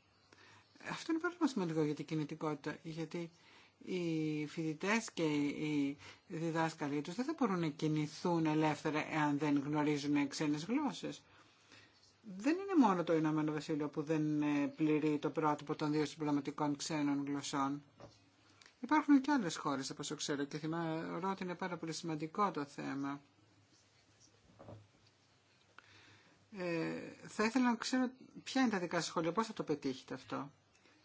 Speaker 1: Αυτό είναι πάρα πολύ σημαντικό για την κινητικότητα, γιατί οι φοιτητέ και οι διδάσκαλοι τους δεν θα μπορούν να κινηθούν ελεύθερα εάν δεν γνωρίζουν ξένες γλώσσες. Δεν είναι μόνο το Ηνωμένο Βασίλειο που δεν ε, πληρεί το πρότυπο των δύο συμπληρωματικών ξένων γλωσσών. Υπάρχουν και άλλες χώρες, όπως ξέρω, και θυμάμαι ότι είναι πάρα πολύ σημαντικό το θέμα. Ε, θα ήθελα να ξέρω ποια είναι τα δικά σχόλια, πώς θα το πετύχετε αυτό.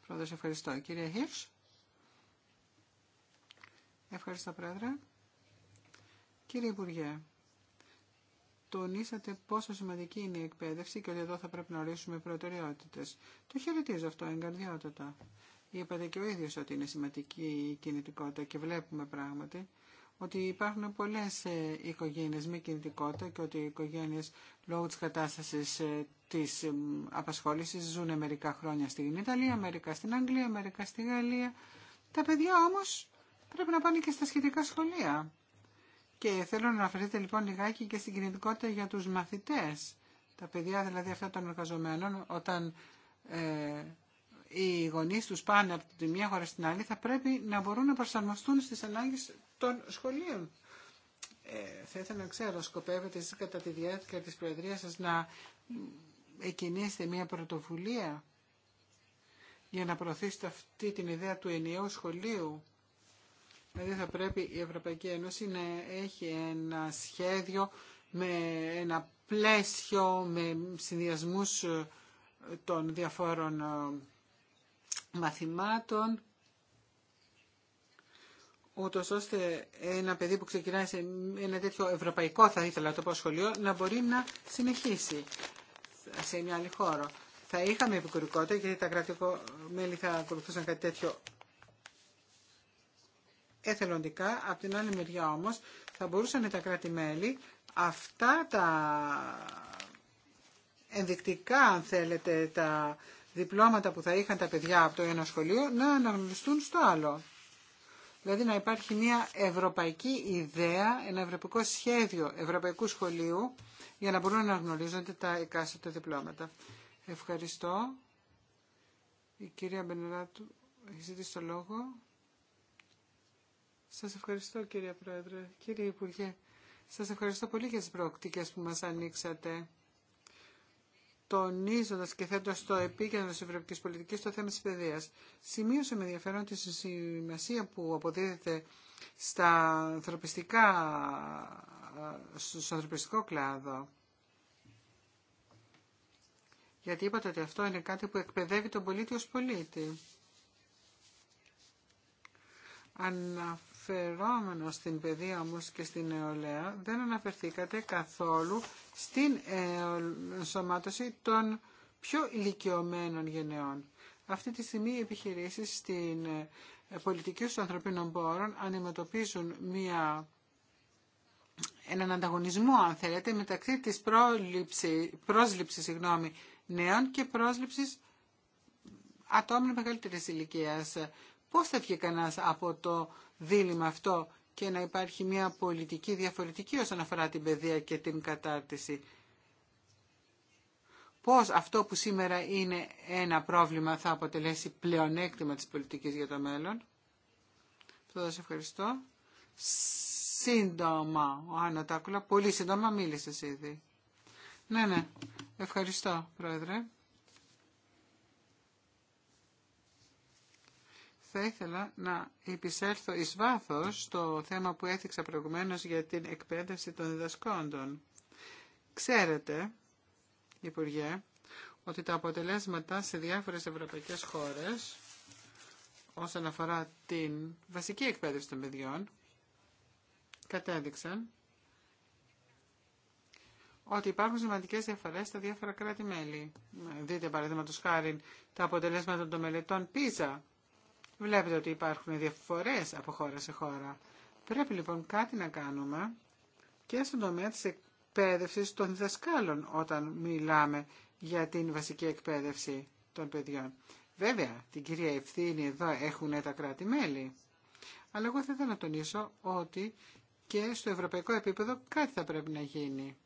Speaker 1: Πρόεδρος, ευχαριστώ. Κύριε Χίρς. Ευχαριστώ, Πρόεδρε. Κύριε Υπουργέ, τονίσατε πόσο σημαντική είναι η εκπαίδευση και ότι εδώ θα πρέπει να ορίσουμε προτεραιότητες. Το χαιρετίζω αυτό εγκαρδιότατα. Είπατε και ο ίδιος ότι είναι σημαντική η κινητικότητα και βλέπουμε πράγματι ότι υπάρχουν πολλές ε, οικογένειες με κινητικότητα και ότι οι οικογένειες λόγω της κατάστασης ε, της απασχόλησης ζουν μερικά χρόνια στην Ιταλία, μερικά στην Αγγλία, μερικά στη Γαλλία. Τα παιδιά όμως πρέπει να πάνε και στα σχετικά σχολεία. Και θέλω να αναφερθείτε λοιπόν λιγάκι και στην κινητικότητα για τους μαθητές. Τα παιδιά δηλαδή αυτά των εργαζομένων, όταν ε, οι γονείς τους πάνε από τη μία χώρα στην άλλη, θα πρέπει να μπορούν να προσαρμοστούν στις ανάγκες των σχολείων. Ε, θα ήθελα να ξέρω, σκοπεύετε εσείς κατά τη διάρκεια της Προεδρίας σας να εκινήσετε μια πρωτοβουλία για να προωθήσετε αυτή την ιδέα του ενιαίου σχολείου Δηλαδή θα πρέπει η Ευρωπαϊκή Ένωση να έχει ένα σχέδιο με ένα πλαίσιο, με συνδυασμούς ε, των διαφόρων ε, μαθημάτων, ούτω ώστε ένα παιδί που ξεκινάει σε ένα τέτοιο ευρωπαϊκό, θα ήθελα το πω σχολείο, να μπορεί να συνεχίσει σε μια άλλη χώρα. Θα είχαμε επικουρικότητα γιατί τα κρατικό μέλη θα ακολουθούσαν κάτι τέτοιο εθελοντικά, από την άλλη μεριά όμως θα μπορούσαν τα κράτη-μέλη αυτά τα ενδεικτικά, αν θέλετε, τα διπλώματα που θα είχαν τα παιδιά από το ένα σχολείο να αναγνωριστούν στο άλλο. Δηλαδή να υπάρχει μια ευρωπαϊκή ιδέα, ένα ευρωπαϊκό σχέδιο ευρωπαϊκού σχολείου για να μπορούν να γνωρίζονται τα εκάστοτε διπλώματα. Ευχαριστώ. Η κυρία Μπενεράτου έχει ζητήσει το λόγο. Σας ευχαριστώ κύριε Πρόεδρε, κύριε Υπουργέ. Σας ευχαριστώ πολύ για τις προοπτικές που μας ανοίξατε. Τονίζοντα και θέτοντα στο επίκεντρο τη Ευρωπαϊκή Πολιτική το θέμα τη παιδεία, Σημείωσα με ενδιαφέρον τη σημασία που αποδίδεται στα ανθρωπιστικά, στο ανθρωπιστικό κλάδο. Γιατί είπατε ότι αυτό είναι κάτι που εκπαιδεύει τον πολίτη ως πολίτη αναφερόμενο στην παιδεία όμω και στην νεολαία, δεν αναφερθήκατε καθόλου στην ενσωμάτωση των πιο ηλικιωμένων γενεών. Αυτή τη στιγμή οι επιχειρήσεις στην ε, πολιτική των ανθρωπίνων πόρων αντιμετωπίζουν μια έναν ανταγωνισμό, αν θέλετε, μεταξύ της πρόληψης πρόσληψης συγγνώμη, νέων και πρόσληψης ατόμων μεγαλύτερης ηλικίας. Πώς θα βγει κανένα από το δίλημα αυτό και να υπάρχει μια πολιτική διαφορετική όσον αφορά την παιδεία και την κατάρτιση. Πώς αυτό που σήμερα είναι ένα πρόβλημα θα αποτελέσει πλεονέκτημα της πολιτικής για το μέλλον. Θα σας ευχαριστώ. Σύντομα, ο Άννα Τάκουλα, πολύ σύντομα μίλησες ήδη. Ναι, ναι, ευχαριστώ, Πρόεδρε. θα ήθελα να επισέλθω εις βάθος στο θέμα που έθιξα προηγουμένως για την εκπαίδευση των διδασκόντων. Ξέρετε, Υπουργέ, ότι τα αποτελέσματα σε διάφορες ευρωπαϊκές χώρες όσον αφορά την βασική εκπαίδευση των παιδιών κατέδειξαν ότι υπάρχουν σημαντικέ διαφορέ στα διάφορα κράτη-μέλη. Δείτε, παραδείγματο χάρη, τα αποτελέσματα των μελετών PISA Βλέπετε ότι υπάρχουν διαφορές από χώρα σε χώρα. Πρέπει λοιπόν κάτι να κάνουμε και στον τομέα της εκπαίδευσης των διδασκάλων όταν μιλάμε για την βασική εκπαίδευση των παιδιών. Βέβαια, την κυρία ευθύνη εδώ έχουν τα κράτη-μέλη. Αλλά εγώ θα ήθελα να τονίσω ότι και στο ευρωπαϊκό επίπεδο κάτι θα πρέπει να γίνει.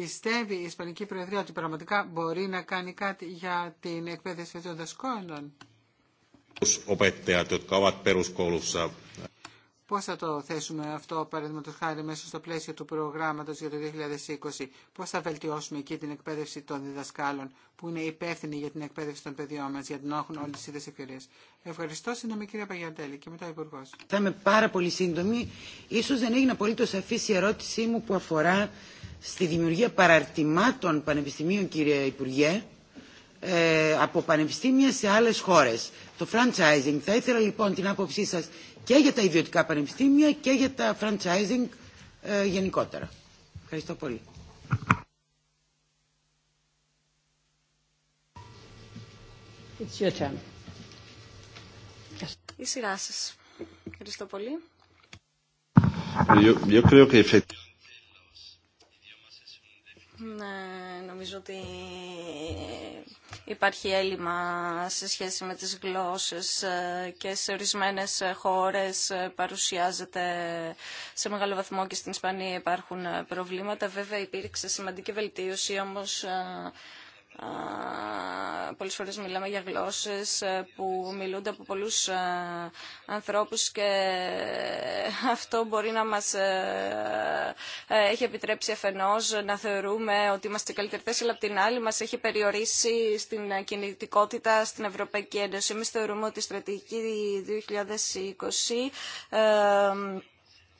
Speaker 1: Πιστεύει η Ισπανική Προεδρία ότι πραγματικά μπορεί να κάνει κάτι για την εκπαίδευση των δασκόλων. Πώ θα το θέσουμε αυτό, παραδείγματο χάρη, μέσα στο πλαίσιο του προγράμματο για το 2020. πώ θα βελτιώσουμε εκεί την εκπαίδευση των διδασκάλων που είναι υπεύθυνοι για την εκπαίδευση των παιδιών μα για να έχουν όλε τι ίδιε ευκαιρίε. Ευχαριστώ, σύντομη κυρία Παγιαντέλη και μετά ο υπουργό. Θα
Speaker 4: είμαι πάρα πολύ σύντομη. Ίσως δεν έγινε απολύτω σαφή η ερώτησή μου που αφορά στη δημιουργία παραρτημάτων πανεπιστημίων, κύριε Υπουργέ, ε, από πανεπιστήμια σε άλλε χώρε. Το franchising. Θα ήθελα λοιπόν την άποψή σα και για τα ιδιωτικά πανεπιστήμια και για τα franchising ε, γενικότερα. Ευχαριστώ πολύ.
Speaker 2: It's your turn. Η σειρά σα. Ευχαριστώ πολύ.
Speaker 1: Yo, yo creo que...
Speaker 2: Ναι, νομίζω ότι υπάρχει έλλειμμα σε σχέση με τις γλώσσες ε, και σε ορισμένες χώρες ε, παρουσιάζεται σε μεγάλο βαθμό και στην Ισπανία υπάρχουν ε, προβλήματα. Βέβαια υπήρξε σημαντική βελτίωση, όμως πολλές φορές μιλάμε για γλώσσες ε, που μιλούνται από πολλούς ε, ανθρώπους και ε, αυτό μπορεί να μας έχει επιτρέψει αφενός να θεωρούμε ότι είμαστε καλυτερτές αλλά από την άλλη μας έχει περιορίσει στην κινητικότητα στην Ευρωπαϊκή Ένωση. Εμείς θεωρούμε ότι η στρατηγική 2020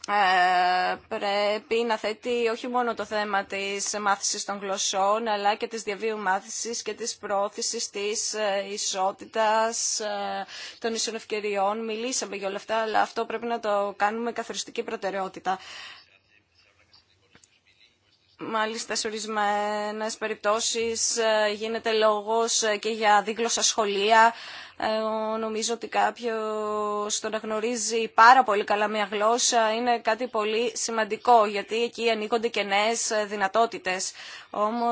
Speaker 2: ε, πρέπει να θέτει όχι μόνο το θέμα της μάθησης των γλωσσών, αλλά και της διαβίου μάθησης και της πρόθεσης της ε, ισότητας ε, των ίσων Μιλήσαμε για όλα αυτά, αλλά αυτό πρέπει να το κάνουμε καθοριστική προτεραιότητα. Μάλιστα, σε ορισμένε περιπτώσει ε, γίνεται λόγο ε, και για δίγλωσσα σχολεία. Ε, νομίζω ότι κάποιο το να γνωρίζει πάρα πολύ καλά μια γλώσσα είναι κάτι πολύ σημαντικό, γιατί εκεί ανοίγονται και νέε δυνατότητε. Όμω,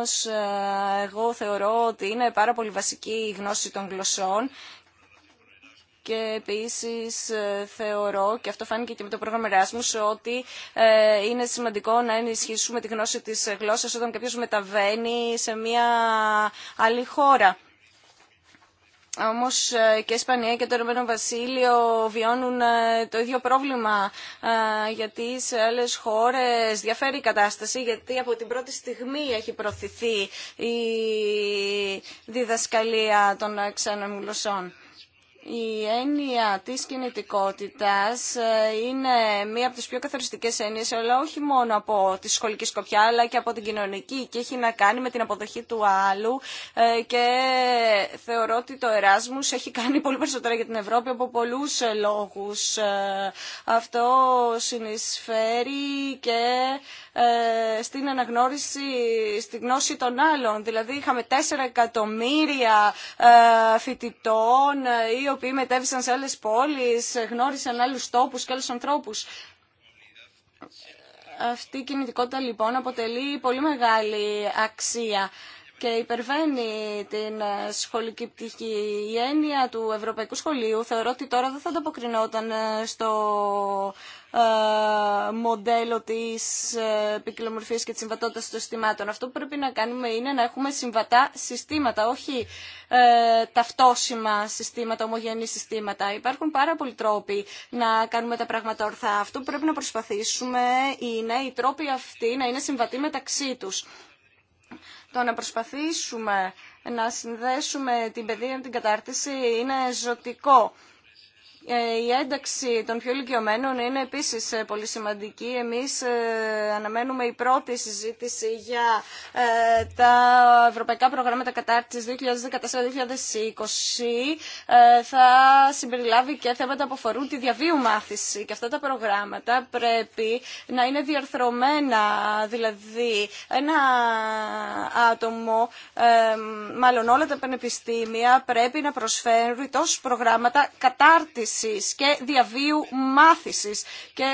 Speaker 2: εγώ θεωρώ ότι είναι πάρα πολύ βασική η γνώση των γλωσσών και επίση ε, θεωρώ, και αυτό φάνηκε και με το πρόγραμμα Erasmus, ότι ε, είναι σημαντικό να ενισχύσουμε τη γνώση της γλώσσα όταν κάποιο μεταβαίνει σε μια άλλη χώρα. Όμω ε, και η Ισπανία και το Ηνωμένο Βασίλειο βιώνουν το ίδιο πρόβλημα. Γιατί σε άλλε χώρε διαφέρει η κατάσταση, γιατί από την πρώτη στιγμή έχει προωθηθεί η διδασκαλία των ξένων γλωσσών. Η έννοια της κινητικότητας ε, είναι μία από τις πιο καθοριστικές έννοιες, αλλά όχι μόνο από τη σχολική σκοπιά, αλλά και από την κοινωνική και έχει να κάνει με την αποδοχή του άλλου ε, και θεωρώ ότι το Εράσμους έχει κάνει πολύ περισσότερα για την Ευρώπη από πολλούς ε, λόγους. Αυτό συνεισφέρει και ε, στην αναγνώριση, στη γνώση των άλλων. Δηλαδή είχαμε 4 εκατομμύρια ε, φοιτητών ε, οι οποίοι μετέβησαν σε άλλες πόλεις, γνώρισαν άλλους τόπους και άλλους ανθρώπους. Αυτή η κινητικότητα λοιπόν αποτελεί πολύ μεγάλη αξία και υπερβαίνει την ε, σχολική πτυχή. Η έννοια του Ευρωπαϊκού Σχολείου θεωρώ ότι τώρα δεν θα ανταποκρινόταν ε, στο ε, μοντέλο της ποικιλομορφίας και της συμβατότητας των συστημάτων. Αυτό που πρέπει να κάνουμε είναι να έχουμε συμβατά συστήματα, όχι ε, ταυτόσιμα συστήματα, ομογενή συστήματα. Υπάρχουν πάρα πολλοί τρόποι να κάνουμε τα πράγματα ορθά. Αυτό που πρέπει να προσπαθήσουμε είναι οι τρόποι αυτοί να είναι συμβατοί μεταξύ τους. Το να προσπαθήσουμε να συνδέσουμε την παιδεία με την κατάρτιση είναι ζωτικό ε, η ένταξη των πιο ηλικιωμένων είναι επίσης ε, πολύ σημαντική. Εμείς ε, αναμένουμε η πρώτη συζήτηση για τα ευρωπαϊκά προγράμματα κατάρτισης 2014-2020. Θα συμπεριλάβει και θέματα που αφορούν τη διαβίου μάθηση. Και αυτά τα προγράμματα πρέπει να είναι διαρθρωμένα, δηλαδή ένα άτομο, μάλλον όλα τα πανεπιστήμια πρέπει να προσφέρουν τόσο προγράμματα κατάρτισης και διαβίου μάθησης. Και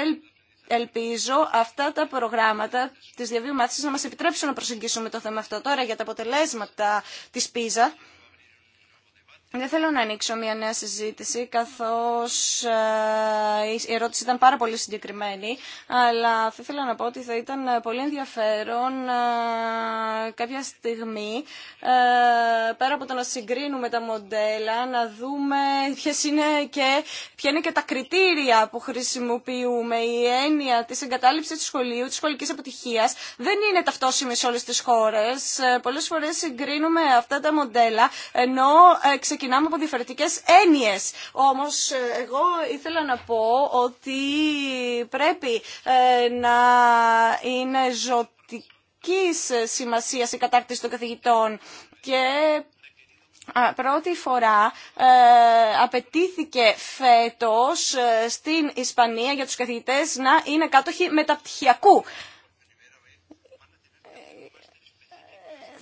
Speaker 2: ελπίζω αυτά τα προγράμματα της διαβίου μάθησης να μας επιτρέψουν να προσεγγίσουμε το θέμα αυτό. Τώρα για τα αποτελέσματα της ΠΙΖΑ δεν θέλω να ανοίξω μια νέα συζήτηση, καθώς ε, η ερώτηση ήταν πάρα πολύ συγκεκριμένη, αλλά θα ήθελα να πω ότι θα ήταν πολύ ενδιαφέρον ε, κάποια στιγμή, ε, πέρα από το να συγκρίνουμε τα μοντέλα, να δούμε ποιες είναι και, ποια είναι και τα κριτήρια που χρησιμοποιούμε. Η έννοια της εγκατάλειψης του σχολείου, της σχολικής αποτυχίας, δεν είναι ταυτόσιμη σε όλες τις χώρες. Πολλές φορές συγκρίνουμε αυτά τα μοντέλα, ενώ ξεκινάμε από διαφορετικές έννοιες. Όμως ε, εγώ ήθελα να πω ότι πρέπει ε, να είναι ζωτικής σημασία η κατάρτιση των καθηγητών και Πρώτη φορά ε, απαιτήθηκε φέτος ε, στην Ισπανία για τους καθηγητές να είναι κάτοχοι μεταπτυχιακού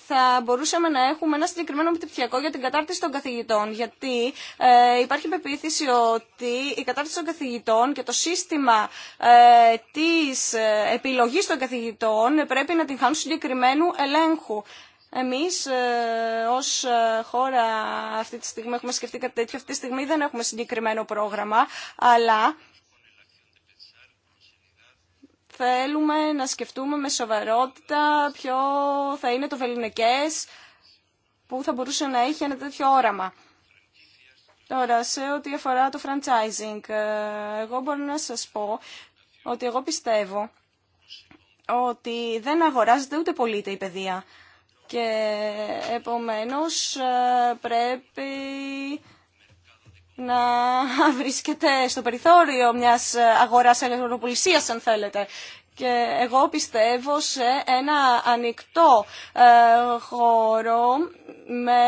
Speaker 2: θα μπορούσαμε να έχουμε ένα συγκεκριμένο επιτυχιακό για την κατάρτιση των καθηγητών. Γιατί ε, υπάρχει πεποίθηση ότι η κατάρτιση των καθηγητών και το σύστημα ε, της ε, επιλογής των καθηγητών πρέπει να την χάνουν συγκεκριμένου ελέγχου. Εμείς ε, ως ε, χώρα αυτή τη στιγμή έχουμε σκεφτεί κάτι τέτοιο. Αυτή τη στιγμή δεν έχουμε συγκεκριμένο πρόγραμμα, αλλά Θέλουμε να σκεφτούμε με σοβαρότητα ποιο θα είναι το βεληνικές που θα μπορούσε να έχει ένα τέτοιο όραμα. Τώρα, σε ό,τι αφορά το franchising, ε, εγώ μπορώ να σας πω ότι εγώ πιστεύω ότι δεν αγοράζεται ούτε πολύ η παιδεία και επομένως ε, πρέπει να βρίσκεται στο περιθώριο μιας ε, αγοράς αγροπολισίας, αν θέλετε. Και εγώ πιστεύω σε ένα ανοιχτό ε, χώρο με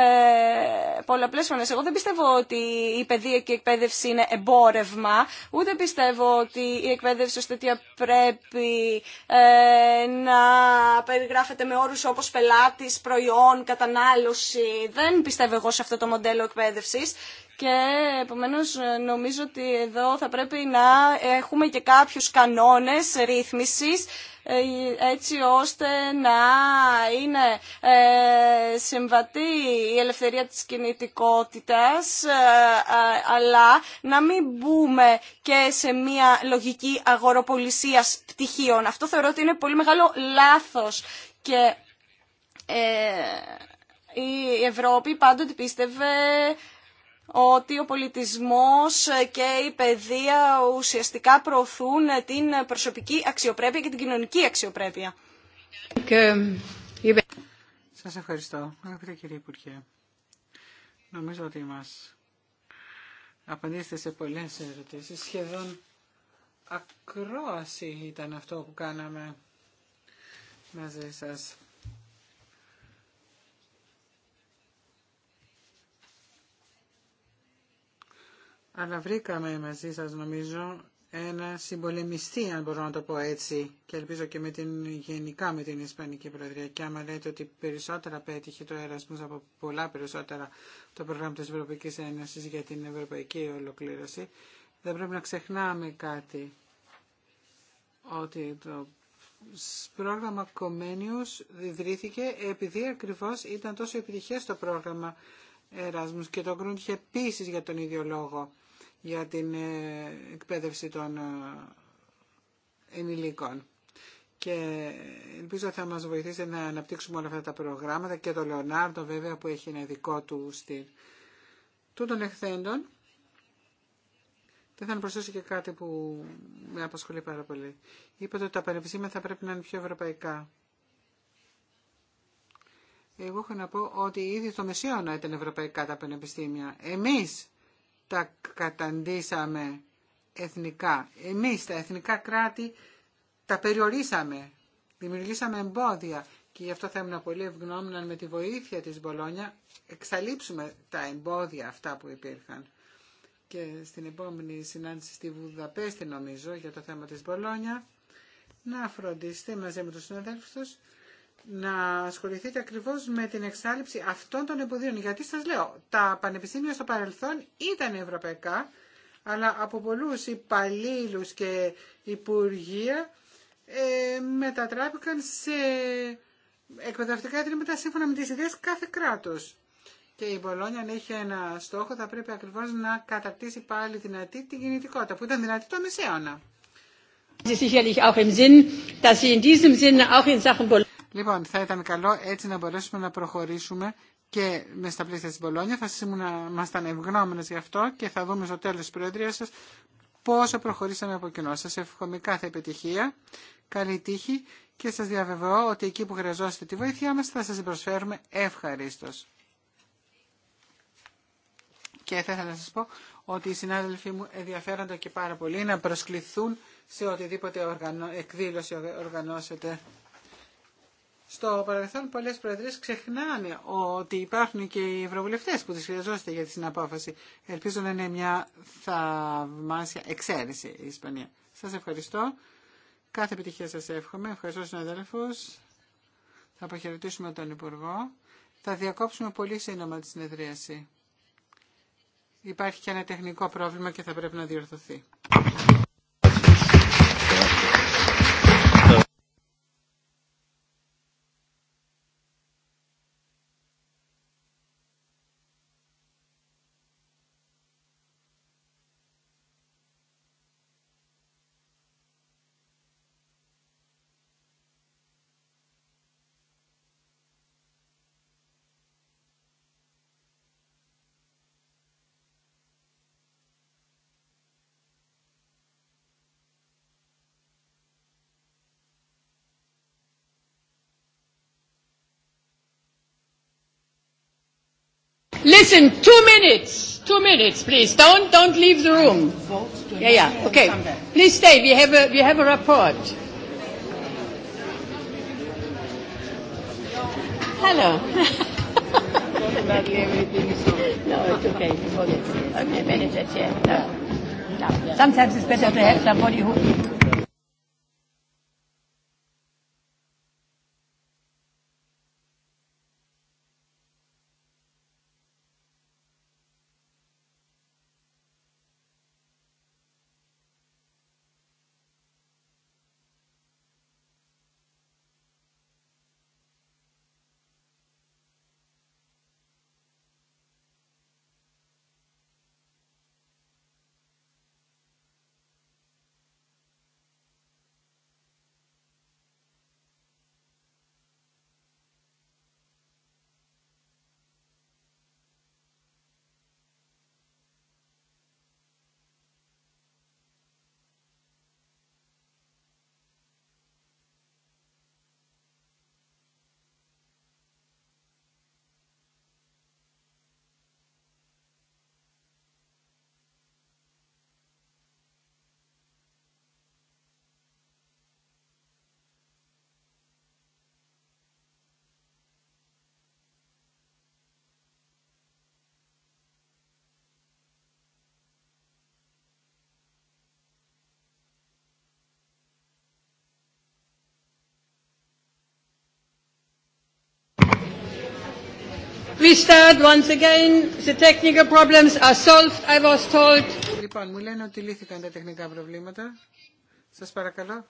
Speaker 2: ε, πολλαπλές φωνές. Εγώ δεν πιστεύω ότι η παιδεία και η εκπαίδευση είναι εμπόρευμα, ούτε πιστεύω ότι η εκπαίδευση ως τέτοια πρέπει ε, να περιγράφεται με όρους όπως πελάτης, προϊόν, κατανάλωση. Δεν πιστεύω εγώ σε αυτό το μοντέλο εκπαίδευσης και επομένως ε, νομίζω ότι εδώ θα πρέπει να έχουμε και κάποιους κανόνες ρύθμισης ε, έτσι ώστε να είναι ε, συμβατή η ελευθερία της κινητικότητας αλλά να μην μπούμε και σε μια λογική αγοροπολισίας πτυχίων. Αυτό θεωρώ ότι είναι πολύ μεγάλο λάθος και η Ευρώπη πάντοτε πίστευε ότι ο πολιτισμός και η παιδεία ουσιαστικά προωθούν την προσωπική αξιοπρέπεια και την κοινωνική αξιοπρέπεια.
Speaker 1: Σας ευχαριστώ, αγαπητέ κύριε Υπουργέ. Νομίζω ότι μας απαντήσετε σε πολλές ερωτήσεις. Σχεδόν ακρόαση ήταν αυτό που κάναμε μαζί σας. αλλά βρήκαμε μαζί σας νομίζω ένα συμπολεμιστή, αν μπορώ να το πω έτσι, και ελπίζω και με την, γενικά με την Ισπανική Προεδρία. Και άμα λέτε ότι περισσότερα πέτυχε το Erasmus από πολλά περισσότερα το πρόγραμμα της Ευρωπαϊκής Ένωσης για την Ευρωπαϊκή Ολοκλήρωση, δεν πρέπει να ξεχνάμε κάτι, ότι το πρόγραμμα Κομένιους διδρύθηκε επειδή ακριβώς ήταν τόσο επιτυχές το πρόγραμμα Erasmus και το Γκρούντ είχε επίσης για τον ίδιο λόγο για την ε, εκπαίδευση των ε, ενηλίκων. Και ελπίζω θα μας βοηθήσει να αναπτύξουμε όλα αυτά τα προγράμματα και το Λεωνάρντο βέβαια που έχει ένα δικό του στυλ. Τούτων εχθέντων, δεν θα προσθέσω και κάτι που με απασχολεί πάρα πολύ. Είπατε ότι τα πανεπιστήμια θα πρέπει να είναι πιο ευρωπαϊκά. Εγώ έχω να πω ότι ήδη το Μεσαίωνα ήταν ευρωπαϊκά τα πανεπιστήμια. Εμείς τα καταντήσαμε εθνικά. Εμείς τα εθνικά κράτη τα περιορίσαμε, δημιουργήσαμε εμπόδια και γι' αυτό θα ήμουν πολύ ευγνώμη με τη βοήθεια της Μπολόνια εξαλείψουμε τα εμπόδια αυτά που υπήρχαν. Και στην επόμενη συνάντηση στη Βουδαπέστη νομίζω για το θέμα της Μπολόνια να φροντίστε μαζί με τους συναδέλφους τους να ασχοληθείτε ακριβώς με την εξάλληψη αυτών των εμποδίων. Γιατί σας λέω, τα πανεπιστήμια στο παρελθόν ήταν ευρωπαϊκά, αλλά από πολλούς υπαλλήλου και υπουργεία ε, μετατράπηκαν σε εκπαιδευτικά ιδρύματα σύμφωνα με τις ιδέες κάθε κράτος. Και η Μπολόνια αν έχει ένα στόχο θα πρέπει ακριβώς να κατακτήσει πάλι δυνατή την κινητικότητα που ήταν δυνατή το μεσαίωνα. Λοιπόν, θα ήταν καλό έτσι να μπορέσουμε να προχωρήσουμε και με στα πλαίσια της Μπολόνια. Θα ήμασταν ευγνώμενες γι' αυτό και θα δούμε στο τέλος της Προεδρίας σας πόσο προχωρήσαμε από κοινό. Σας εύχομαι κάθε επιτυχία, καλή τύχη και σας διαβεβαιώ ότι εκεί που χρειαζόσατε τη βοήθειά μας θα σας προσφέρουμε ευχαρίστως. Και θα ήθελα να σας πω ότι οι συνάδελφοί μου ενδιαφέρονται και πάρα πολύ να προσκληθούν σε οτιδήποτε οργανώ... εκδήλωση οργανώσετε στο παρελθόν πολλές προεδρίες ξεχνάνε ότι υπάρχουν και οι ευρωβουλευτές που τις χρειαζόστε για τη συναπόφαση. Ελπίζω να είναι μια θαυμάσια εξαίρεση η Ισπανία. Σας ευχαριστώ. Κάθε επιτυχία σας εύχομαι. Ευχαριστώ συναδέλφους. Θα αποχαιρετήσουμε τον Υπουργό. Θα διακόψουμε πολύ σύντομα τη συνεδρίαση. Υπάρχει και ένα τεχνικό πρόβλημα και θα πρέπει να διορθωθεί.
Speaker 3: Listen, two
Speaker 4: minutes.
Speaker 1: Two minutes, please. Don't don't leave the room. Yeah, yeah. Okay. Please stay. We have a we have a report. Hello. no, it's okay. Okay, manager
Speaker 4: Sometimes it's better to have somebody who
Speaker 1: We start once again. The technical problems are solved, I was told. Λοιπόν, μου λένε ότι λύθηκαν τα τεχνικά προβλήματα. Σας παρακαλώ.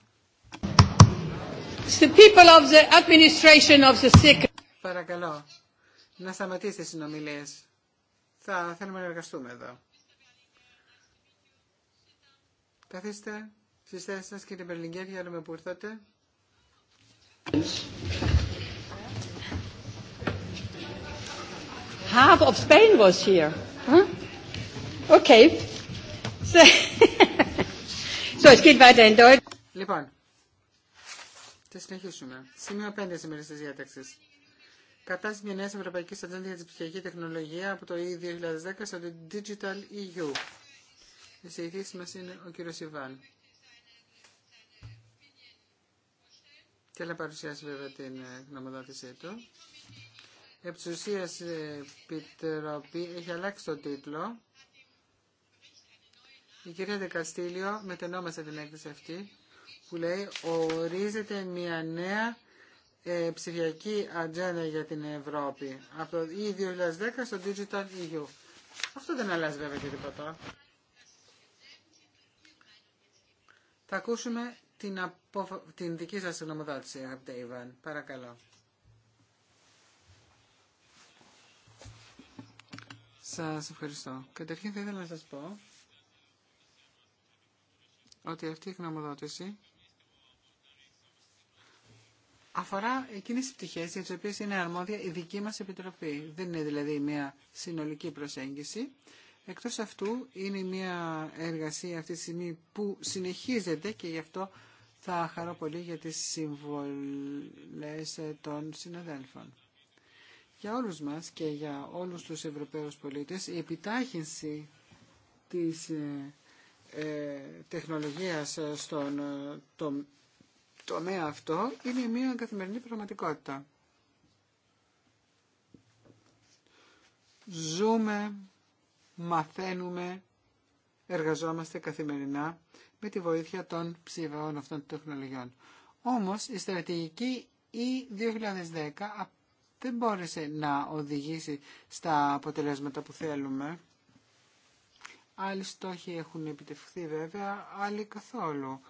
Speaker 1: The people of the administration of the sick. Παρακαλώ, να σταματήσετε συνομιλίες. Θα θέλουμε να εργαστούμε εδώ. Καθίστε στις θέσεις σας κύριε Μπερλιγκέρ, με που ήρθατε. half of Spain was here. Okay. So, es geht
Speaker 2: weiter in Deutsch.
Speaker 1: Λοιπόν, θα συνεχίσουμε. Σημείο 5 σήμερα τη διάταξη. Κατάσταση μια νέα ευρωπαϊκή ατζέντα για την ψηφιακή τεχνολογία από το E2010 στο Digital EU. Η συζητήση μα είναι ο κύριο Ιβάν. Θέλω να παρουσιάσει βέβαια την γνωμοδότησή του επί επιτροπή έχει αλλάξει το τίτλο. Η κυρία Δεκαστήλιο μετενόμασε την έκθεση αυτή που λέει ορίζεται μια νέα ε, ψηφιακή ατζέντα για την Ευρώπη από το E2010 στο Digital EU. Αυτό δεν αλλάζει βέβαια και τίποτα. Θα ακούσουμε την, την δική σας γνωμοδότηση, αγαπητέ Ιβάν. Παρακαλώ. Σας ευχαριστώ. Καταρχήν θα ήθελα να σας πω ότι αυτή η γνωμοδότηση αφορά εκείνες τις πτυχές για τις οποίες είναι αρμόδια η δική μας επιτροπή. Δεν είναι δηλαδή μια συνολική προσέγγιση. Εκτός αυτού είναι μια εργασία αυτή τη στιγμή που συνεχίζεται και γι' αυτό θα χαρώ πολύ για τις συμβολές των συναδέλφων. Για όλους μας και για όλους τους Ευρωπαίους πολίτες η επιτάχυνση της ε, ε τεχνολογίας στον ε, το, τομέα αυτό είναι μια καθημερινή πραγματικότητα. Ζούμε, μαθαίνουμε, εργαζόμαστε καθημερινά με τη βοήθεια των ψηφών αυτών των τεχνολογιών. Όμως η στρατηγικη η E2010 δεν μπόρεσε να οδηγήσει στα αποτελέσματα που θέλουμε. Άλλοι στόχοι έχουν επιτευχθεί βέβαια, άλλοι καθόλου.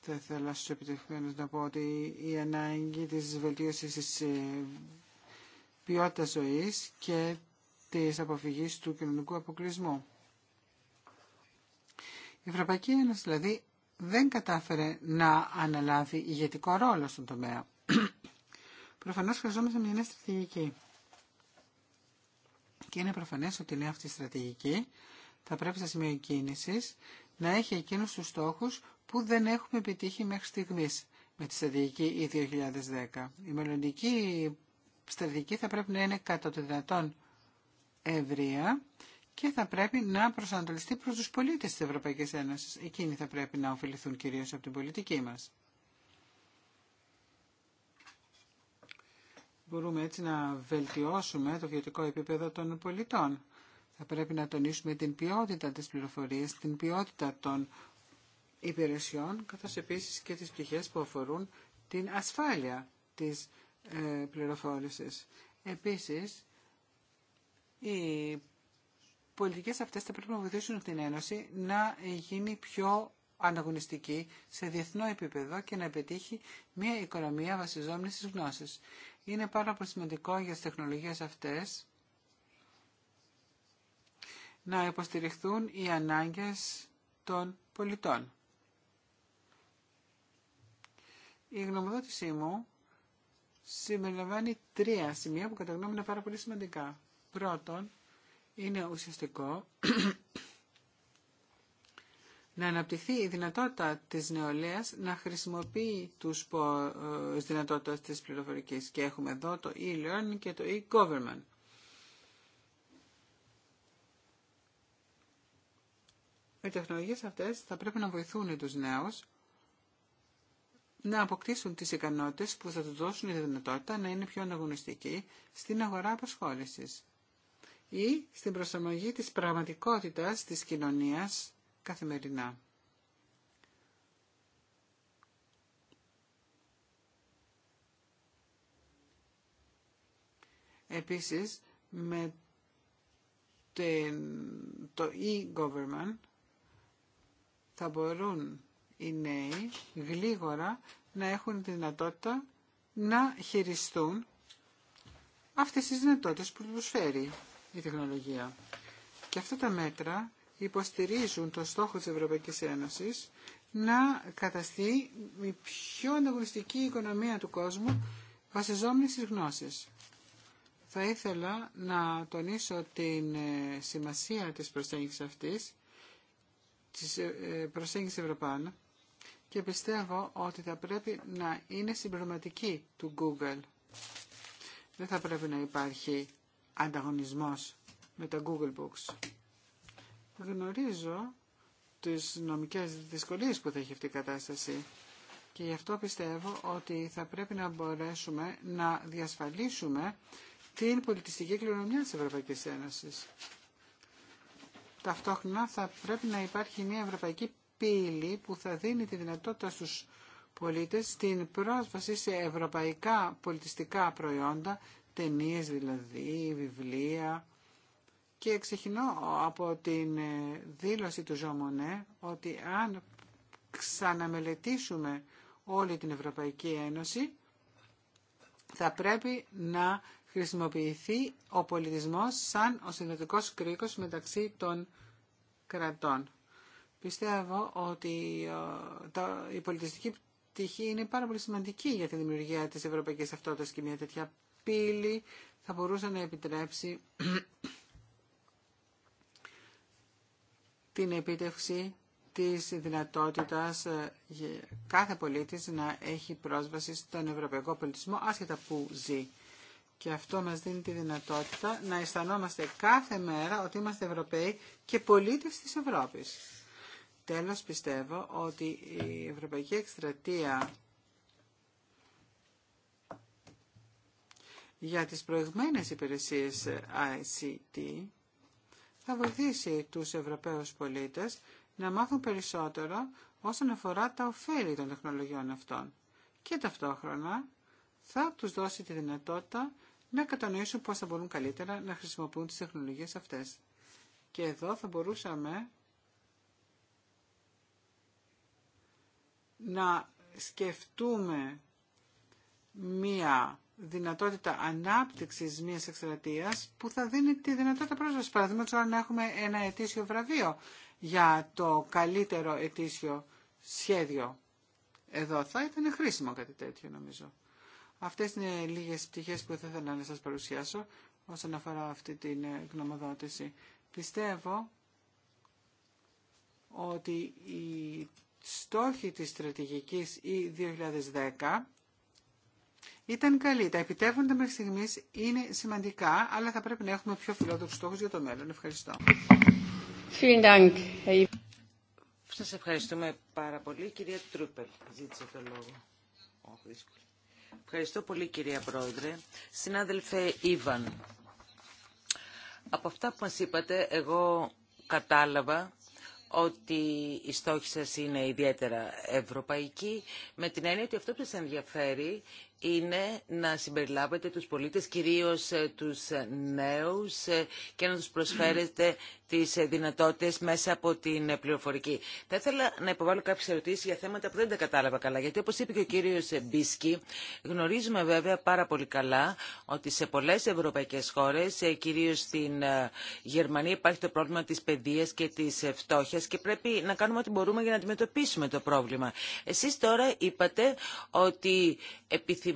Speaker 1: Θα ήθελα στους επιτευχμένους να πω ότι η ανάγκη της βελτίωσης της ε, ποιότητας ζωής και της αποφυγής του κοινωνικού αποκλεισμού. Η Ευρωπαϊκή Ένωση δηλαδή δεν κατάφερε να αναλάβει ηγετικό ρόλο στον τομέα. Προφανώς χρειαζόμαστε μια νέα στρατηγική. Και είναι προφανές ότι η νέα αυτή στρατηγική θα πρέπει στα σημεία κίνησης να έχει εκείνους τους στόχους που δεν έχουμε επιτύχει μέχρι στιγμής με τη στρατηγική ή 2010. Η μελλοντική στρατηγική θα πρέπει να είναι κατά το δυνατόν ευρεία και θα πρέπει να προσανατολιστεί προς τους πολίτες της Ευρωπαϊκής Ένωσης. Εκείνοι θα πρέπει να ωφεληθούν κυρίως από την πολιτική μας. Μπορούμε έτσι να βελτιώσουμε το βιωτικό επίπεδο των πολιτών. Θα πρέπει να τονίσουμε την ποιότητα της πληροφορίας, την ποιότητα των υπηρεσιών, καθώς επίσης και τις πτυχές που αφορούν την ασφάλεια της ε, πληροφόρησης. Επίσης, οι πολιτικές αυτές θα πρέπει να βοηθήσουν την Ένωση να γίνει πιο αναγωνιστική σε διεθνό επίπεδο και να πετύχει μια οικονομία βασιζόμενη στις γνώσεις είναι πάρα πολύ σημαντικό για τις τεχνολογίες αυτές να υποστηριχθούν οι ανάγκες των πολιτών. Η γνωμοδότησή μου συμπεριλαμβάνει τρία σημεία που κατά γνώμη είναι πάρα πολύ σημαντικά. Πρώτον, είναι ουσιαστικό να αναπτυχθεί η δυνατότητα της νεολαίας να χρησιμοποιεί τους ε, δυνατότητες της πληροφορικής. Και έχουμε εδώ το e-learning και το e-government. Οι τεχνολογίες αυτές θα πρέπει να βοηθούν τους νέους να αποκτήσουν τις ικανότητες που θα τους δώσουν τη δυνατότητα να είναι πιο ανταγωνιστικοί στην αγορά απασχόλησης ή στην προσαρμογή της πραγματικότητας της κοινωνίας καθημερινά. Επίσης, με το e-government θα μπορούν οι νέοι γλίγορα να έχουν τη δυνατότητα να χειριστούν αυτές τις δυνατότητες που τους η τεχνολογία. Και αυτά τα μέτρα υποστηρίζουν το στόχο της Ευρωπαϊκής Ένωσης να καταστεί η πιο ανταγωνιστική οικονομία του κόσμου βασιζόμενη στις γνώσεις. Θα ήθελα να τονίσω την ε, σημασία της προσέγγισης αυτής, της ε, ε, προσέγγισης Ευρωπαϊκής και πιστεύω ότι θα πρέπει να είναι συμπληρωματική του Google. Δεν θα πρέπει να υπάρχει ανταγωνισμός με τα Google Books γνωρίζω τις νομικές δυσκολίες που θα έχει αυτή η κατάσταση και γι' αυτό πιστεύω ότι θα πρέπει να μπορέσουμε να διασφαλίσουμε την πολιτιστική κληρονομιά της Ευρωπαϊκής Ένωσης. Ταυτόχρονα θα πρέπει να υπάρχει μια ευρωπαϊκή πύλη που θα δίνει τη δυνατότητα στους πολίτες στην πρόσβαση σε ευρωπαϊκά πολιτιστικά προϊόντα, ταινίες δηλαδή, βιβλία, και ξεκινώ από την ε, δήλωση του Ζωμονέ ότι αν ξαναμελετήσουμε όλη την Ευρωπαϊκή Ένωση θα πρέπει να χρησιμοποιηθεί ο πολιτισμός σαν ο συνδετικός κρίκος μεταξύ των κρατών. Πιστεύω ότι ε, η πολιτιστική πτυχή είναι πάρα πολύ σημαντική για τη δημιουργία της ευρωπαϊκής αυτότητας και μια τέτοια πύλη θα μπορούσε να επιτρέψει την επίτευξη της δυνατότητας ε, κάθε πολίτης να έχει πρόσβαση στον ευρωπαϊκό πολιτισμό άσχετα που ζει. Και αυτό μας δίνει τη δυνατότητα να αισθανόμαστε κάθε μέρα ότι είμαστε Ευρωπαίοι και πολίτες της Ευρώπης. Τέλος πιστεύω ότι η Ευρωπαϊκή Εκστρατεία για τις προηγμένες υπηρεσίες ε, ICT θα βοηθήσει τους Ευρωπαίους πολίτες να μάθουν περισσότερο όσον αφορά τα ωφέλη των τεχνολογιών αυτών και ταυτόχρονα θα τους δώσει τη δυνατότητα να κατανοήσουν πώς θα μπορούν καλύτερα να χρησιμοποιούν τις τεχνολογίες αυτές. Και εδώ θα μπορούσαμε να σκεφτούμε μία δυνατότητα ανάπτυξη μιας εκστρατείας που θα δίνει τη δυνατότητα πρόσβαση. Παραδείγματος να έχουμε ένα ετήσιο βραβείο για το καλύτερο ετήσιο σχέδιο. Εδώ θα ήταν χρήσιμο κάτι τέτοιο νομίζω. Αυτές είναι λίγες πτυχέ που θα ήθελα να σας παρουσιάσω όσον αφορά αυτή την ε, γνωμοδότηση. Πιστεύω ότι η στόχοι της στρατηγικής ή 2010 ήταν καλή. Τα επιτεύγματα μέχρι στιγμή είναι σημαντικά, αλλά θα πρέπει να έχουμε πιο φιλόδοξου στόχου για το μέλλον. Ευχαριστώ. Σα ευχαριστούμε πάρα πολύ. Κυρία
Speaker 3: Τρούπελ, ζήτησε το λόγο. Ευχαριστώ πολύ κυρία Πρόεδρε. Συνάδελφε Ήβαν, από αυτά που μας είπατε, εγώ κατάλαβα ότι οι στόχοι σας είναι ιδιαίτερα ευρωπαϊκή, με την έννοια ότι αυτό που σας ενδιαφέρει είναι να συμπεριλάβετε τους πολίτες, κυρίως ε, τους ε, νέους ε, και να τους προσφέρετε τις δυνατότητες μέσα από την πληροφορική. Θα ήθελα να υποβάλω κάποιες ερωτήσεις για θέματα που δεν τα κατάλαβα καλά, γιατί όπως είπε και ο κύριος Μπίσκι, γνωρίζουμε βέβαια πάρα πολύ καλά ότι σε πολλές ευρωπαϊκές χώρες, κυρίως στην Γερμανία, υπάρχει το πρόβλημα της παιδείας και της φτώχειας και πρέπει να κάνουμε ό,τι μπορούμε για να αντιμετωπίσουμε το πρόβλημα. Εσείς τώρα είπατε ότι επιθυμείτε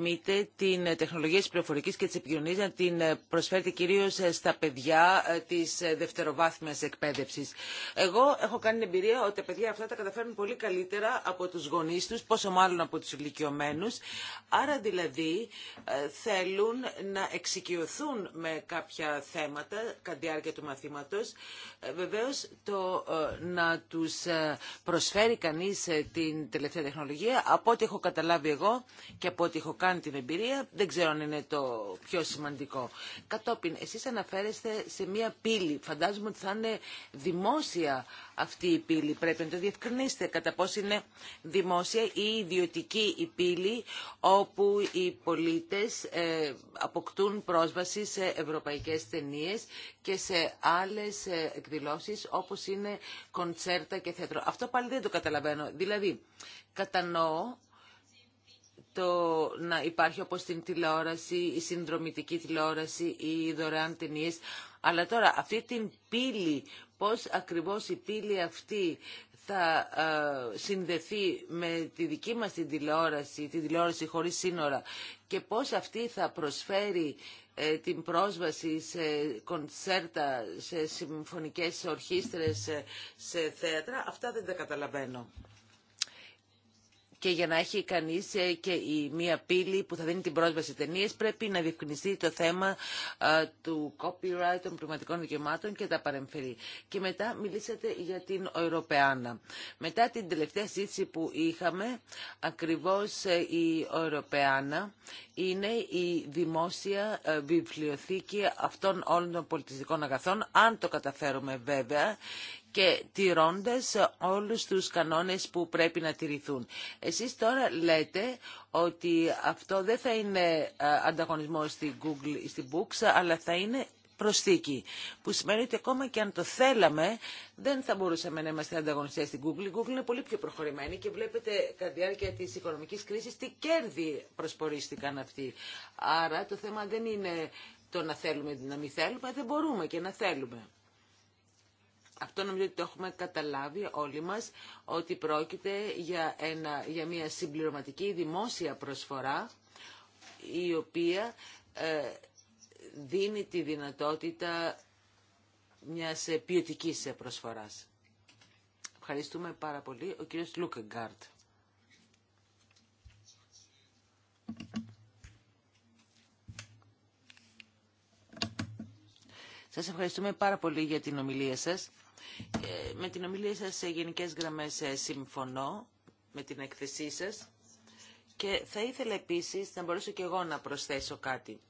Speaker 3: την ε, τεχνολογία της πληροφορικής και της επικοινωνίας να την ε, προσφέρετε κυρίως ε, στα παιδιά της δευτεροβάθμιας εκπαίδευσης. Εγώ έχω κάνει εμπειρία ότι τα παιδιά αυτά τα καταφέρνουν πολύ καλύτερα από τους γονείς τους, πόσο μάλλον από τους ηλικιωμένους. Άρα δηλαδή θέλουν να εξοικειωθούν με κάποια θέματα κατά τη διάρκεια του μαθήματος. Βεβαίως το να τους προσφέρει κανείς την τελευταία τεχνολογία, από ό,τι έχω καταλάβει εγώ και από ό,τι έχω κάνει κάνει την εμπειρία, δεν ξέρω αν είναι το πιο σημαντικό. Κατόπιν, εσείς αναφέρεστε σε μία πύλη. Φαντάζομαι ότι θα είναι δημόσια αυτή η πύλη. Πρέπει να το διευκρινίσετε κατά πώς είναι δημόσια ή ιδιωτική η πύλη όπου οι πολίτες ε, αποκτούν πρόσβαση σε ευρωπαϊκές ταινίε και σε άλλες ε, εκδηλώσεις όπως είναι κοντσέρτα και θέατρο. Αυτό πάλι δεν το καταλαβαίνω. Δηλαδή, κατανοώ το να υπάρχει όπως την τηλεόραση, η συνδρομητική τηλεόραση, η δωρεάν ταινίε. Αλλά τώρα αυτή την πύλη, πώς ακριβώς η πύλη αυτή θα ε, συνδεθεί με τη δική μας την τηλεόραση, την τηλεόραση χωρίς σύνορα και πώς αυτή θα προσφέρει ε, την πρόσβαση σε κονσέρτα, σε συμφωνικές ορχήστρες, σε, σε θέατρα, αυτά δεν τα καταλαβαίνω και για να έχει κανείς ε, και η μία πύλη που θα δίνει την πρόσβαση σε ταινίες πρέπει να διευκρινιστεί το θέμα ε, του copyright των πνευματικών δικαιωμάτων και τα παρεμφερή. Και μετά μιλήσατε για την Ευρωπαϊκή. Μετά την τελευταία σύστηση που είχαμε, ακριβώς ε, η Ευρωπαϊκή είναι η δημόσια βιβλιοθήκη αυτών όλων των πολιτιστικών αγαθών, αν το καταφέρουμε βέβαια και τηρώντας όλους τους κανόνες που πρέπει να τηρηθούν. Εσείς τώρα λέτε ότι αυτό δεν θα είναι ε, ανταγωνισμός στην Google ή στην Books, αλλά θα είναι προσθήκη, που σημαίνει ότι ακόμα και αν το θέλαμε, δεν θα μπορούσαμε να είμαστε ανταγωνιστέ στην Google. Η Google είναι πολύ πιο προχωρημένη και βλέπετε κατά τη διάρκεια τη οικονομική κρίση τι κέρδη προσπορίστηκαν αυτοί. Άρα το θέμα δεν είναι το να θέλουμε ή να μην θέλουμε, δεν μπορούμε και να θέλουμε. Αυτό νομίζω ότι το έχουμε καταλάβει όλοι μας, ότι πρόκειται για, ένα, για μια συμπληρωματική δημόσια προσφορά, η οποία ε, δίνει τη δυνατότητα μιας ποιοτικής προσφοράς. Ευχαριστούμε πάρα πολύ. Ο κύριος Λούκεγκάρτ. Σας ευχαριστούμε πάρα πολύ για την ομιλία σας. Ε, με την ομιλία σας σε γενικές γραμμές ε, συμφωνώ με την εκθεσή σας και θα ήθελα επίσης να μπορέσω και εγώ να προσθέσω κάτι.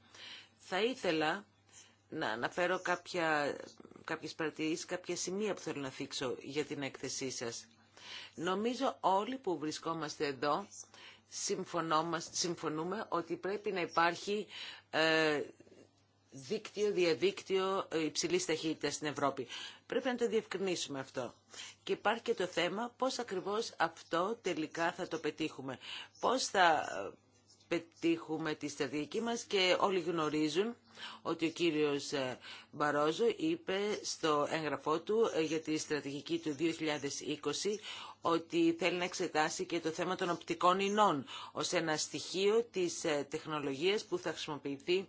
Speaker 3: Θα ήθελα να αναφέρω κάποια, κάποιες παρατηρήσεις, κάποια σημεία που θέλω να θίξω για την έκθεσή σας. Νομίζω όλοι που βρισκόμαστε εδώ συμφωνούμε ότι πρέπει να υπάρχει ε, δίκτυο, διαδίκτυο υψηλής ταχύτητας στην Ευρώπη. Πρέπει να το διευκρινίσουμε αυτό. Και υπάρχει και το θέμα πώς ακριβώς αυτό τελικά θα το πετύχουμε. Πώς θα ε, πετύχουμε τη στρατηγική μας και όλοι γνωρίζουν ότι ο κύριος ε, Μπαρόζο είπε στο έγγραφό του ε, για τη στρατηγική του 2020 ότι θέλει να εξετάσει και το θέμα των οπτικών ινών ως ένα στοιχείο της τεχνολογίας που θα χρησιμοποιηθεί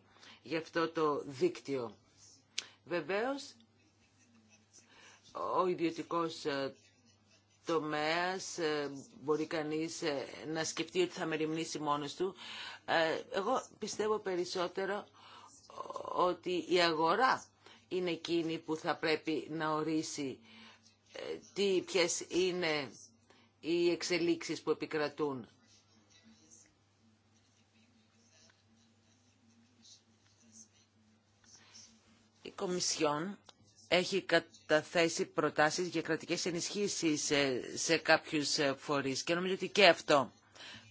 Speaker 3: για αυτό το δίκτυο. Βεβαίως, ο ιδιωτικός ε, τομέας ε, μπορεί κανείς ε, να σκεφτεί ότι θα μεριμνήσει μόνος του. Εγώ πιστεύω περισσότερο ότι η αγορά είναι εκείνη που θα πρέπει να ορίσει τι, ποιες είναι οι εξελίξεις που επικρατούν. Κομισιόν έχει καταθέσει προτάσεις για κρατικές ενισχύσεις σε, κάποιους ε, φορείς και νομίζω ότι και αυτό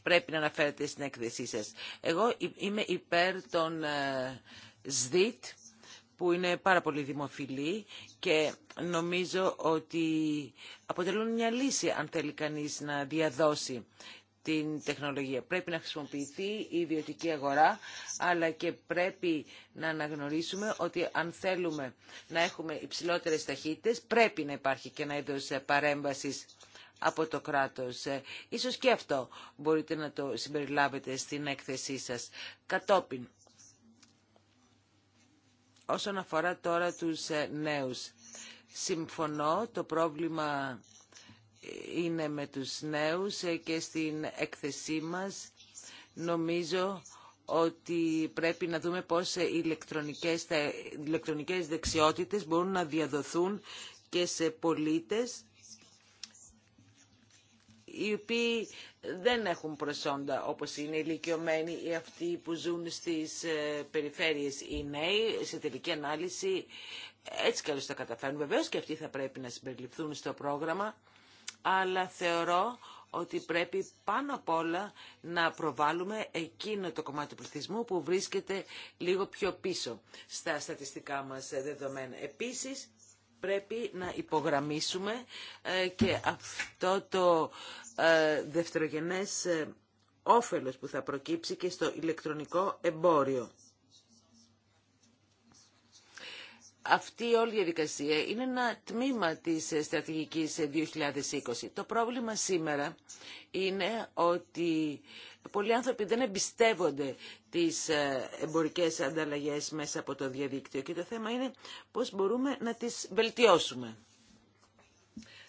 Speaker 3: πρέπει να αναφέρεται στην έκθεσή σας. Εγώ είμαι υπέρ των ε, ΣΔΙΤ που είναι πάρα πολύ δημοφιλή και νομίζω ότι αποτελούν μια λύση αν θέλει κανείς να διαδώσει την τεχνολογία. Πρέπει να χρησιμοποιηθεί η ιδιωτική αγορά, αλλά και πρέπει να αναγνωρίσουμε ότι αν θέλουμε να έχουμε υψηλότερες ταχύτητες, πρέπει να υπάρχει και ένα είδος παρέμβασης από το κράτος. Ε, ίσως και αυτό μπορείτε να το συμπεριλάβετε στην έκθεσή σας. Κατόπιν, όσον αφορά τώρα τους ε, νέους, συμφωνώ το πρόβλημα είναι με τους νέους ε, και στην έκθεσή μας νομίζω ότι πρέπει να δούμε πώς ε, οι ηλεκτρονικές, τα δεξιότητες μπορούν να διαδοθούν και σε πολίτες οι οποίοι δεν έχουν προσόντα όπως είναι οι ηλικιωμένοι ή αυτοί που ζουν στις ε, περιφέρειες οι νέοι σε τελική ανάλυση έτσι καλώς τα καταφέρνουν βεβαίως και αυτοί θα πρέπει να συμπεριληφθούν στο πρόγραμμα αλλά θεωρώ ότι πρέπει πάνω απ' όλα να προβάλλουμε εκείνο το κομμάτι του πληθυσμού που βρίσκεται λίγο πιο πίσω στα στατιστικά μας δεδομένα. Επίσης, πρέπει να υπογραμμίσουμε ε, και αυτό το ε, δευτερογενές ε, όφελος που θα προκύψει και στο ηλεκτρονικό εμπόριο. αυτή η όλη διαδικασία είναι ένα τμήμα της στρατηγικής 2020. Το πρόβλημα σήμερα είναι ότι πολλοί άνθρωποι δεν εμπιστεύονται τις ε, εμπορικές ανταλλαγές μέσα από το διαδίκτυο και το θέμα είναι πώς μπορούμε να τις βελτιώσουμε.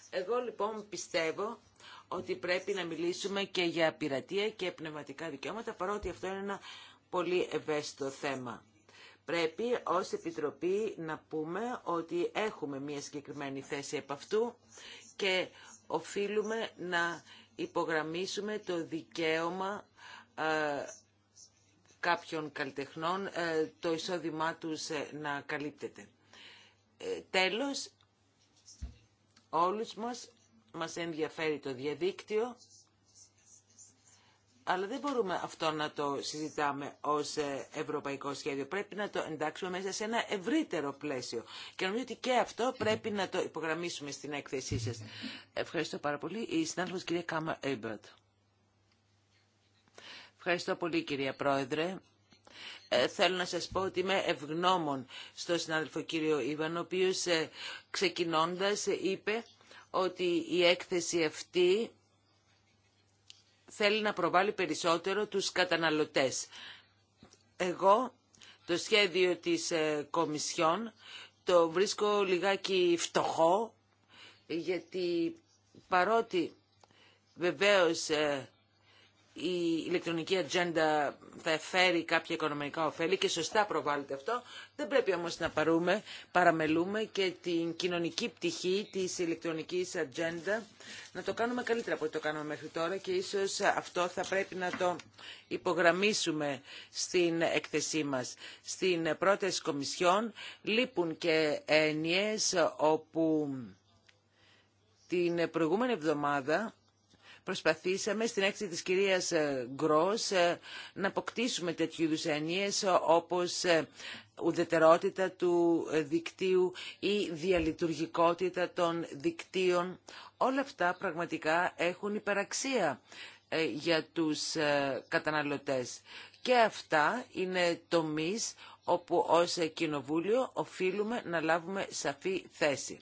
Speaker 3: Εγώ λοιπόν πιστεύω ότι πρέπει να μιλήσουμε και για πειρατεία και πνευματικά δικαιώματα, παρότι αυτό είναι ένα πολύ ευαίσθητο θέμα πρέπει ως Επιτροπή να πούμε ότι έχουμε μια συγκεκριμένη θέση επ' αυτού και οφείλουμε να υπογραμμίσουμε το δικαίωμα ε, κάποιων καλλιτεχνών ε, το εισόδημά τους ε, να καλύπτεται. Τέλος, όλους μας μας ενδιαφέρει το διαδίκτυο αλλά δεν μπορούμε αυτό να το συζητάμε ως ε, ευρωπαϊκό σχέδιο. Πρέπει να το εντάξουμε μέσα σε ένα ευρύτερο πλαίσιο. Και νομίζω ότι και αυτό πρέπει να το υπογραμμίσουμε στην έκθεσή σας. Ευχαριστώ πάρα πολύ. Η συνάδελφος κυρία Κάμα Έμπερτ. Ευχαριστώ πολύ κυρία Πρόεδρε. Ε, θέλω να σας πω ότι είμαι ευγνώμων στο συνάδελφο κύριο Ήβαν, ο οποίος ε, ξεκινώντας είπε ότι η έκθεση αυτή θέλει να προβάλλει περισσότερο τους καταναλωτές. Εγώ το σχέδιο της ε, Κομισιόν το βρίσκω λιγάκι φτωχό, γιατί παρότι βεβαίως ε, η ηλεκτρονική ατζέντα θα φέρει κάποια οικονομικά ωφέλη και σωστά προβάλλεται αυτό. Δεν πρέπει όμως να παρούμε, παραμελούμε και την κοινωνική πτυχή της ηλεκτρονικής ατζέντα να το κάνουμε καλύτερα από ό,τι το κάνουμε μέχρι τώρα και ίσως αυτό θα πρέπει να το υπογραμμίσουμε στην εκθεσή μας. Στην πρόταση κομισιών λείπουν και έννοιες όπου την προηγούμενη εβδομάδα Προσπαθήσαμε στην έκθεση της κυρίας ε, Γκρός ε, να αποκτήσουμε τέτοιου είδους έννοιες όπως ε, ουδετερότητα του δικτύου ή διαλειτουργικότητα των δικτύων. Όλα αυτά πραγματικά έχουν υπεραξία για τους καταναλωτές. Και αυτά είναι τομείς όπου ως Κοινοβούλιο οφείλουμε να λάβουμε σαφή θέση.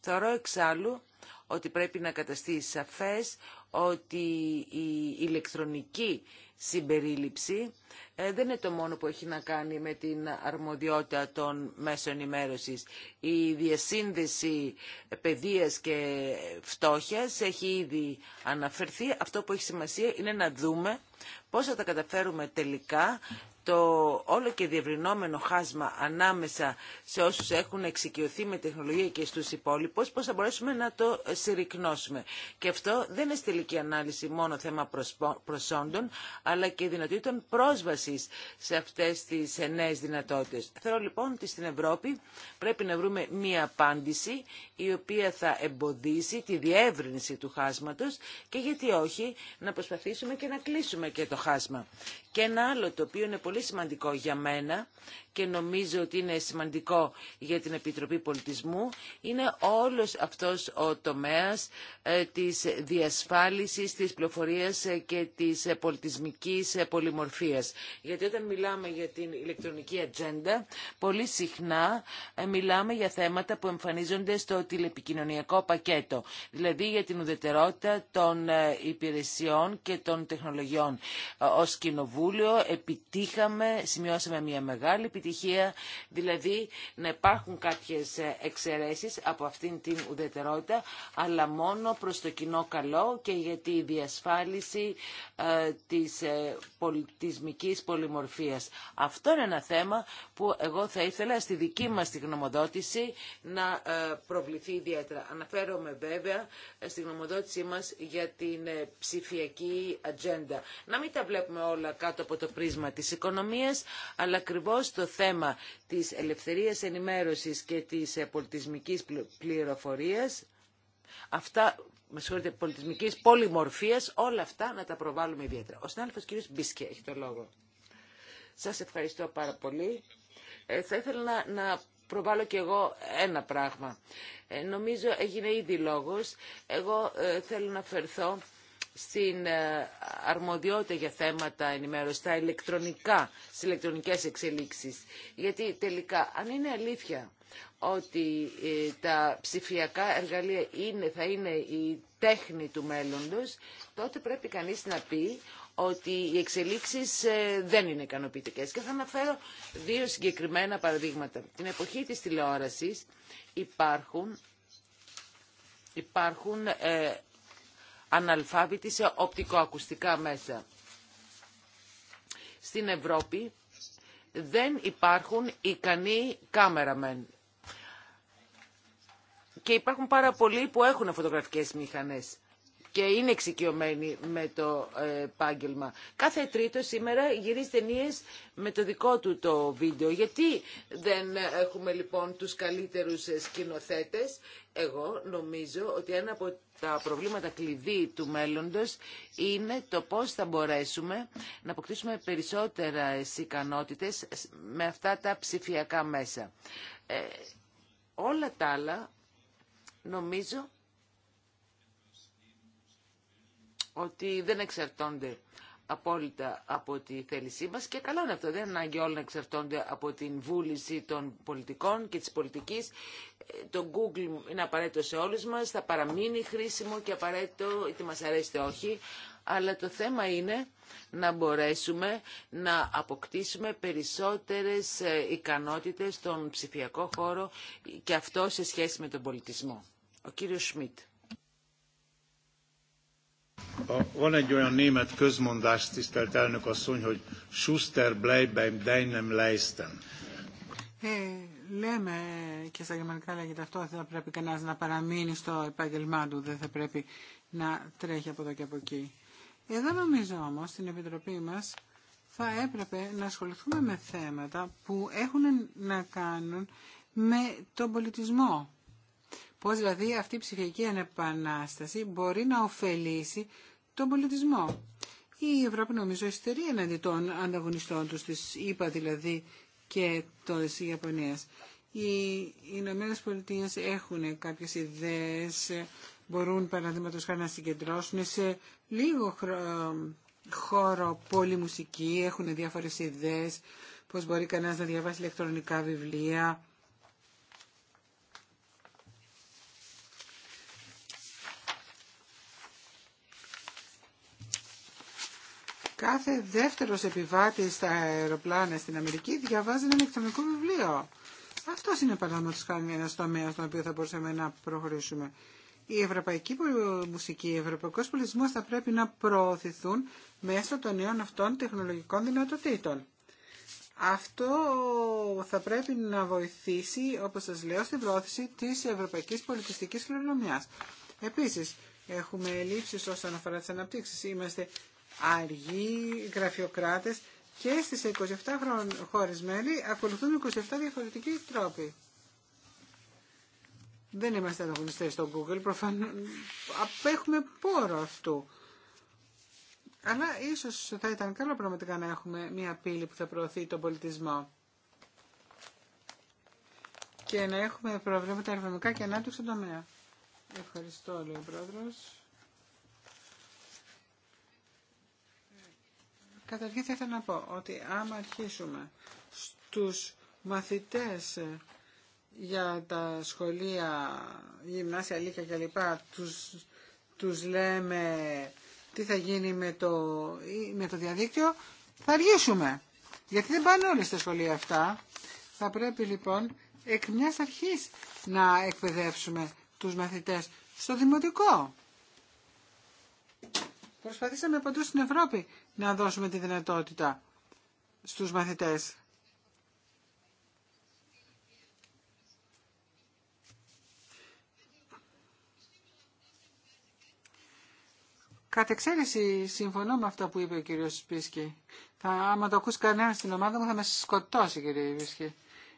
Speaker 3: Θεωρώ εξάλλου ότι πρέπει να καταστεί σαφές ότι η ηλεκτρονική συμπερίληψη ε, δεν είναι το μόνο που έχει να κάνει με την αρμοδιότητα των μέσων ενημέρωσης. Η διασύνδεση παιδείας και φτώχειας έχει ήδη αναφερθεί. Αυτό που έχει σημασία είναι να δούμε πώς θα τα καταφέρουμε τελικά το όλο και διευρυνόμενο χάσμα ανάμεσα σε όσους έχουν εξοικειωθεί με τεχνολογία και στους υπόλοιπους, πώς θα μπορέσουμε να το συρρυκνώσουμε. Και αυτό δεν είναι στη τελική ανάλυση μόνο θέμα προσόντων, αλλά και δυνατότητων πρόσβασης σε αυτές τις νέες δυνατότητες. Θέλω λοιπόν ότι στην Ευρώπη πρέπει να βρούμε μία απάντηση η οποία θα εμποδίσει τη διεύρυνση του χάσματος και γιατί όχι να προσπαθήσουμε και να κλείσουμε και το χάσμα. Και ένα άλλο το οποίο είναι πολύ πολύ σημαντικό για μένα και νομίζω ότι είναι σημαντικό για την Επιτροπή Πολιτισμού είναι όλος αυτός ο τομέας ε, της διασφάλισης, της πληροφορίας ε, και της ε, πολιτισμικής πολυμορφίας. Γιατί όταν μιλάμε για την ηλεκτρονική ατζέντα, πολύ συχνά μιλάμε για θέματα που εμφανίζονται στο τηλεπικοινωνιακό πακέτο, δηλαδή για την ουδετερότητα των υπηρεσιών και των τεχνολογιών. Ως Κοινοβούλιο επιτύχα σημειώσαμε μια μεγάλη επιτυχία, δηλαδή να υπάρχουν κάποιες ε, εξαιρέσεις από αυτήν την ουδετερότητα, αλλά μόνο προς το κοινό καλό και για τη διασφάλιση ε, της ε, πολιτισμικής πολυμορφίας. Αυτό είναι ένα θέμα που εγώ θα ήθελα στη δική μας τη γνωμοδότηση να προβληθεί ιδιαίτερα. Αναφέρομαι βέβαια στη γνωμοδότησή μας για την ψηφιακή ατζέντα. Να μην τα βλέπουμε όλα κάτω από το πρίσμα της αλλά ακριβώ το θέμα της ελευθερίας ενημέρωσης και της ε, πολιτισμικής πληροφορίας, αυτά, με συγχωρείτε, πολιτισμικής πολυμορφίας, όλα αυτά να τα προβάλλουμε ιδιαίτερα. Ο συνάδελφος κ. Μπίσκε έχει το λόγο. Σας ευχαριστώ πάρα πολύ. Ε, θα ήθελα να, να προβάλλω κι εγώ ένα πράγμα. Ε, νομίζω έγινε ήδη λόγος. Εγώ θέλω να φερθώ στην ε, αρμοδιότητα για θέματα ενημέρωση, στα ηλεκτρονικά, στις ηλεκτρονικές εξελίξεις. Γιατί τελικά, αν είναι αλήθεια ότι ε, τα ψηφιακά εργαλεία είναι, θα είναι η τέχνη του μέλλοντος, τότε πρέπει κανείς να πει ότι οι εξελίξεις ε, δεν είναι ικανοποιητικέ. Και θα αναφέρω δύο συγκεκριμένα παραδείγματα. Την εποχή της τηλεόρασης υπάρχουν, υπάρχουν αναλφάβητοι σε οπτικοακουστικά μέσα. Στην Ευρώπη δεν υπάρχουν ικανοί κάμεραμεν. Και υπάρχουν πάρα πολλοί που έχουν φωτογραφικές μηχανές και είναι εξοικειωμένοι με το ε, επάγγελμα. Κάθε τρίτο σήμερα γυρίζει ταινίε με το δικό του το βίντεο. Γιατί δεν έχουμε λοιπόν τους καλύτερους σκηνοθέτες. Εγώ νομίζω ότι ένα από τα προβλήματα κλειδί του μέλλοντος είναι το πώς θα μπορέσουμε να αποκτήσουμε περισσότερες ικανότητες με αυτά τα ψηφιακά μέσα. Ε, όλα τα άλλα νομίζω ότι δεν εξαρτώνται απόλυτα από τη θέλησή μας και καλό είναι αυτό. Δεν είναι ανάγκη όλοι να εξαρτώνται από την βούληση των πολιτικών και της πολιτικής. Το Google είναι απαραίτητο σε όλους μας, θα παραμείνει χρήσιμο και απαραίτητο, είτε μας αρέσει είτε όχι, αλλά το θέμα είναι να μπορέσουμε να αποκτήσουμε περισσότερες ε, ικανότητες στον ψηφιακό χώρο και αυτό σε σχέση με τον πολιτισμό. Ο κύριος Σμιτ.
Speaker 1: Van egy olyan német közmondás, tisztelt elnök asszony, hogy Schuster ε, Λέμε και στα γερμανικά λέγεται αυτό, δεν θα πρέπει κανένας να παραμείνει στο επάγγελμά του, δεν θα πρέπει να τρέχει από εδώ και από εκεί. Εδώ νομίζω όμως στην Επιτροπή μας θα έπρεπε να ασχοληθούμε με θέματα που έχουν να κάνουν με τον πολιτισμό. Πώς δηλαδή αυτή η ψηφιακή ανεπανάσταση μπορεί να ωφελήσει τον πολιτισμό. Η Ευρώπη νομίζω ειστερεί εναντί των ανταγωνιστών τους, της ΙΠΑ δηλαδή και της Ιαπωνίας. Οι Ηνωμένε Πολιτείες έχουν κάποιες ιδέες, μπορούν παραδείγματος χάρη να συγκεντρώσουν σε λίγο χώρο πολυμουσική, έχουν διάφορες ιδέες, πώς μπορεί κανένας να διαβάσει ηλεκτρονικά βιβλία, Κάθε δεύτερος επιβάτης στα αεροπλάνα στην Αμερική διαβάζει ένα ηλεκτρονικό βιβλίο. Αυτό είναι παραδείγματο χάρη ένα τομέα στον οποίο θα μπορούσαμε να προχωρήσουμε. Η ευρωπαϊκή μουσική, ο ευρωπαϊκό πολιτισμό θα πρέπει να προωθηθούν μέσω των νέων αυτών τεχνολογικών δυνατοτήτων. Αυτό θα πρέπει να βοηθήσει, όπως σας λέω, στην πρόθεση της ευρωπαϊκής πολιτιστικής κληρονομιάς. Επίσης, έχουμε ελλείψεις όσον αφορά τι αναπτύξει. Είμαστε αργοί γραφειοκράτες και στις 27 χώρες μέλη ακολουθούν 27 διαφορετικοί τρόποι. Δεν είμαστε ανταγωνιστές στο Google, προφανώς απέχουμε πόρο αυτού. Αλλά ίσως θα ήταν καλό πραγματικά να έχουμε μια πύλη που θα προωθεί τον πολιτισμό. Και να έχουμε προβλήματα ερευνητικά και ανάπτυξη στον τομέα. Ευχαριστώ, λέει ο Πρόεδρος. Καταρχήν θα ήθελα να πω ότι άμα αρχίσουμε στους μαθητές για τα σχολεία, γυμνάσια, λύκα κλπ. Τους, τους λέμε τι θα γίνει με το, με το διαδίκτυο, θα αργήσουμε. Γιατί δεν πάνε όλοι στα σχολεία αυτά. Θα πρέπει λοιπόν εκ μιας αρχής να εκπαιδεύσουμε τους μαθητές στο δημοτικό. Προσπαθήσαμε παντού στην Ευρώπη να δώσουμε τη δυνατότητα στους μαθητές. Κατ' εξαίρεση συμφωνώ με αυτά που είπε ο κύριος Σπίσκι. Θα, άμα το ακούσει κανένα στην ομάδα μου θα με σκοτώσει κύριε Σπίσκι.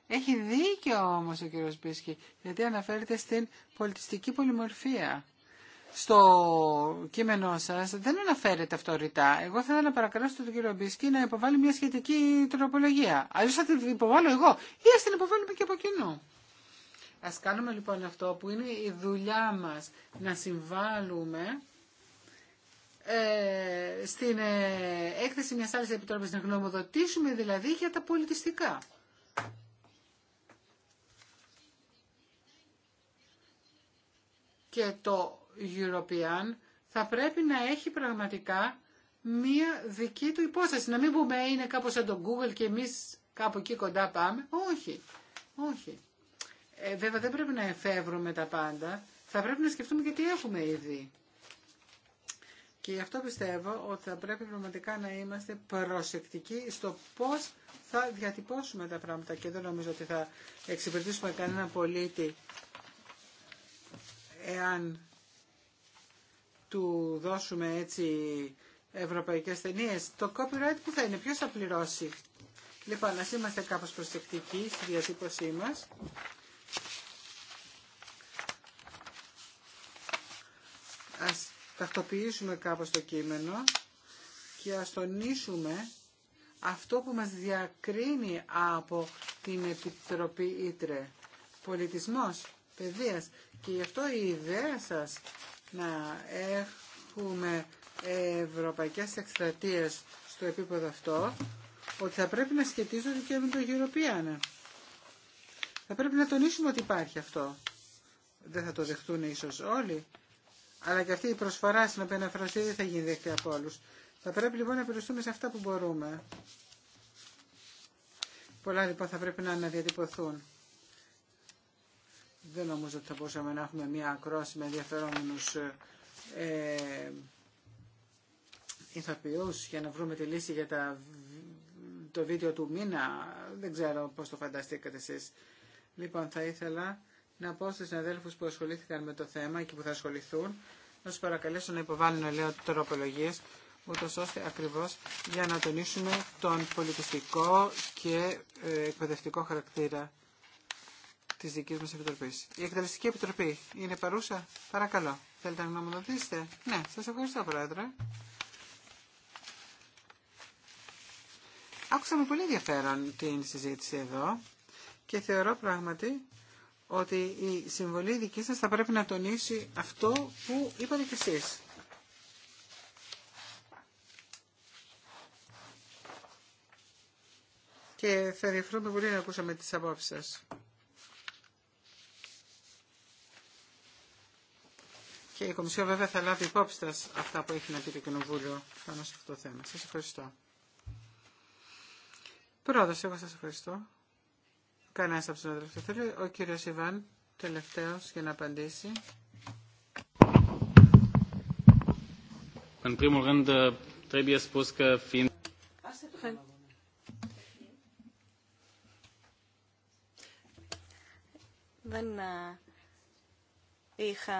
Speaker 1: Έχει δίκιο όμως ο κύριος Σπίσκι γιατί αναφέρεται στην πολιτιστική πολυμορφία στο κείμενό σας δεν αναφέρεται αυτό ρητά. Εγώ θα να παρακαλέσω τον κύριο Μπίσκι να υποβάλει μια σχετική τροπολογία. Αλλιώς θα την υποβάλω εγώ ή ας την υποβάλουμε και από κοινού. Ας κάνουμε λοιπόν αυτό που είναι η δουλειά μας να συμβάλλουμε ε, στην ε, έκθεση μιας άλλης επιτρόπης να γνωμοδοτήσουμε δηλαδή για τα πολιτιστικά. Και το European θα πρέπει να έχει πραγματικά μία δική του υπόσταση. Να μην πούμε «Ε, είναι κάπως σαν το Google και εμείς κάπου εκεί κοντά πάμε. Όχι. Όχι. Ε, βέβαια δεν πρέπει να εφεύρουμε τα πάντα. Θα πρέπει να σκεφτούμε και τι έχουμε ήδη. Και γι' αυτό πιστεύω ότι θα πρέπει πραγματικά να είμαστε προσεκτικοί στο πώς θα διατυπώσουμε τα πράγματα. Και δεν νομίζω ότι θα εξυπηρετήσουμε κανένα πολίτη εάν του δώσουμε έτσι ευρωπαϊκές ταινίε. Το copyright που θα είναι, ποιος θα πληρώσει. Λοιπόν, ας είμαστε κάπως προσεκτικοί στη διατύπωσή μας. Ας τακτοποιήσουμε κάπως το κείμενο και ας τονίσουμε αυτό που μας διακρίνει από την Επιτροπή Ήτρε. Πολιτισμός, παιδείας. Και γι' αυτό η ιδέα σας να έχουμε ευρωπαϊκές εκστρατείες στο επίπεδο αυτό, ότι θα πρέπει να σχετίζονται και με το European. Θα πρέπει να τονίσουμε ότι υπάρχει αυτό. Δεν θα το δεχτούν ίσως όλοι, αλλά και αυτή η προσφορά στην οποία αναφερθεί δεν θα γίνει δεκτή από όλους. Θα πρέπει λοιπόν να περιοριστούμε σε αυτά που μπορούμε. Πολλά λοιπόν θα πρέπει να αναδιατυπωθούν. Δεν νομίζω ότι θα μπορούσαμε να έχουμε μια ακρόαση με ενδιαφερόμενους ε, ε, ηθοποιούς για να βρούμε τη λύση για τα, το βίντεο του μήνα. Δεν ξέρω πώς το φανταστήκατε εσείς. Λοιπόν, θα ήθελα να πω στους συναδέλφους που ασχολήθηκαν με το θέμα και που θα ασχοληθούν να σας παρακαλέσω να υποβάλουν λέω τροπολογίες ούτως ώστε ακριβώς για να τονίσουμε τον πολιτιστικό και ε, εκπαιδευτικό χαρακτήρα της δικής μας Επιτροπής. Η Εκτελεστική Επιτροπή είναι παρούσα. Παρακαλώ. Θέλετε να γνωμοδοτήσετε. Ναι, σας ευχαριστώ Πρόεδρε. Άκουσα με πολύ ενδιαφέρον την συζήτηση εδώ και θεωρώ πράγματι ότι η συμβολή δική σας θα πρέπει να τονίσει αυτό που είπατε κι εσείς. Και θα ενδιαφέρομαι πολύ να ακούσαμε τις απόψεις σας. Και η Κομισιόν, βέβαια θα λάβει υπόψη αυτά που έχει να πει το Κοινοβούλιο πάνω σε αυτό το θέμα. Σας ευχαριστώ. Πρόεδρος, εγώ σας ευχαριστώ. Κανένας από τους αδελφούς θέλει. Ο κύριος Ιβάν, τελευταίος, για να απαντήσει.
Speaker 2: Δεν Είχα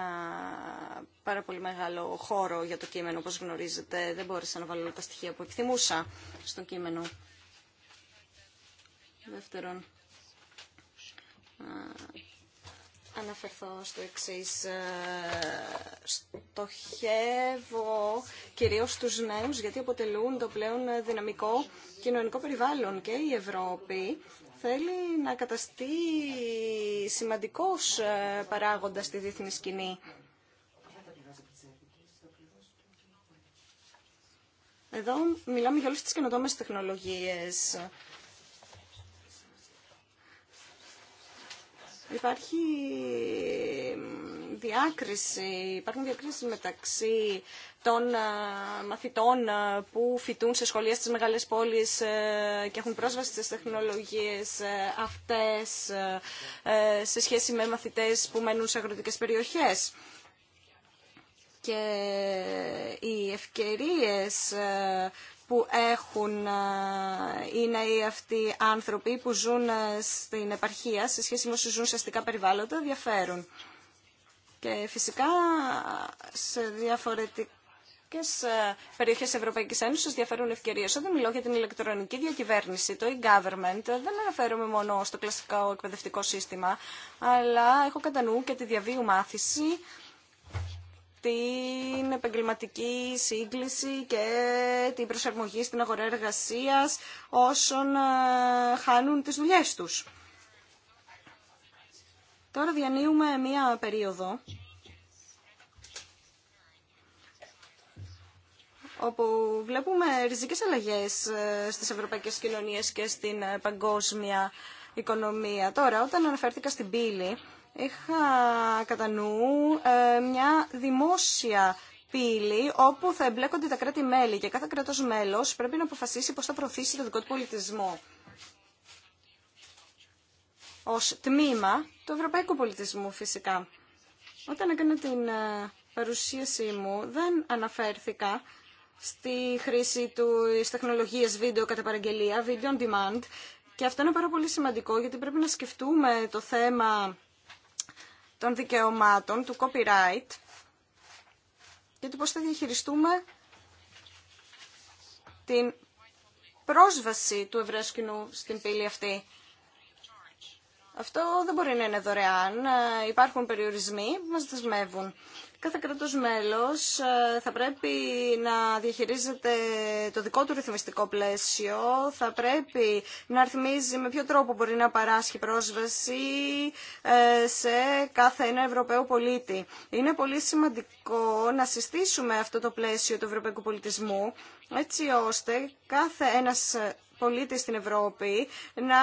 Speaker 2: πάρα πολύ μεγάλο χώρο για το κείμενο, όπως γνωρίζετε. Δεν μπόρεσα να βάλω τα στοιχεία που επιθυμούσα στο κείμενο. Δεύτερον, αναφερθώ στο εξή. Ε, στοχεύω κυρίως τους νέους γιατί αποτελούν το πλέον δυναμικό κοινωνικό περιβάλλον και η Ευρώπη θέλει να καταστεί σημαντικός ε, παράγοντας στη διεθνή σκηνή. Εδώ μιλάμε για όλες τις καινοτόμες τεχνολογίες. Υπάρχει διάκριση, υπάρχουν διακρίσεις μεταξύ των ε, μαθητών ε, που φοιτούν σε σχολεία στις μεγάλες πόλεις ε, και έχουν πρόσβαση στις τεχνολογίες αυτές σε σχέση με μαθητές που μένουν σε αγροτικές περιοχές και οι ευκαιρίες που έχουν οι νέοι αυτοί άνθρωποι που ζουν στην επαρχία σε σχέση με όσους ζουν σε αστικά περιβάλλοντα διαφέρουν. Και φυσικά σε διαφορετικές ε, περιοχές της περιοχέ Ευρωπαϊκή Ένωση διαφέρουν ευκαιρίες. Όταν μιλώ για την ηλεκτρονική διακυβέρνηση, το e-government, ε, δεν αναφέρομαι μόνο στο κλασικό εκπαιδευτικό σύστημα, αλλά έχω κατά νου και τη διαβίου μάθηση, την επαγγελματική σύγκληση και την προσαρμογή στην αγορά εργασίας όσων ε, χάνουν τις δουλειές τους. Τώρα διανύουμε μία περίοδο όπου βλέπουμε ριζικές αλλαγές ε, στις ευρωπαϊκές κοινωνίες και στην ε, παγκόσμια οικονομία. Τώρα, όταν αναφέρθηκα στην πύλη, είχα κατά νου ε, μια δημόσια πύλη όπου θα εμπλέκονται τα κράτη-μέλη και κάθε κράτος μέλος πρέπει να αποφασίσει πώς θα προωθήσει το δικό του πολιτισμό ως τμήμα του ευρωπαϊκού πολιτισμού φυσικά. Όταν έκανα την ε, παρουσίασή μου δεν αναφέρθηκα στη χρήση του τεχνολογίας βίντεο κατά παραγγελία, video on demand, και αυτό είναι πάρα πολύ σημαντικό γιατί πρέπει να σκεφτούμε το θέμα των δικαιωμάτων, του copyright και του πώς θα διαχειριστούμε την πρόσβαση του ευρέσκηνου στην πύλη αυτή. Αυτό δεν μπορεί να είναι δωρεάν. Ε, υπάρχουν περιορισμοί που μας δεσμεύουν. Κάθε κράτος μέλος ε, θα πρέπει να διαχειρίζεται το δικό του ρυθμιστικό πλαίσιο, θα πρέπει να ρυθμίζει με ποιο τρόπο μπορεί να παράσχει πρόσβαση ε, σε κάθε ένα Ευρωπαίο πολίτη. Είναι πολύ σημαντικό να συστήσουμε αυτό το πλαίσιο του ευρωπαϊκού πολιτισμού, έτσι ώστε κάθε ένας πολίτες στην Ευρώπη να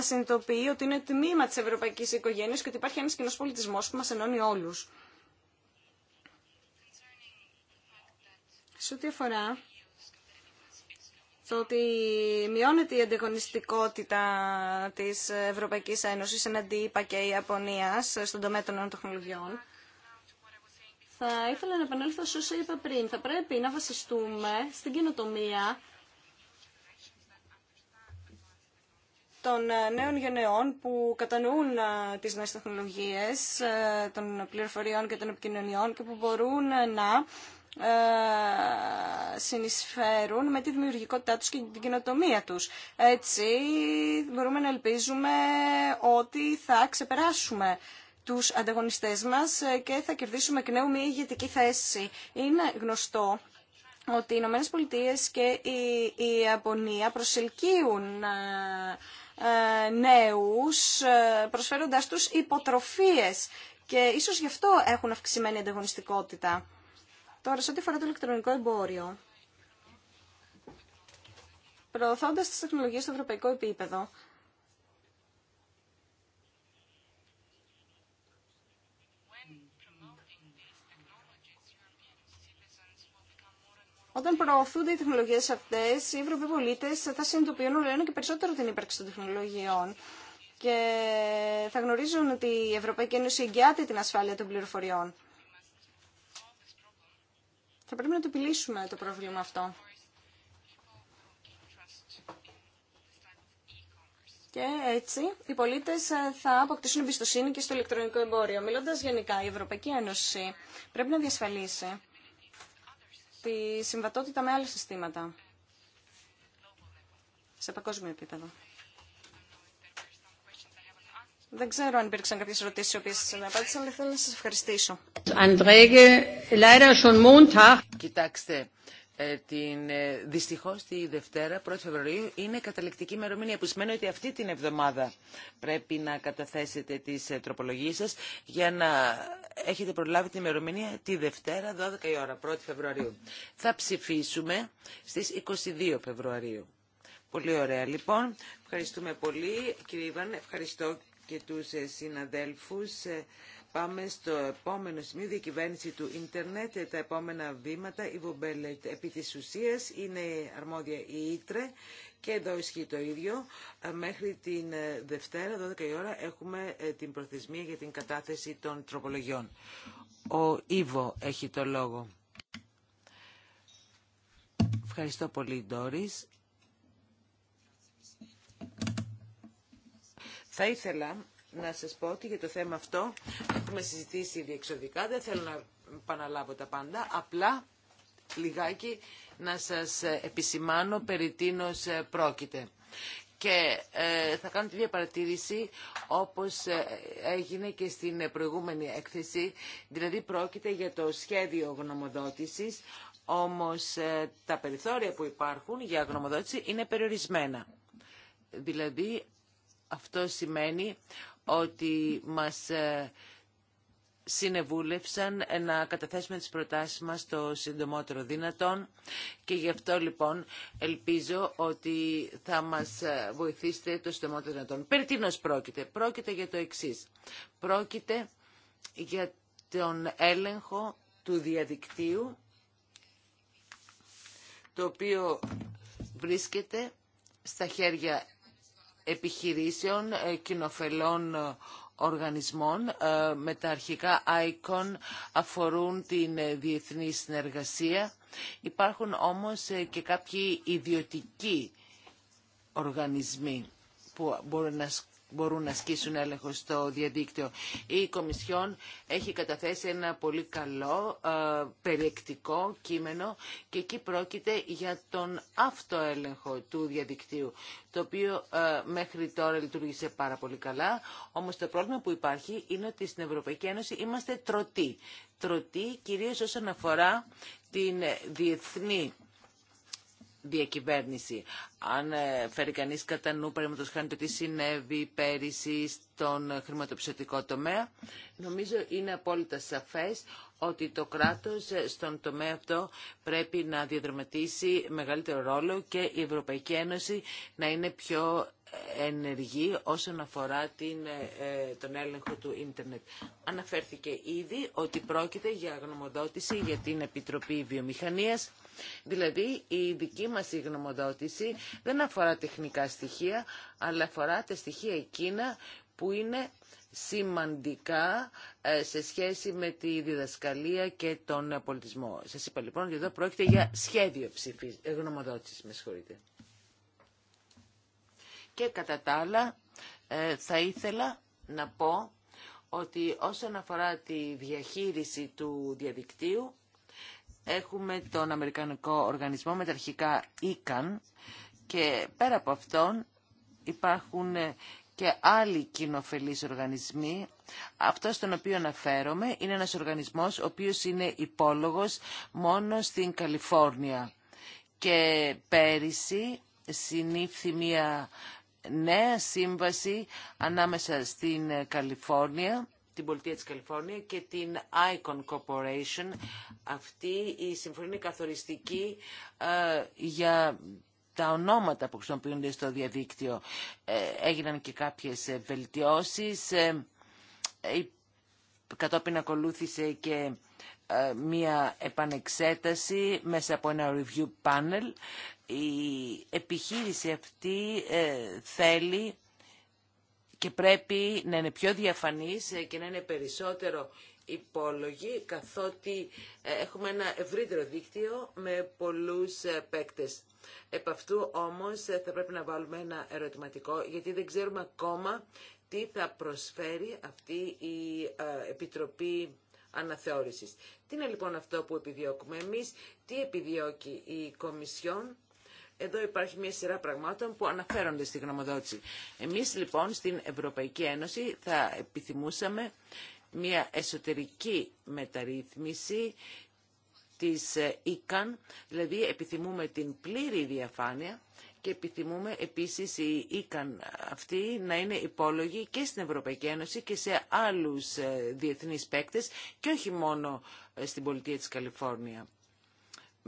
Speaker 2: συνειδητοποιεί ότι είναι τμήμα τη ευρωπαϊκής οικογένειας και ότι υπάρχει ένας κοινό πολιτισμό που μας ενώνει όλους. Σε ό,τι αφορά το ότι μειώνεται η ανταγωνιστικότητα της Ευρωπαϊκής Ένωσης εναντί ΙΠΑ και Ιαπωνίας στον τομέα των νέων τεχνολογιών. Θα ήθελα να επανέλθω σε όσα είπα πριν. Θα πρέπει να βασιστούμε στην καινοτομία των ε, νέων γενεών που κατανοούν ε, τις νέες τεχνολογίες ε, των πληροφοριών και των επικοινωνιών και που μπορούν να συνεισφέρουν με τη δημιουργικότητά τους και την κοινοτομία τους. Έτσι μπορούμε να ελπίζουμε ότι θα ξεπεράσουμε τους ανταγωνιστές μας και θα κερδίσουμε εκ νέου μια ηγετική θέση. Είναι γνωστό ότι οι Ηνωμένε και η Ιαπωνία προσελκύουν ε, νέους, ε, προσφέροντας τους υποτροφίες και ίσως γι' αυτό έχουν αυξημένη ανταγωνιστικότητα. Τώρα, σε ό,τι αφορά το ηλεκτρονικό εμπόριο, προωθώντας τις τεχνολογίες στο ευρωπαϊκό επίπεδο,
Speaker 1: Όταν προωθούνται
Speaker 2: οι τεχνολογίε αυτέ, οι Ευρωπαίοι πολίτε θα συνειδητοποιούν όλο και περισσότερο την ύπαρξη των τεχνολογιών και θα γνωρίζουν ότι η Ευρωπαϊκή Ένωση εγγυάται την ασφάλεια των πληροφοριών. Θα πρέπει να το επιλύσουμε το πρόβλημα αυτό. Και έτσι οι πολίτε θα αποκτήσουν εμπιστοσύνη και στο ηλεκτρονικό εμπόριο. Μιλώντα γενικά, η Ευρωπαϊκή Ένωση πρέπει να διασφαλίσει τη συμβατότητα με άλλα συστήματα σε παγκόσμιο επίπεδο. Δεν ξέρω αν υπήρξαν κάποιες ερωτήσεις οι οποίες σας απάντησαν, αλλά θέλω να σας ευχαριστήσω. Κοιτάξτε, ε, την,
Speaker 3: ε, δυστυχώς τη Δευτέρα, 1η Φεβρουαρίου, είναι καταληκτική ημερομηνία που σημαίνει ότι αυτή την εβδομάδα πρέπει να καταθέσετε τις ε, τροπολογίες σας για να έχετε προλάβει την ημερομηνία τη Δευτέρα, 12 η ώρα, 1η Φεβρουαρίου. Θα ψηφίσουμε στις 22 Φεβρουαρίου. Πολύ ωραία λοιπόν. Ευχαριστούμε πολύ κύριε Ιβάν, ευχαριστώ και τους συναδέλφους. Πάμε στο επόμενο σημείο, διακυβέρνηση του ίντερνετ, τα επόμενα βήματα. Η επί της ουσίας είναι αρμόδια η Ήτρε και εδώ ισχύει το ίδιο. Ε, μέχρι την ε, Δευτέρα, 12 η ώρα, έχουμε ε, την προθεσμία για την κατάθεση των τροπολογιών. Ο Ήβο έχει το λόγο. Ευχαριστώ πολύ, Ντόρις. Θα ήθελα να σας πω ότι για το θέμα αυτό έχουμε συζητήσει διεξοδικά, δεν θέλω να παναλάβω τα πάντα, απλά λιγάκι να σας επισημάνω περί τίνος ε, πρόκειται. Και ε, θα κάνω τη διαπαρατήρηση όπως ε, έγινε και στην προηγούμενη έκθεση, δηλαδή πρόκειται για το σχέδιο γνωμοδότησης, όμως τα περιθώρια που υπάρχουν για γνωμοδότηση είναι περιορισμένα. Δηλαδή αυτό σημαίνει ότι μας ε, συνεβούλευσαν να καταθέσουμε τις προτάσεις μας το συντομότερο δυνατόν και γι' αυτό λοιπόν ελπίζω ότι θα μας ε, βοηθήσετε το συντομότερο δυνατόν. Περί τίνος πρόκειται. Πρόκειται για το εξής. Πρόκειται για τον έλεγχο του διαδικτύου το οποίο βρίσκεται στα χέρια επιχειρήσεων ε, κοινοφελών ε, οργανισμών ε, με τα αρχικά ICON αφορούν την διεθνή συνεργασία. Υπάρχουν όμως και κάποιοι ιδιωτικοί οργανισμοί που μπορούν να μπορούν να ασκήσουν έλεγχο στο διαδίκτυο. Η Κομισιόν έχει καταθέσει ένα πολύ καλό, ε, περιεκτικό κείμενο και εκεί πρόκειται για τον αυτοέλεγχο του διαδικτύου, το οποίο ε, μέχρι τώρα λειτουργήσε πάρα πολύ καλά, όμως το πρόβλημα που υπάρχει είναι ότι στην Ευρωπαϊκή Ένωση είμαστε τρωτοί. Τρωτοί κυρίως όσον αφορά την ε, διεθνή διακυβέρνηση. Αν ε, φέρει κανείς κατά νου, παραδείγματος χάνει το τι συνέβη πέρυσι στον χρηματοπιστωτικό τομέα, νομίζω είναι απόλυτα σαφές ότι το κράτος ε, στον τομέα αυτό πρέπει να διαδραματίσει μεγαλύτερο ρόλο και η Ευρωπαϊκή Ένωση να είναι πιο ενεργή όσον αφορά την, ε, ε, τον έλεγχο του ίντερνετ. Αναφέρθηκε ήδη ότι πρόκειται για γνωμοδότηση για την Επιτροπή Βιομηχανίας Δηλαδή η δική μας γνωμοδότηση δεν αφορά τεχνικά στοιχεία, αλλά αφορά τα στοιχεία εκείνα που είναι σημαντικά ε, σε σχέση με τη διδασκαλία και τον πολιτισμό. Σας είπα λοιπόν ότι εδώ πρόκειται για σχέδιο γνωμοδότησης, με συγχωρείτε. Και κατά τα άλλα ε, θα ήθελα να πω ότι όσον αφορά τη διαχείριση του διαδικτύου έχουμε τον Αμερικανικό Οργανισμό Μεταρχικά ICAN και πέρα από αυτόν υπάρχουν ε, και άλλοι κοινοφελείς οργανισμοί. Αυτό στον οποίο αναφέρομαι είναι ένας οργανισμός ο οποίος είναι υπόλογος μόνο στην Καλιφόρνια. Και πέρυσι συνήφθη μια νέα σύμβαση ανάμεσα στην ε, Καλιφόρνια την Πολιτεία της Καλιφόρνια και την Icon Corporation. Αυτή η συμφωνία είναι καθοριστική ε, για τα ονόματα που χρησιμοποιούνται στο διαδίκτυο. Ε, έγιναν και κάποιες βελτιώσεις. κατόπιν ακολούθησε και μία επανεξέταση μέσα από ένα review panel η επιχείρηση αυτή ε, θέλει και πρέπει να είναι πιο διαφανής ε, και να είναι περισσότερο υπόλογη, καθότι ε, έχουμε ένα ευρύτερο δίκτυο με πολλούς παίκτες. Επ' αυτού όμως θα πρέπει να βάλουμε ένα ερωτηματικό, γιατί δεν ξέρουμε ακόμα τι θα προσφέρει αυτή η Επιτροπή Αναθεώρησης. Τι είναι λοιπόν αυτό που επιδιώκουμε εμείς, τι επιδιώκει η Κομισιόν, εδώ υπάρχει μια σειρά πραγμάτων που αναφέρονται στη γνωμοδότηση. Εμείς λοιπόν στην Ευρωπαϊκή Ένωση θα επιθυμούσαμε μια εσωτερική μεταρρύθμιση της ε, ΙΚΑΝ, δηλαδή επιθυμούμε την πλήρη διαφάνεια και επιθυμούμε επίσης η ΙΚΑΝ αυτή να είναι υπόλογη και στην Ευρωπαϊκή Ένωση και σε άλλους ε, διεθνείς παίκτες και όχι μόνο ε, στην πολιτεία της Καλιφόρνια.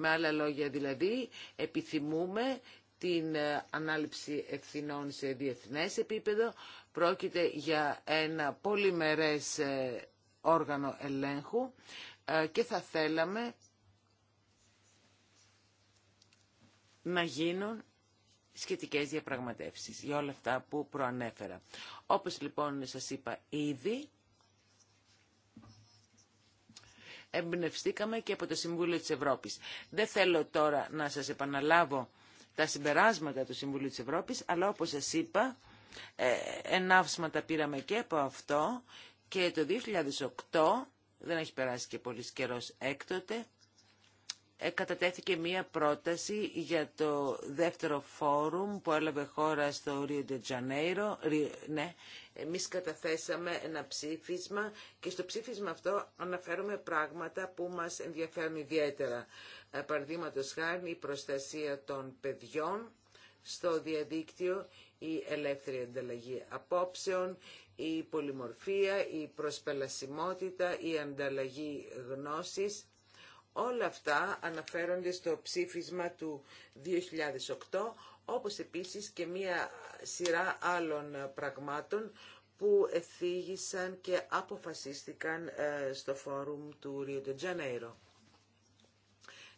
Speaker 3: Με άλλα λόγια δηλαδή, επιθυμούμε την ε, ανάληψη ευθυνών σε διεθνές επίπεδο. Πρόκειται για ένα πολυμερές ε, όργανο ελέγχου ε, και θα θέλαμε να γίνουν σχετικές διαπραγματεύσεις για όλα αυτά που προανέφερα. Όπως λοιπόν σας είπα ήδη, εμπνευστήκαμε και από το Συμβούλιο της Ευρώπης. Δεν θέλω τώρα να σας επαναλάβω τα συμπεράσματα του Συμβουλίου της Ευρώπης, αλλά όπως σας είπα, ενάυσματα πήραμε και από αυτό και το 2008, δεν έχει περάσει και πολύ καιρός έκτοτε, ε, κατατέθηκε μία πρόταση για το δεύτερο φόρουμ που έλαβε χώρα στο Rio de Τζανέιρο. Ναι, εμείς καταθέσαμε ένα ψήφισμα και στο ψήφισμα αυτό αναφέρουμε πράγματα που μας ενδιαφέρουν ιδιαίτερα. Ε, Παραδείγματο χάρη η προστασία των παιδιών στο διαδίκτυο, η ελεύθερη ανταλλαγή απόψεων, η πολυμορφία, η προσπελασιμότητα, η ανταλλαγή γνώσης Όλα αυτά αναφέρονται στο ψήφισμα του 2008, όπως επίσης και μία σειρά άλλων πραγμάτων που εφήγησαν και αποφασίστηκαν ε, στο φόρουμ του de Janeiro.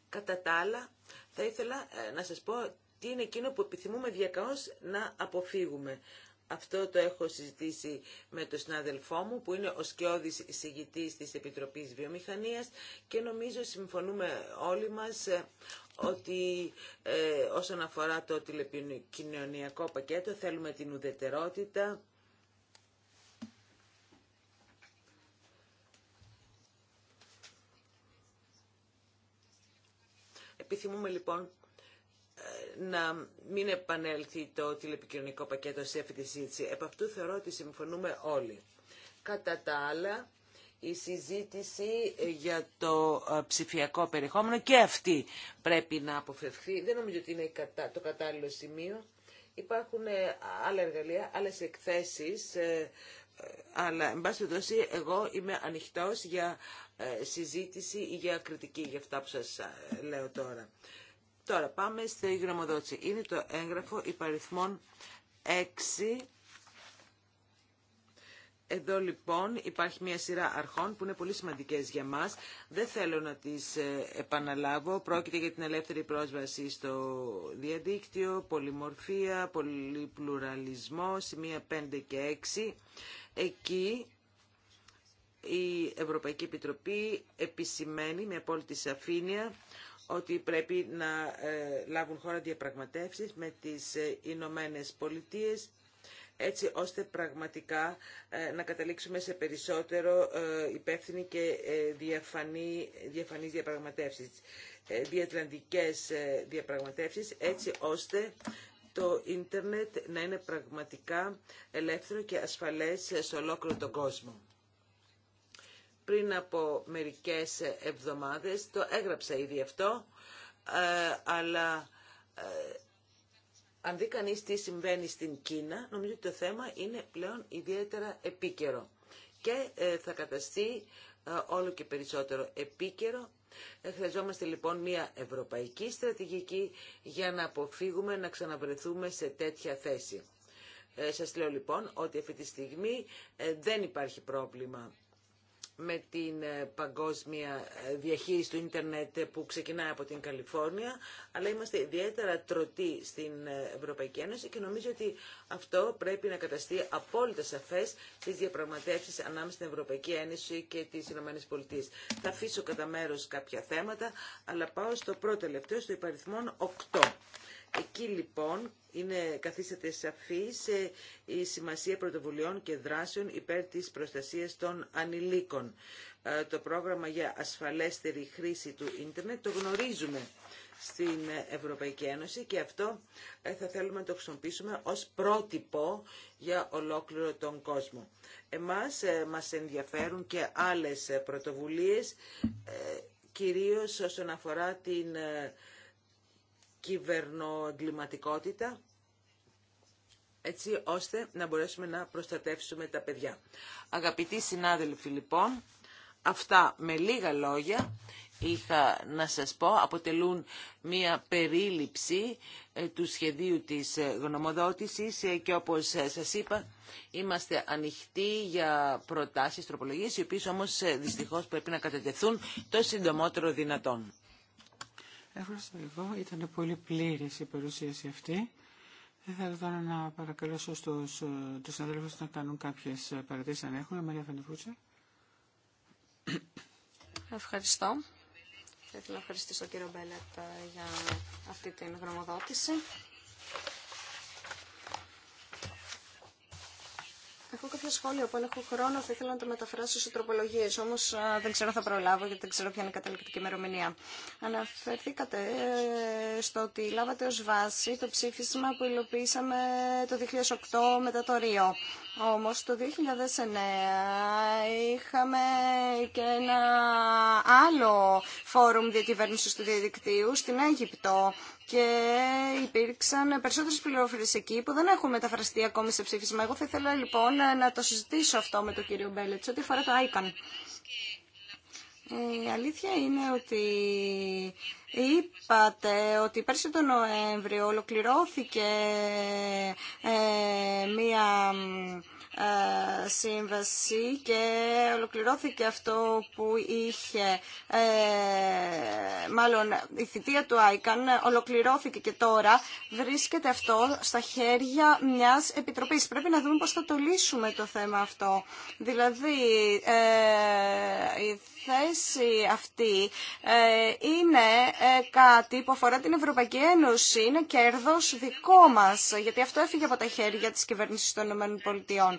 Speaker 3: Κατά τα άλλα, θα ήθελα ε, να σας πω τι είναι εκείνο που επιθυμούμε διακαώς να αποφύγουμε. Αυτό το έχω συζητήσει με τον συνάδελφό μου που είναι ο σκιώδης εισηγητής της Επιτροπής Βιομηχανίας και νομίζω συμφωνούμε όλοι μας ε, ότι ε, όσον αφορά το τηλεπικοινωνιακό πακέτο θέλουμε την ουδετερότητα Επιθυμούμε λοιπόν να μην επανέλθει το τηλεπικοινωνικό πακέτο σε αυτή τη συζήτηση. Επ' αυτού θεωρώ ότι συμφωνούμε όλοι. Κατά τα άλλα, η συζήτηση για το ε, ψηφιακό περιεχόμενο και αυτή πρέπει να αποφευχθεί. Δεν νομίζω ότι είναι το κατάλληλο σημείο. Υπάρχουν ε, άλλα εργαλεία, άλλες εκθέσεις, ε, αλλά εν πάση δόση, εγώ είμαι ανοιχτός για συζήτηση ή για κριτική για αυτά που σας λέω τώρα. Τώρα πάμε στη γραμμοδότηση. Είναι το έγγραφο υπαριθμών 6. Εδώ λοιπόν υπάρχει μια σειρά αρχών που είναι πολύ σημαντικές για μας. Δεν θέλω να τις ε, επαναλάβω. Πρόκειται για την ελεύθερη πρόσβαση στο διαδίκτυο, πολυμορφία, πολυπλουραλισμό, σημεία 5 και 6. Εκεί η Ευρωπαϊκή Επιτροπή επισημαίνει με απόλυτη σαφήνεια ότι πρέπει να ε, λάβουν χώρα διαπραγματεύσεις με τις ε, Ηνωμένε Πολιτείε, έτσι ώστε πραγματικά ε, να καταλήξουμε σε περισσότερο υπεύθυνη και διαφανή, διαπραγματεύσει, διαπραγματεύσεις, διατλαντικές διαπραγματεύσεις, έτσι ώστε το ίντερνετ να είναι πραγματικά ελεύθερο και ασφαλές σε ολόκληρο τον κόσμο πριν από μερικές εβδομάδες, το έγραψα ήδη αυτό, ε, αλλά ε, αν δει κανεί τι συμβαίνει στην Κίνα, νομίζω ότι το θέμα είναι πλέον ιδιαίτερα επίκαιρο και ε, θα καταστεί όλο και περισσότερο επίκαιρο. Χρειαζόμαστε λοιπόν μια ευρωπαϊκή στρατηγική για να αποφύγουμε να ξαναβρεθούμε σε τέτοια θέση. Σας λέω λοιπόν ότι αυτή τη στιγμή δεν υπάρχει πρόβλημα με την ε, παγκόσμια ε, διαχείριση του ίντερνετ ε, που ξεκινάει από την Καλιφόρνια, αλλά είμαστε ιδιαίτερα τρωτοί στην Ευρωπαϊκή Ένωση και νομίζω ότι αυτό πρέπει να καταστεί απόλυτα σαφές στις διαπραγματεύσεις ανάμεσα στην Ευρωπαϊκή Ένωση και τις ΗΠΑ. Θα αφήσω κατά μέρο κάποια θέματα, αλλά πάω στο πρώτο τελευταίο, στο υπαριθμόν 8. Εκεί λοιπόν είναι, καθίσατε σε η σημασία πρωτοβουλειών και δράσεων υπέρ της προστασίας των ανηλίκων. Ε, το πρόγραμμα για ασφαλέστερη χρήση του ίντερνετ το γνωρίζουμε στην Ευρωπαϊκή Ένωση και αυτό ε, θα θέλουμε να το χρησιμοποιήσουμε ως πρότυπο για ολόκληρο τον κόσμο. Εμάς ε, μας ενδιαφέρουν και άλλες πρωτοβουλίες, κυρίως όσον αφορά την κυβερνοεγκληματικότητα έτσι ώστε να μπορέσουμε να προστατεύσουμε τα παιδιά. Αγαπητοί συνάδελφοι λοιπόν, αυτά με λίγα λόγια είχα να σας πω αποτελούν μία περίληψη ε, του σχεδίου της ε, γνωμοδότησης ε, και όπως σας είπα είμαστε ανοιχτοί για προτάσεις τροπολογίες οι οποίες όμως δυστυχώς πρέπει να κατατεθούν το συντομότερο δυνατόν
Speaker 1: εγώ. Ήταν πολύ πλήρη η παρουσίαση αυτή. Θα ήθελα τώρα να παρακαλέσω στους, ε, τους συναδέλφους να κάνουν κάποιες ε, παρατήσεις αν έχουν. Μαρία Φαντεφούτσα.
Speaker 2: Ευχαριστώ. Θα ήθελα να ευχαριστήσω κύριο Μπέλετ ε, για αυτή την γνωμοδότηση. Έχω κάποια σχόλια που αν έχω χρόνο θα ήθελα να τα μεταφράσω σε τροπολογίε. Όμω δεν ξέρω θα προλάβω γιατί δεν ξέρω ποια είναι η καταληκτική ημερομηνία. Αναφερθήκατε ε, στο ότι λάβατε ω βάση το ψήφισμα που υλοποιήσαμε το 2008 μετά το Ρίο. Όμως το 2009 είχαμε και ένα άλλο φόρουμ διακυβέρνησης του διαδικτύου στην Αίγυπτο και υπήρξαν περισσότερες πληροφορίες εκεί που δεν έχουν μεταφραστεί ακόμη σε ψήφισμα. Εγώ θα ήθελα λοιπόν να το συζητήσω αυτό με τον κύριο Μπέλετς, ό,τι αφορά το ICAN. Ε, η αλήθεια είναι ότι είπατε ότι πέρσι τον Νοέμβριο ολοκληρώθηκε ε, μία ε, σύμβαση και ολοκληρώθηκε αυτό που είχε, ε, μάλλον η θητεία του ΆΙΚΑΝ ολοκληρώθηκε και τώρα βρίσκεται αυτό στα χέρια μιας επιτροπής. Πρέπει να δούμε πώς θα το λύσουμε το θέμα αυτό. Δηλαδή, ε, η θέση αυτή είναι κάτι που αφορά την Ευρωπαϊκή Ένωση, είναι κέρδος δικό μας, γιατί αυτό έφυγε από τα χέρια της κυβέρνησης των ΗΠΑ.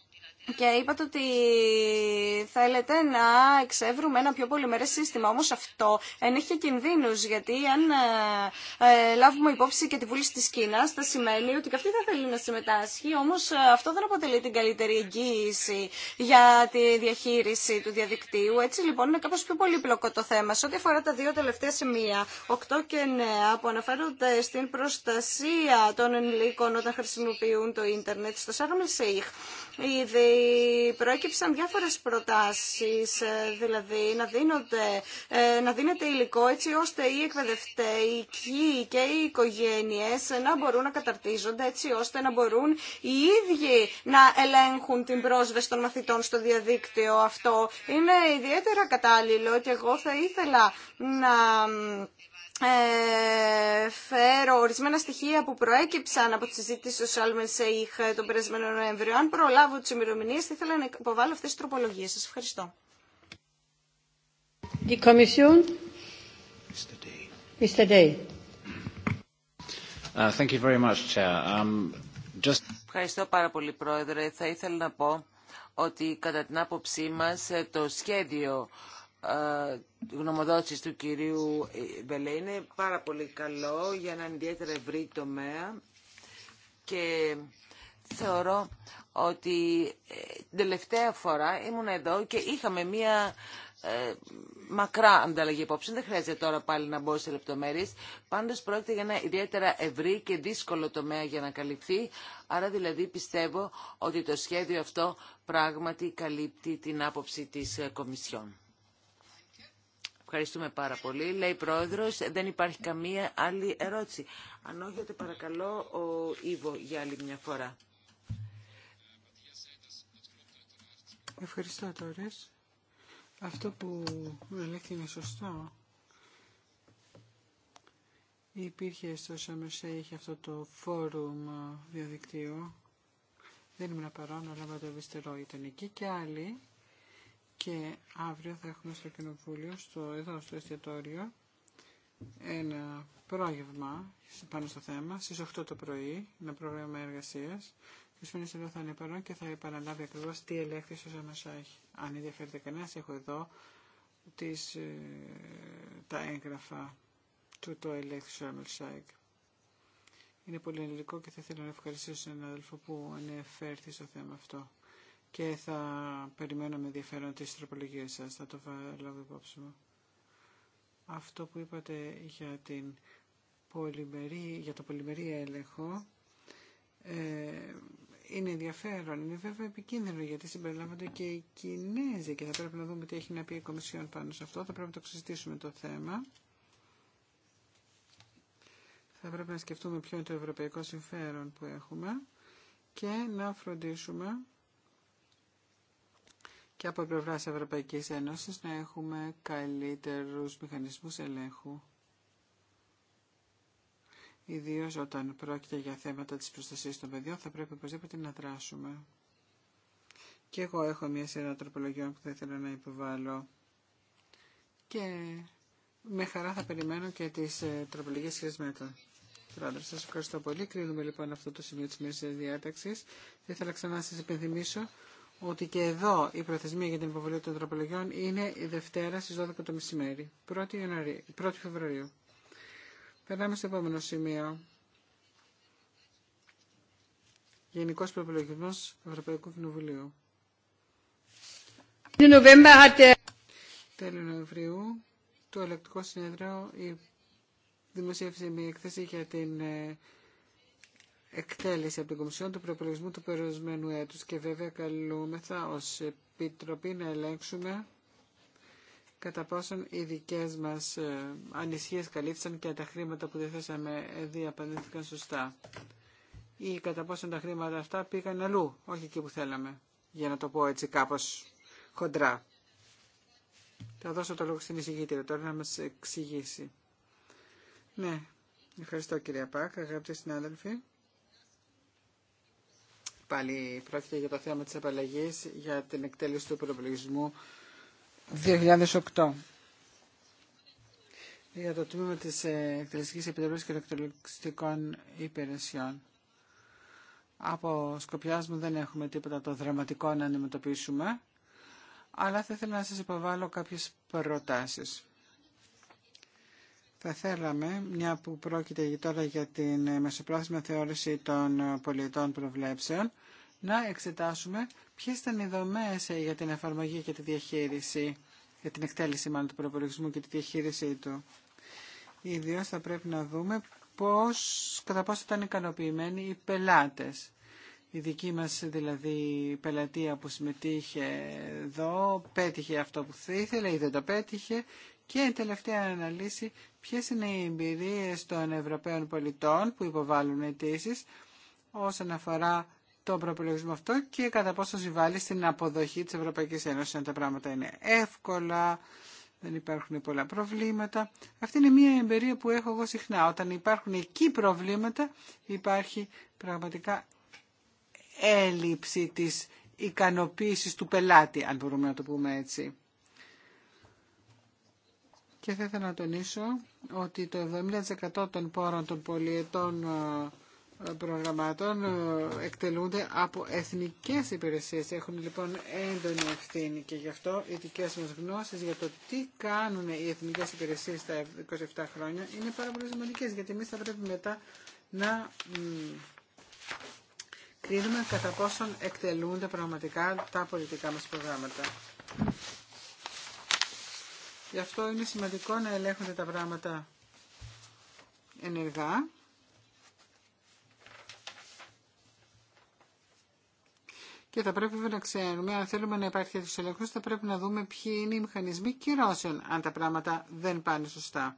Speaker 2: και είπατε ότι θέλετε να εξεύρουμε ένα πιο πολυμερέ σύστημα. Όμω αυτό ενέχει κινδύνου. γιατί αν ε, ε, λάβουμε υπόψη και τη βούληση τη Κίνα, θα σημαίνει ότι και αυτή θα θέλει να συμμετάσχει, Όμω ε, αυτό δεν αποτελεί την καλύτερη εγγύηση για τη διαχείριση του διαδικτύου. Έτσι λοιπόν είναι κάπως πιο πολύπλοκο το θέμα. Σε ό,τι αφορά τα δύο τελευταία σημεία, 8 και 9, που αναφέρονται στην προστασία των ενηλίκων όταν χρησιμοποιούν το ίντερνετ στο Σάρμελ Σέιχ, ήδη προέκυψαν διάφορες προτάσεις, ε, δηλαδή να, δίνονται, ε, να δίνεται υλικό έτσι ώστε οι εκπαιδευτικοί και οι οικογένειες να μπορούν να καταρτίζονται έτσι ώστε να μπορούν οι ίδιοι να ελέγχουν την πρόσβαση των μαθητών στο διαδίκτυο αυτό. Είναι ιδιαίτερα κατάλληλο και εγώ θα ήθελα να ε, φέρω ορισμένα στοιχεία που προέκυψαν από τη συζήτηση στο Σάλμεν Σέιχ τον περασμένο Νοέμβριο. Αν προλάβω τι ημερομηνίε, θα ήθελα να υποβάλω αυτέ τι τροπολογίε. Σα ευχαριστώ.
Speaker 1: Η uh, thank you very much, Chair. Um, just...
Speaker 3: Ευχαριστώ πάρα πολύ, Πρόεδρε. Θα ήθελα να πω ότι κατά την άποψή μας ε, το σχέδιο ε, γνωμοδότηση του κυρίου Μπελέ είναι πάρα πολύ καλό για έναν ιδιαίτερα ευρύ τομέα και θεωρώ ότι ε, την τελευταία φορά ήμουν εδώ και είχαμε μία ε, μακρά ανταλλαγή υπόψη. Δεν χρειάζεται τώρα πάλι να μπω σε λεπτομέρειες. Πάντως πρόκειται για ένα ιδιαίτερα ευρύ και δύσκολο τομέα για να καλυφθεί. Άρα δηλαδή πιστεύω ότι το σχέδιο αυτό πράγματι καλύπτει την άποψη της Κομισιόν. Ευχαριστούμε πάρα πολύ. Λέει πρόεδρο, δεν υπάρχει καμία άλλη ερώτηση. Αν όχι, παρακαλώ ο Ήβο για άλλη μια φορά.
Speaker 1: Ευχαριστώ τώρα. Αυτό που λέτε είναι σωστό. Υπήρχε στο σαμεσέ είχε αυτό το φόρουμ διαδικτύου. Δεν ήμουν παρόν, αλλά το ευεστερό ήταν εκεί και άλλοι και αύριο θα έχουμε στο κοινοβούλιο, στο, εδώ στο εστιατόριο, ένα πρόγευμα πάνω στο θέμα, στις 8 το πρωί, ένα πρόγραμμα εργασίας. Ο Σφίνης εδώ θα είναι παρόν και θα επαναλάβει ακριβώς τι ελέγχθη όσα μας έχει. Αν ενδιαφέρεται κανένας, έχω εδώ τις, ε, τα έγγραφα του το ελέγχθη Σάικ. Είναι πολύ ελληνικό και θα ήθελα να ευχαριστήσω τον αδελφό που ανεφέρθη στο θέμα αυτό και θα περιμένω με ενδιαφέρον τις τροπολογίες σας, θα το λάβω υπόψη μου. Αυτό που είπατε για, την πολυμερή, για το πολυμερή έλεγχο ε, είναι ενδιαφέρον, είναι βέβαια επικίνδυνο γιατί συμπεριλάμβανται και οι Κινέζοι και θα πρέπει να δούμε τι έχει να πει η Κομισιόν πάνω σε αυτό, θα πρέπει να το συζητήσουμε το θέμα. Θα πρέπει να σκεφτούμε ποιο είναι το ευρωπαϊκό συμφέρον που έχουμε και να φροντίσουμε και από πλευρά Ευρωπαϊκή Ένωση να έχουμε καλύτερου μηχανισμού ελέγχου. Ιδίω όταν πρόκειται για θέματα τη προστασία των παιδιών θα πρέπει οπωσδήποτε να δράσουμε. Και εγώ έχω μια σειρά τροπολογιών που θα ήθελα να υποβάλω. Και με χαρά θα περιμένω και τι ε, τροπολογίες σχέσεις μετά. Πρόεδρε, σας ευχαριστώ πολύ. Κλείνουμε λοιπόν αυτό το σημείο τη μέσης διάταξη. Θα ήθελα ξανά να σα υπενθυμίσω ότι και εδώ η προθεσμία για την υποβολή των τροπολογιών είναι η Δευτέρα στις 12 το μεσημέρι, 1η, 1η Φεβρουαρίου. Περνάμε στο επόμενο σημείο. Γενικό Προπολογισμό Ευρωπαϊκού Κοινοβουλίου. Τέλη Νοεμβρίου, το Ελεκτικό Συνέδριο δημοσίευσε μια εκθέση για την ε, εκτέλεση από την Κομισιόν του Προπολογισμού του Περιορισμένου Έτους και βέβαια καλούμεθα ως Επιτροπή να ελέγξουμε κατά πόσον οι δικές μας ε, ανησυχίες καλύφθησαν και τα χρήματα που διαθέσαμε ε, διαπαντήθηκαν σωστά ή κατά πόσον τα χρήματα αυτά πήγαν αλλού, όχι εκεί που θέλαμε, για να το πω έτσι κάπως χοντρά. Θα δώσω το λόγο στην εισηγήτρια τώρα να μας εξηγήσει. Ναι, ευχαριστώ κυρία Πάκ, αγαπητοί συνάδελφοι πάλι πρόκειται για το θέμα της απαλλαγής για την εκτέλεση του προπολογισμού 2008. Για το τμήμα της ε, εκτελεστικής επιτροπής και των εκτελεστικών υπηρεσιών. Από σκοπιάς μου δεν έχουμε τίποτα το δραματικό να αντιμετωπίσουμε, αλλά θα ήθελα να σας υποβάλω κάποιες προτάσεις. Θα θέλαμε, μια που πρόκειται τώρα για την μεσοπρόθεσμη θεώρηση των πολιτών προβλέψεων, να εξετάσουμε ποιες ήταν οι δομές ε, για την εφαρμογή και τη διαχείριση, για την εκτέλεση μάλλον του προπολογισμού και τη διαχείρισή του. Ιδίως θα πρέπει να δούμε πώς, κατά πόσο ήταν ικανοποιημένοι οι πελάτες. Η δική μας δηλαδή πελατεία που συμμετείχε εδώ πέτυχε αυτό που ήθελε ή δεν το πέτυχε και η τελευταία αναλύση ποιες είναι οι εμπειρίες των Ευρωπαίων πολιτών που υποβάλλουν αιτήσει όσον αφορά τον προπολογισμό αυτό και κατά πόσο συμβάλλει στην αποδοχή της Ευρωπαϊκής Ένωσης. Αν τα πράγματα είναι εύκολα, δεν υπάρχουν πολλά προβλήματα. Αυτή είναι μια εμπειρία που έχω εγώ συχνά. Όταν υπάρχουν εκεί προβλήματα, υπάρχει πραγματικά έλλειψη της ικανοποίησης του πελάτη, αν μπορούμε να το πούμε έτσι. Και θα ήθελα να τονίσω ότι το 70% των πόρων των πολιετών προγραμμάτων ε, εκτελούνται από εθνικές υπηρεσίες. Έχουν λοιπόν έντονη ευθύνη και γι' αυτό οι δικέ μας γνώσεις για το τι κάνουν οι εθνικές υπηρεσίες τα 27 χρόνια είναι πάρα πολύ σημαντικέ γιατί εμεί θα πρέπει μετά να κρίνουμε κατά πόσον εκτελούνται πραγματικά τα πολιτικά μας προγράμματα. Γι' αυτό είναι σημαντικό να ελέγχονται τα πράγματα ενεργά και θα πρέπει να ξέρουμε, αν θέλουμε να υπάρχει τέτοιο θα πρέπει να δούμε ποιοι είναι οι μηχανισμοί κυρώσεων, αν τα πράγματα δεν πάνε σωστά.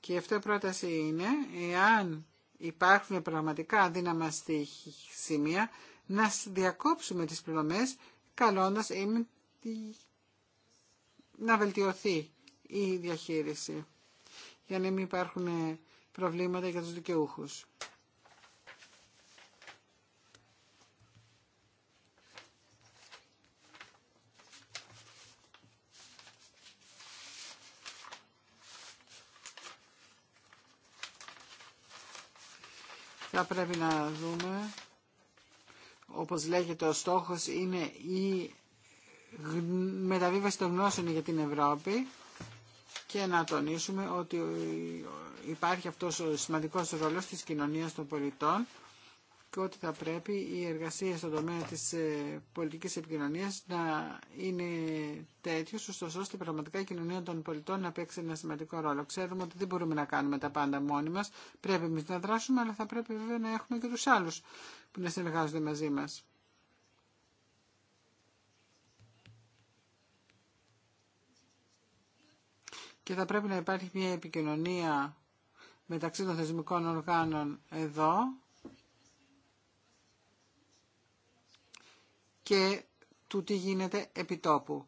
Speaker 1: Και η πρόταση είναι, εάν υπάρχουν πραγματικά αδύναμα σημεία, να διακόψουμε τις πληρωμές, καλώντας να βελτιωθεί η διαχείριση, για να μην υπάρχουν προβλήματα για τους δικαιούχους. θα πρέπει να δούμε, όπως λέγεται ο στόχος είναι η μεταβίβαση των γνώσεων για την Ευρώπη και να τονίσουμε ότι υπάρχει αυτός ο σημαντικός ρόλος της κοινωνίας των πολιτών και ότι θα πρέπει η εργασία στον τομέα της ε, πολιτικής επικοινωνίας να είναι τέτοιος, ωστόσο ώστε πραγματικά η κοινωνία των πολιτών να παίξει ένα σημαντικό ρόλο. Ξέρουμε ότι δεν μπορούμε να κάνουμε τα πάντα μόνοι μας, πρέπει εμείς να δράσουμε, αλλά θα πρέπει βέβαια να έχουμε και τους άλλους που να συνεργάζονται μαζί μας. Και θα πρέπει να υπάρχει μια επικοινωνία μεταξύ των θεσμικών οργάνων εδώ και του τι γίνεται επιτόπου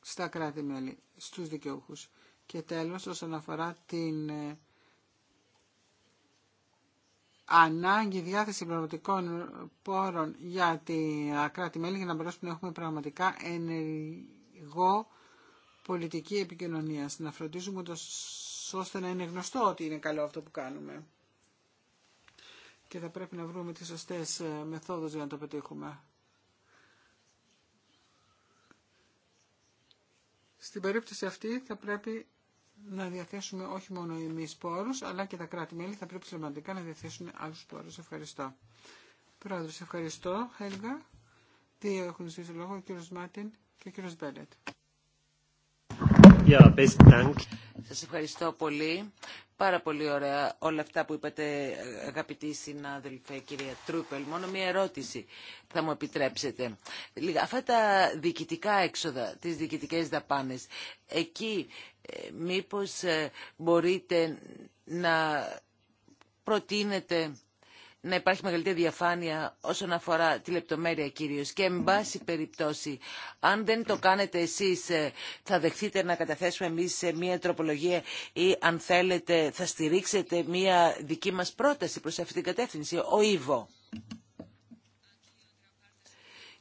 Speaker 1: στα κράτη-μέλη, στους δικαιούχους. Και τέλος, όσον αφορά την ε, ανάγκη διάθεση πραγματικών πόρων για τα ε, κράτη-μέλη για να μπορέσουμε να έχουμε πραγματικά ενεργό πολιτική επικοινωνία. Να φροντίζουμε το ώστε να είναι γνωστό ότι είναι καλό αυτό που κάνουμε. Και θα πρέπει να βρούμε τις σωστές ε, μεθόδους για να το πετύχουμε. Στην περίπτωση αυτή θα πρέπει να διαθέσουμε όχι μόνο εμεί πόρου, αλλά και τα κράτη-μέλη θα πρέπει σημαντικά να διαθέσουν άλλους πόρου. Ευχαριστώ. Προέδρο, ευχαριστώ. Χέλγα, τι έχουν ζήσει λόγο, ο κύριο Μάτιν και ο κύριο Μπέλετ.
Speaker 4: Yeah,
Speaker 3: Σας ευχαριστώ πολύ. Πάρα πολύ ωραία όλα αυτά που είπατε αγαπητοί συνάδελφε κυρία Τρούπελ. Μόνο μία ερώτηση θα μου επιτρέψετε. Λίγα, αυτά τα διοικητικά έξοδα, τις διοικητικές δαπάνες, εκεί ε, μήπως ε, μπορείτε να προτείνετε να υπάρχει μεγαλύτερη διαφάνεια όσον αφορά τη λεπτομέρεια κυρίως και εν πάση περιπτώσει αν δεν το κάνετε εσείς ε, θα δεχθείτε να καταθέσουμε εμείς σε μια τροπολογία ή αν θέλετε θα στηρίξετε μια δική μας πρόταση προς αυτή την κατεύθυνση ο Ήβο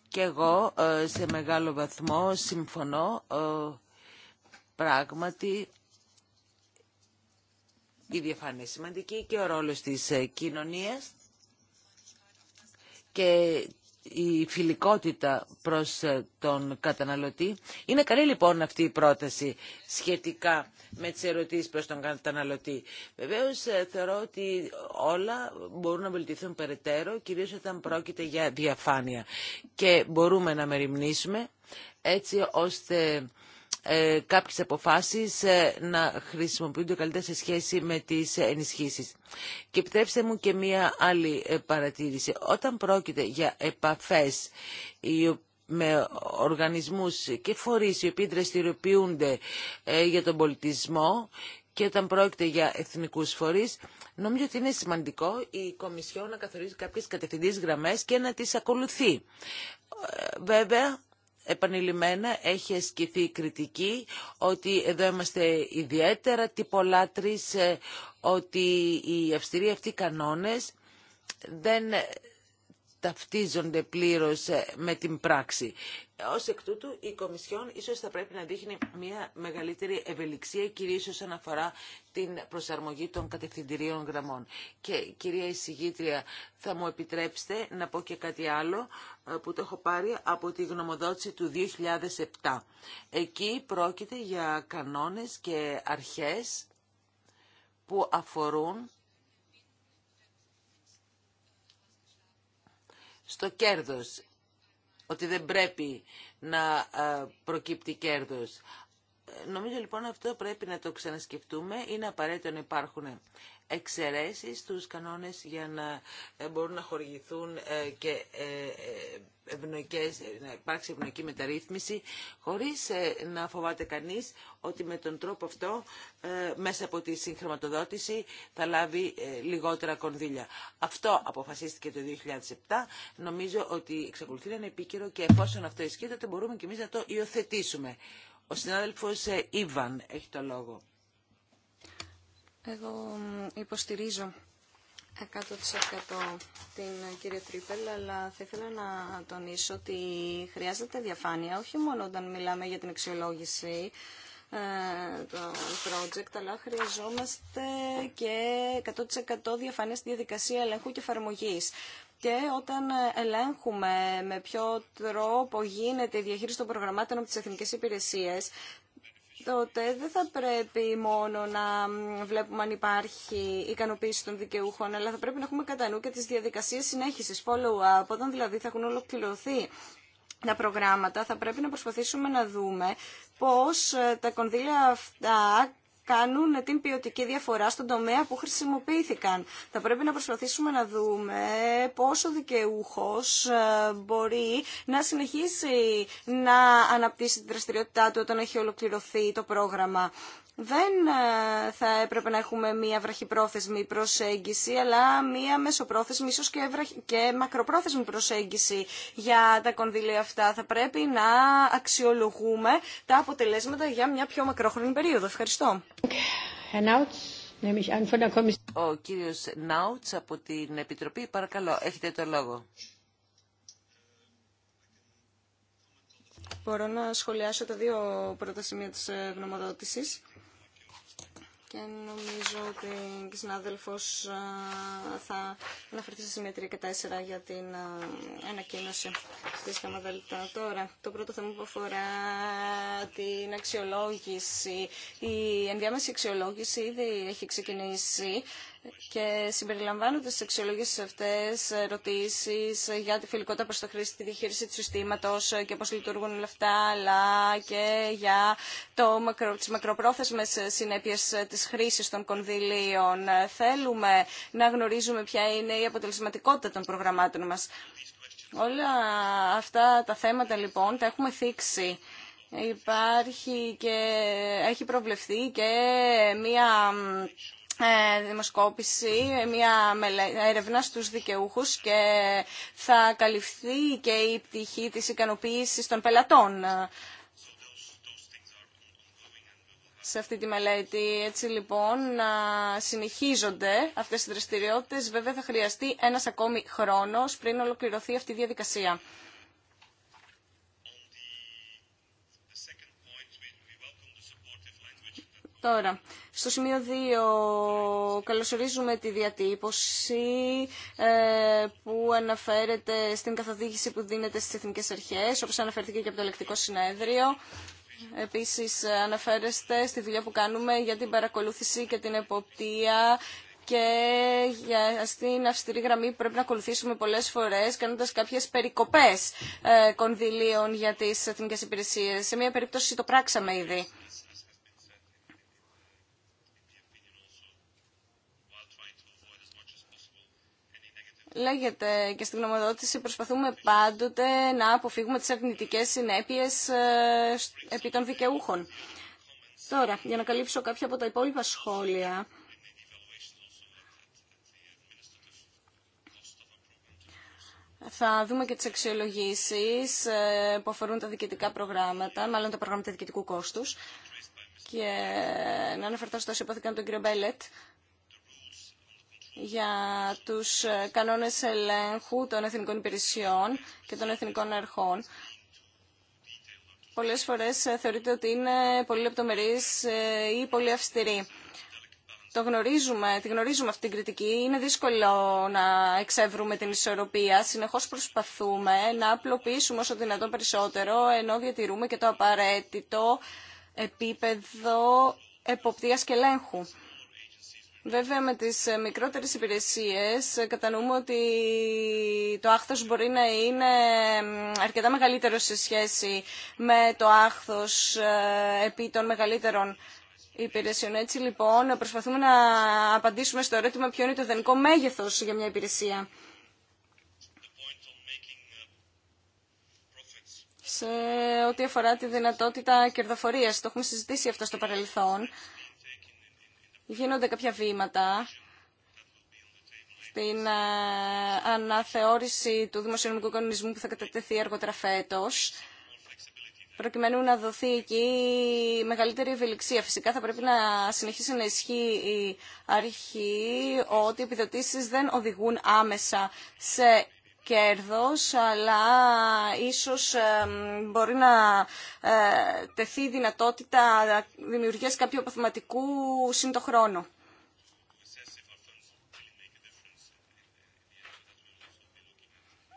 Speaker 3: και εγώ ε, σε μεγάλο βαθμό συμφωνώ ε, πράγματι η διαφάνεια σημαντική και ο ρόλος της κοινωνίας και η φιλικότητα προς ε, τον καταναλωτή. Είναι καλή λοιπόν αυτή η πρόταση σχετικά με τις ερωτήσεις προς τον καταναλωτή. Βεβαίως ε, θεωρώ ότι όλα μπορούν να βελτιωθούν περαιτέρω, κυρίως όταν πρόκειται για διαφάνεια. Και μπορούμε να μεριμνήσουμε έτσι ώστε ε, κάποιες αποφάσεις ε, να χρησιμοποιούνται καλύτερα σε σχέση με τις ενισχύσεις. Και επιτρέψτε μου και μία άλλη ε, παρατήρηση. Όταν πρόκειται για επαφές με οργανισμούς και φορείς οι οποίοι δραστηριοποιούνται για τον πολιτισμό και όταν πρόκειται για εθνικούς φορείς, νομίζω ότι είναι σημαντικό η Κομισιό να καθορίζει κάποιες κατευθυντήριες γραμμές και να τις ακολουθεί. Βέβαια, επανειλημμένα έχει ασκηθεί κριτική ότι εδώ είμαστε ιδιαίτερα τυπολάτρεις, ε, ότι οι αυστηροί αυτοί κανόνες δεν ταυτίζονται πλήρως ε, με την πράξη. Ως εκ τούτου η Κομισιόν ίσως θα πρέπει να δείχνει μια μεγαλύτερη ευελιξία κυρίως όσον αφορά την προσαρμογή των κατευθυντηρίων γραμμών. Και κυρία εισηγήτρια θα μου επιτρέψετε να πω και κάτι άλλο ε, που το έχω πάρει από τη γνωμοδότηση του 2007. Εκεί πρόκειται για κανόνες και αρχές που αφορούν στο κέρδος, ότι δεν πρέπει να ε, προκύπτει κέρδος. Ε, νομίζω λοιπόν αυτό πρέπει να το ξανασκεφτούμε. Είναι απαραίτητο να υπάρχουν εξαιρέσεις στους κανόνες για να ε, μπορούν να χορηγηθούν ε, και ε, ευνοϊκές, να υπάρξει ευνοϊκή μεταρρύθμιση χωρίς να φοβάται κανείς ότι με τον τρόπο αυτό μέσα από τη συγχρηματοδότηση θα λάβει λιγότερα κονδύλια. Αυτό αποφασίστηκε το 2007. Νομίζω ότι εξακολουθεί να είναι επίκαιρο και εφόσον αυτό ισχύει τότε μπορούμε και εμείς να το υιοθετήσουμε. Ο συνάδελφος Ιβαν έχει το λόγο.
Speaker 2: Εγώ υποστηρίζω 100% την κυρία Τρίπελ, αλλά θα ήθελα να τονίσω ότι χρειάζεται διαφάνεια, όχι μόνο όταν μιλάμε για την αξιολόγηση ε, των project, αλλά χρειαζόμαστε και 100% διαφάνεια στη διαδικασία ελέγχου και εφαρμογή. Και όταν ελέγχουμε με ποιο τρόπο γίνεται η διαχείριση των προγραμμάτων από τις εθνικές υπηρεσίες, τότε δεν θα πρέπει μόνο να βλέπουμε αν υπάρχει ικανοποίηση των δικαιούχων, αλλά θα πρέπει να έχουμε κατά νου και τις διαδικασίες συνέχισης, follow-up, όταν δηλαδή θα έχουν ολοκληρωθεί τα προγράμματα, θα πρέπει να προσπαθήσουμε να δούμε πώς ε, τα κονδύλια αυτά κάνουν την ποιοτική διαφορά στον τομέα που χρησιμοποιήθηκαν. Θα πρέπει να προσπαθήσουμε να δούμε πόσο δικαιούχος ε, μπορεί να συνεχίσει να αναπτύσσει τη δραστηριότητά του όταν έχει ολοκληρωθεί το πρόγραμμα δεν ε, θα έπρεπε να έχουμε μία βραχυπρόθεσμη προσέγγιση, αλλά μία μεσοπρόθεσμη, ίσως και, και μακροπρόθεσμη προσέγγιση για τα κονδύλια αυτά. Θα πρέπει να αξιολογούμε τα αποτελέσματα για μια πιο μακρόχρονη περίοδο. Ευχαριστώ. Ο κύριος
Speaker 3: Νάουτς από την Επιτροπή, παρακαλώ, έχετε το λόγο.
Speaker 2: Μπορώ να σχολιάσω τα δύο πρώτα σημεία της ε, γνωμοδότησης και νομίζω ότι ο συνάδελφος θα αναφερθεί σε συμμετρία και 4 για την ανακοίνωση της ΚΑΜΑΔΑΛΤΑ. Τώρα, το πρώτο θέμα που αφορά την αξιολόγηση. Η ενδιάμεση αξιολόγηση ήδη έχει ξεκινήσει και συμπεριλαμβάνονται στι αξιολογήσει αυτέ ερωτήσει για τη φιλικότητα προ το χρήστη, τη διαχείριση του συστήματο και πώ λειτουργούν όλα αυτά, αλλά και για το, τι μακροπρόθεσμε συνέπειε τη της χρήσης των κονδυλίων. Θέλουμε να γνωρίζουμε ποια είναι η αποτελεσματικότητα των προγραμμάτων μας. Όλα αυτά τα θέματα λοιπόν τα έχουμε θίξει. Υπάρχει και έχει προβλεφθεί και μία ε, δημοσκόπηση, μια έρευνα στους δικαιούχους και θα καλυφθεί και η πτυχή της ικανοποίησης των πελατών σε αυτή τη μελέτη. Έτσι λοιπόν να συνεχίζονται αυτές οι δραστηριότητε, Βέβαια θα χρειαστεί ένας ακόμη χρόνος πριν ολοκληρωθεί αυτή η διαδικασία. Τώρα, στο σημείο 2 καλωσορίζουμε τη διατύπωση ε, που αναφέρεται στην καθοδήγηση που δίνεται στις εθνικές αρχές, όπως αναφέρθηκε και από το ελεκτικό συνέδριο. Επίσης αναφέρεστε στη δουλειά που κάνουμε για την παρακολούθηση και την εποπτεία και για, στην αυστηρή γραμμή που πρέπει να ακολουθήσουμε πολλές φορές κάνοντας κάποιες περικοπές ε, κονδυλίων για τις εθνικές υπηρεσίες. Σε μια περίπτωση το πράξαμε ήδη Λέγεται και στην γνωμοδότηση προσπαθούμε πάντοτε να αποφύγουμε τις αρνητικές συνέπειες ε, επί των δικαιούχων. Τώρα, για να καλύψω κάποια από τα υπόλοιπα σχόλια, Θα δούμε και τις αξιολογήσεις ε, που αφορούν τα διοικητικά προγράμματα, μάλλον τα προγράμματα διοικητικού κόστους. Και ε, να αναφερθώ στο όσο υπόθηκαν τον κύριο Μπέλετ, για τους ε, κανόνες ελέγχου των εθνικών υπηρεσιών και των εθνικών αρχών. Πολλές φορές ε, θεωρείται ότι είναι πολύ λεπτομερής ε, ή πολύ αυστηρή. Το γνωρίζουμε, τη γνωρίζουμε αυτή την κριτική. Είναι δύσκολο να εξεύρουμε την ισορροπία. Συνεχώς προσπαθούμε να απλοποιήσουμε όσο δυνατόν περισσότερο, ενώ διατηρούμε και το απαραίτητο επίπεδο εποπτείας και ελέγχου. Βέβαια με τις ε, μικρότερες υπηρεσίες ε, κατανοούμε ότι το άχθος μπορεί να είναι αρκετά μεγαλύτερο σε σχέση με το άχθος ε, επί των μεγαλύτερων υπηρεσιών. Έτσι λοιπόν προσπαθούμε να απαντήσουμε στο ερώτημα ποιο είναι το ιδανικό μέγεθος για μια υπηρεσία. Σε ό,τι αφορά τη δυνατότητα κερδοφορίας, το έχουμε συζητήσει αυτό στο παρελθόν γίνονται κάποια βήματα στην ε, αναθεώρηση του δημοσιονομικού κανονισμού που θα κατατεθεί αργότερα φέτος προκειμένου να δοθεί εκεί μεγαλύτερη ευελιξία. Φυσικά θα πρέπει να συνεχίσει να ισχύει η αρχή ότι οι επιδοτήσεις δεν οδηγούν άμεσα σε κέρδος, αλλά ίσως μπορεί να ε, τεθεί δυνατότητα δημιουργίας κάποιου αποθεματικού σύντοχρονου. χρόνο.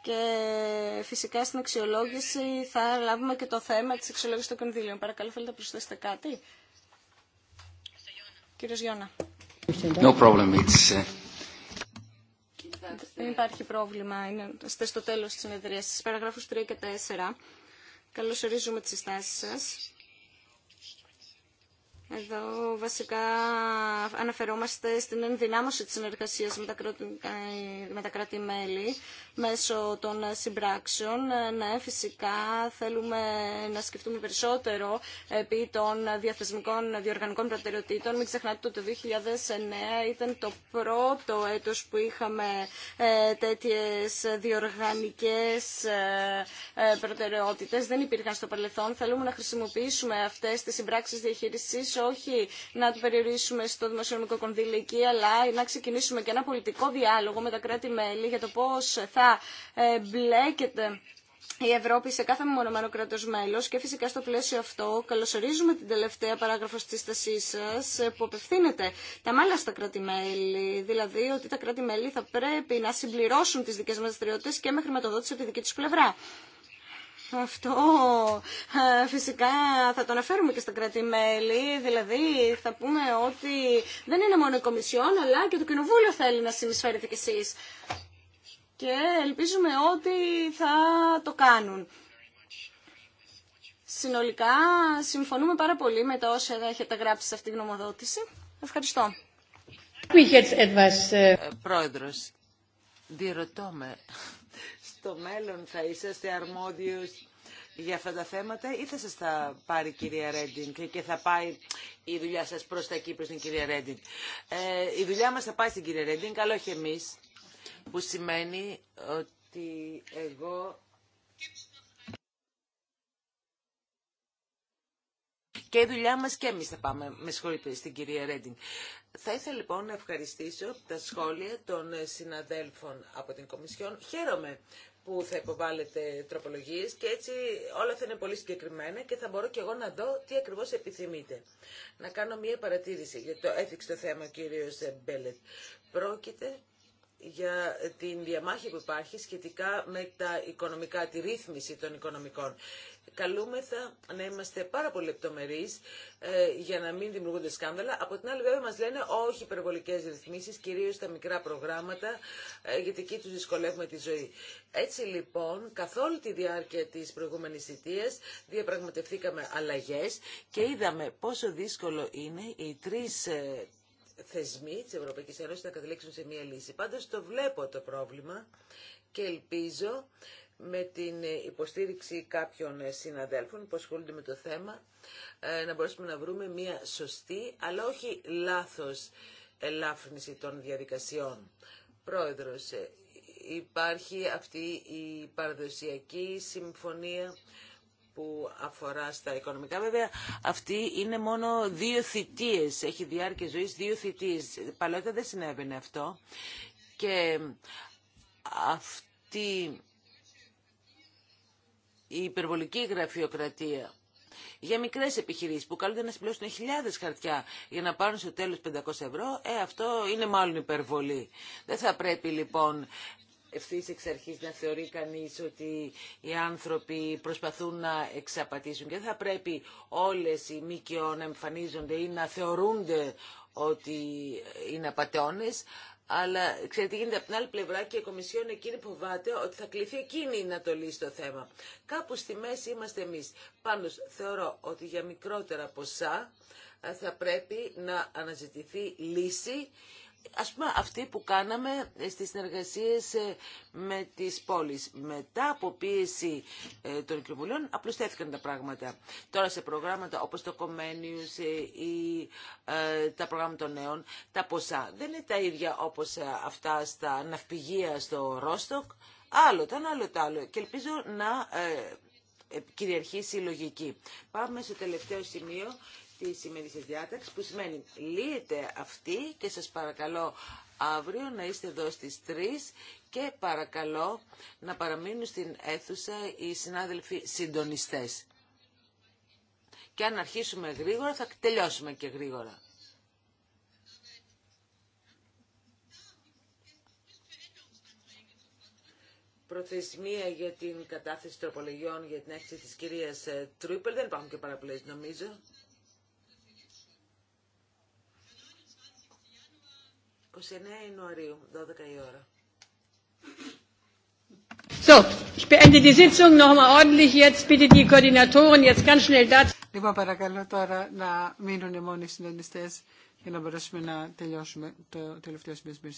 Speaker 2: Και φυσικά στην αξιολόγηση θα λάβουμε και το θέμα της αξιολόγησης των κονδύλων. Παρακαλώ, θέλετε να προσθέσετε κάτι. Κύριος Γιώνα.
Speaker 1: No problem. Ε,
Speaker 2: δεν υπάρχει πρόβλημα. Είστε στο τέλο τη συνεδρίας. Στι παραγράφου 3 και 4 καλωσορίζουμε τι συστάσεις σα. Εδώ βασικά αναφερόμαστε στην ενδυνάμωση της συνεργασίας με τα κράτη-μέλη μέσω των συμπράξεων. Ναι, φυσικά θέλουμε να σκεφτούμε περισσότερο επί των διαθεσμικών διοργανικών προτεραιοτήτων. Μην ξεχνάτε ότι το 2009 ήταν το πρώτο έτος που είχαμε ε, τέτοιες διοργανικές ε, ε, προτεραιότητες. Δεν υπήρχαν στο παρελθόν. Θέλουμε να χρησιμοποιήσουμε αυτές τις συμπράξεις διαχείρισης όχι να το περιορίσουμε στο δημοσιονομικό κονδύλι εκεί, αλλά να ξεκινήσουμε και ένα πολιτικό διάλογο με τα κράτη-μέλη για το πώς θα ε, μπλέκεται η Ευρώπη σε κάθε μεμονωμένο κράτο μέλο και φυσικά στο πλαίσιο αυτό καλωσορίζουμε την τελευταία παράγραφο τη στασή σα ε, που απευθύνεται τα μάλλα στα κράτη-μέλη. Δηλαδή ότι τα κράτη-μέλη θα πρέπει να συμπληρώσουν τι δικέ μα δραστηριότητε και με χρηματοδότηση από τη δική του πλευρά. Αυτό φυσικά θα το αναφέρουμε και στα κρατημέλη, δηλαδή θα πούμε ότι δεν είναι μόνο η Κομισιόν, αλλά και το Κοινοβούλιο θέλει να συνεισφέρετε κι εσείς. Και ελπίζουμε ότι θα το κάνουν. Συνολικά, συμφωνούμε πάρα πολύ με τα όσα έχετε γράψει σε αυτή τη γνωμοδότηση. Ευχαριστώ.
Speaker 3: Uh, ε, πρόεδρος, το μέλλον θα είσαστε αρμόδιος για αυτά τα θέματα ή θα σας τα πάρει η κυρία Ρέντινγκ και θα πάει η δουλειά σας προς τα εκεί, προς την κυρία Ρέντινγκ. Ε, η δουλειά μας θα πάει στην κυρία Ρέντινγκ, αλλά όχι εμείς, που σημαίνει ότι εγώ... Και η δουλειά μας και εμείς θα πάμε, με σχόλια στην κυρία Ρέντινγκ. Θα ήθελα λοιπόν να ευχαριστήσω τα σχόλια των συναδέλφων από την Κομισιόν. Χαίρομαι που θα υποβάλλετε τροπολογίες και έτσι όλα θα είναι πολύ συγκεκριμένα και θα μπορώ και εγώ να δω τι ακριβώς επιθυμείτε. Να κάνω μία παρατήρηση, γιατί το έθιξε το θέμα ο κύριος Μπέλετ. Πρόκειται για την διαμάχη που υπάρχει σχετικά με τα οικονομικά, τη ρύθμιση των οικονομικών καλούμεθα να είμαστε πάρα πολύ λεπτομερεί ε, για να μην δημιουργούνται σκάνδαλα. Από την άλλη, βέβαια, μα λένε όχι υπερβολικέ ρυθμίσει, κυρίω στα μικρά προγράμματα, ε, γιατί εκεί του δυσκολεύουμε τη ζωή. Έτσι λοιπόν, καθ' όλη τη διάρκεια τη προηγούμενη θητεία διαπραγματευθήκαμε αλλαγέ και είδαμε πόσο δύσκολο είναι οι τρει ε, θεσμοί της Ευρωπαϊκής Ένωση να καταλήξουν σε μία λύση. Πάντω το βλέπω το πρόβλημα και ελπίζω με την υποστήριξη κάποιων συναδέλφων που ασχολούνται με το θέμα ε, να μπορέσουμε να βρούμε μία σωστή αλλά όχι λάθος ελάφρυνση των διαδικασιών. Πρόεδρος, ε, υπάρχει αυτή η παραδοσιακή συμφωνία που αφορά στα οικονομικά. Βέβαια, αυτή είναι μόνο δύο θητείες, έχει διάρκεια ζωής δύο θητείες. Παλαιότερα δεν συνέβαινε αυτό και αυτή η υπερβολική γραφειοκρατία για μικρές επιχειρήσεις που καλούνται να συμπληρώσουν χιλιάδε χαρτιά για να πάρουν στο τέλος 500 ευρώ, ε, αυτό είναι μάλλον υπερβολή. Δεν θα πρέπει λοιπόν ευθύ εξ αρχή να θεωρεί κανεί ότι οι άνθρωποι προσπαθούν να εξαπατήσουν και δεν θα πρέπει όλε οι ΜΚΟ να εμφανίζονται ή να θεωρούνται ότι είναι απαταιώνε. Αλλά ξέρετε, γίνεται από την άλλη πλευρά και η Κομισιόν εκείνη φοβάται ότι θα κληθεί εκείνη να το λύσει το θέμα. Κάπου στη μέση είμαστε εμεί. Πάντω, θεωρώ ότι για μικρότερα ποσά ε, θα πρέπει να αναζητηθεί λύση ας πούμε αυτή που κάναμε ε, στις συνεργασίες ε, με τις πόλεις. Μετά από πίεση ε, των κοινοβουλίων απλουστέθηκαν τα πράγματα. Τώρα σε προγράμματα όπως το κομμένιους ή τα προγράμματα των νέων τα ποσά δεν είναι τα ίδια όπως αυτά στα ναυπηγεία στο Ρόστοκ άλλο ήταν άλλο και άλλο και ελπίζω να κυριαρχήσει η λογική. Πάμε στο ροστοκ αλλο ηταν αλλο το αλλο και ελπιζω σημείο τη σημερινή διάταξη που σημαίνει λύεται αυτή και σας παρακαλώ αύριο να είστε εδώ στις 3 και παρακαλώ να παραμείνουν στην αίθουσα οι συνάδελφοι συντονιστές. Και αν αρχίσουμε γρήγορα θα τελειώσουμε και γρήγορα. Προθεσμία για την κατάθεση τροπολογιών για την έκθεση της κυρίας Τρούπελ. Δεν υπάρχουν και παραπλές νομίζω. 29 Ιανουαρίου, 12 η ώρα.
Speaker 1: So, ich beende die Sitzung nochmal ordentlich. Jetzt bitte die Koordinatoren jetzt ganz schnell dazu. Λοιπόν, παρακαλώ τώρα να μείνουν μόνοι οι μόνοι συντονιστές για να μπορέσουμε να τελειώσουμε το τελευταίο σημείο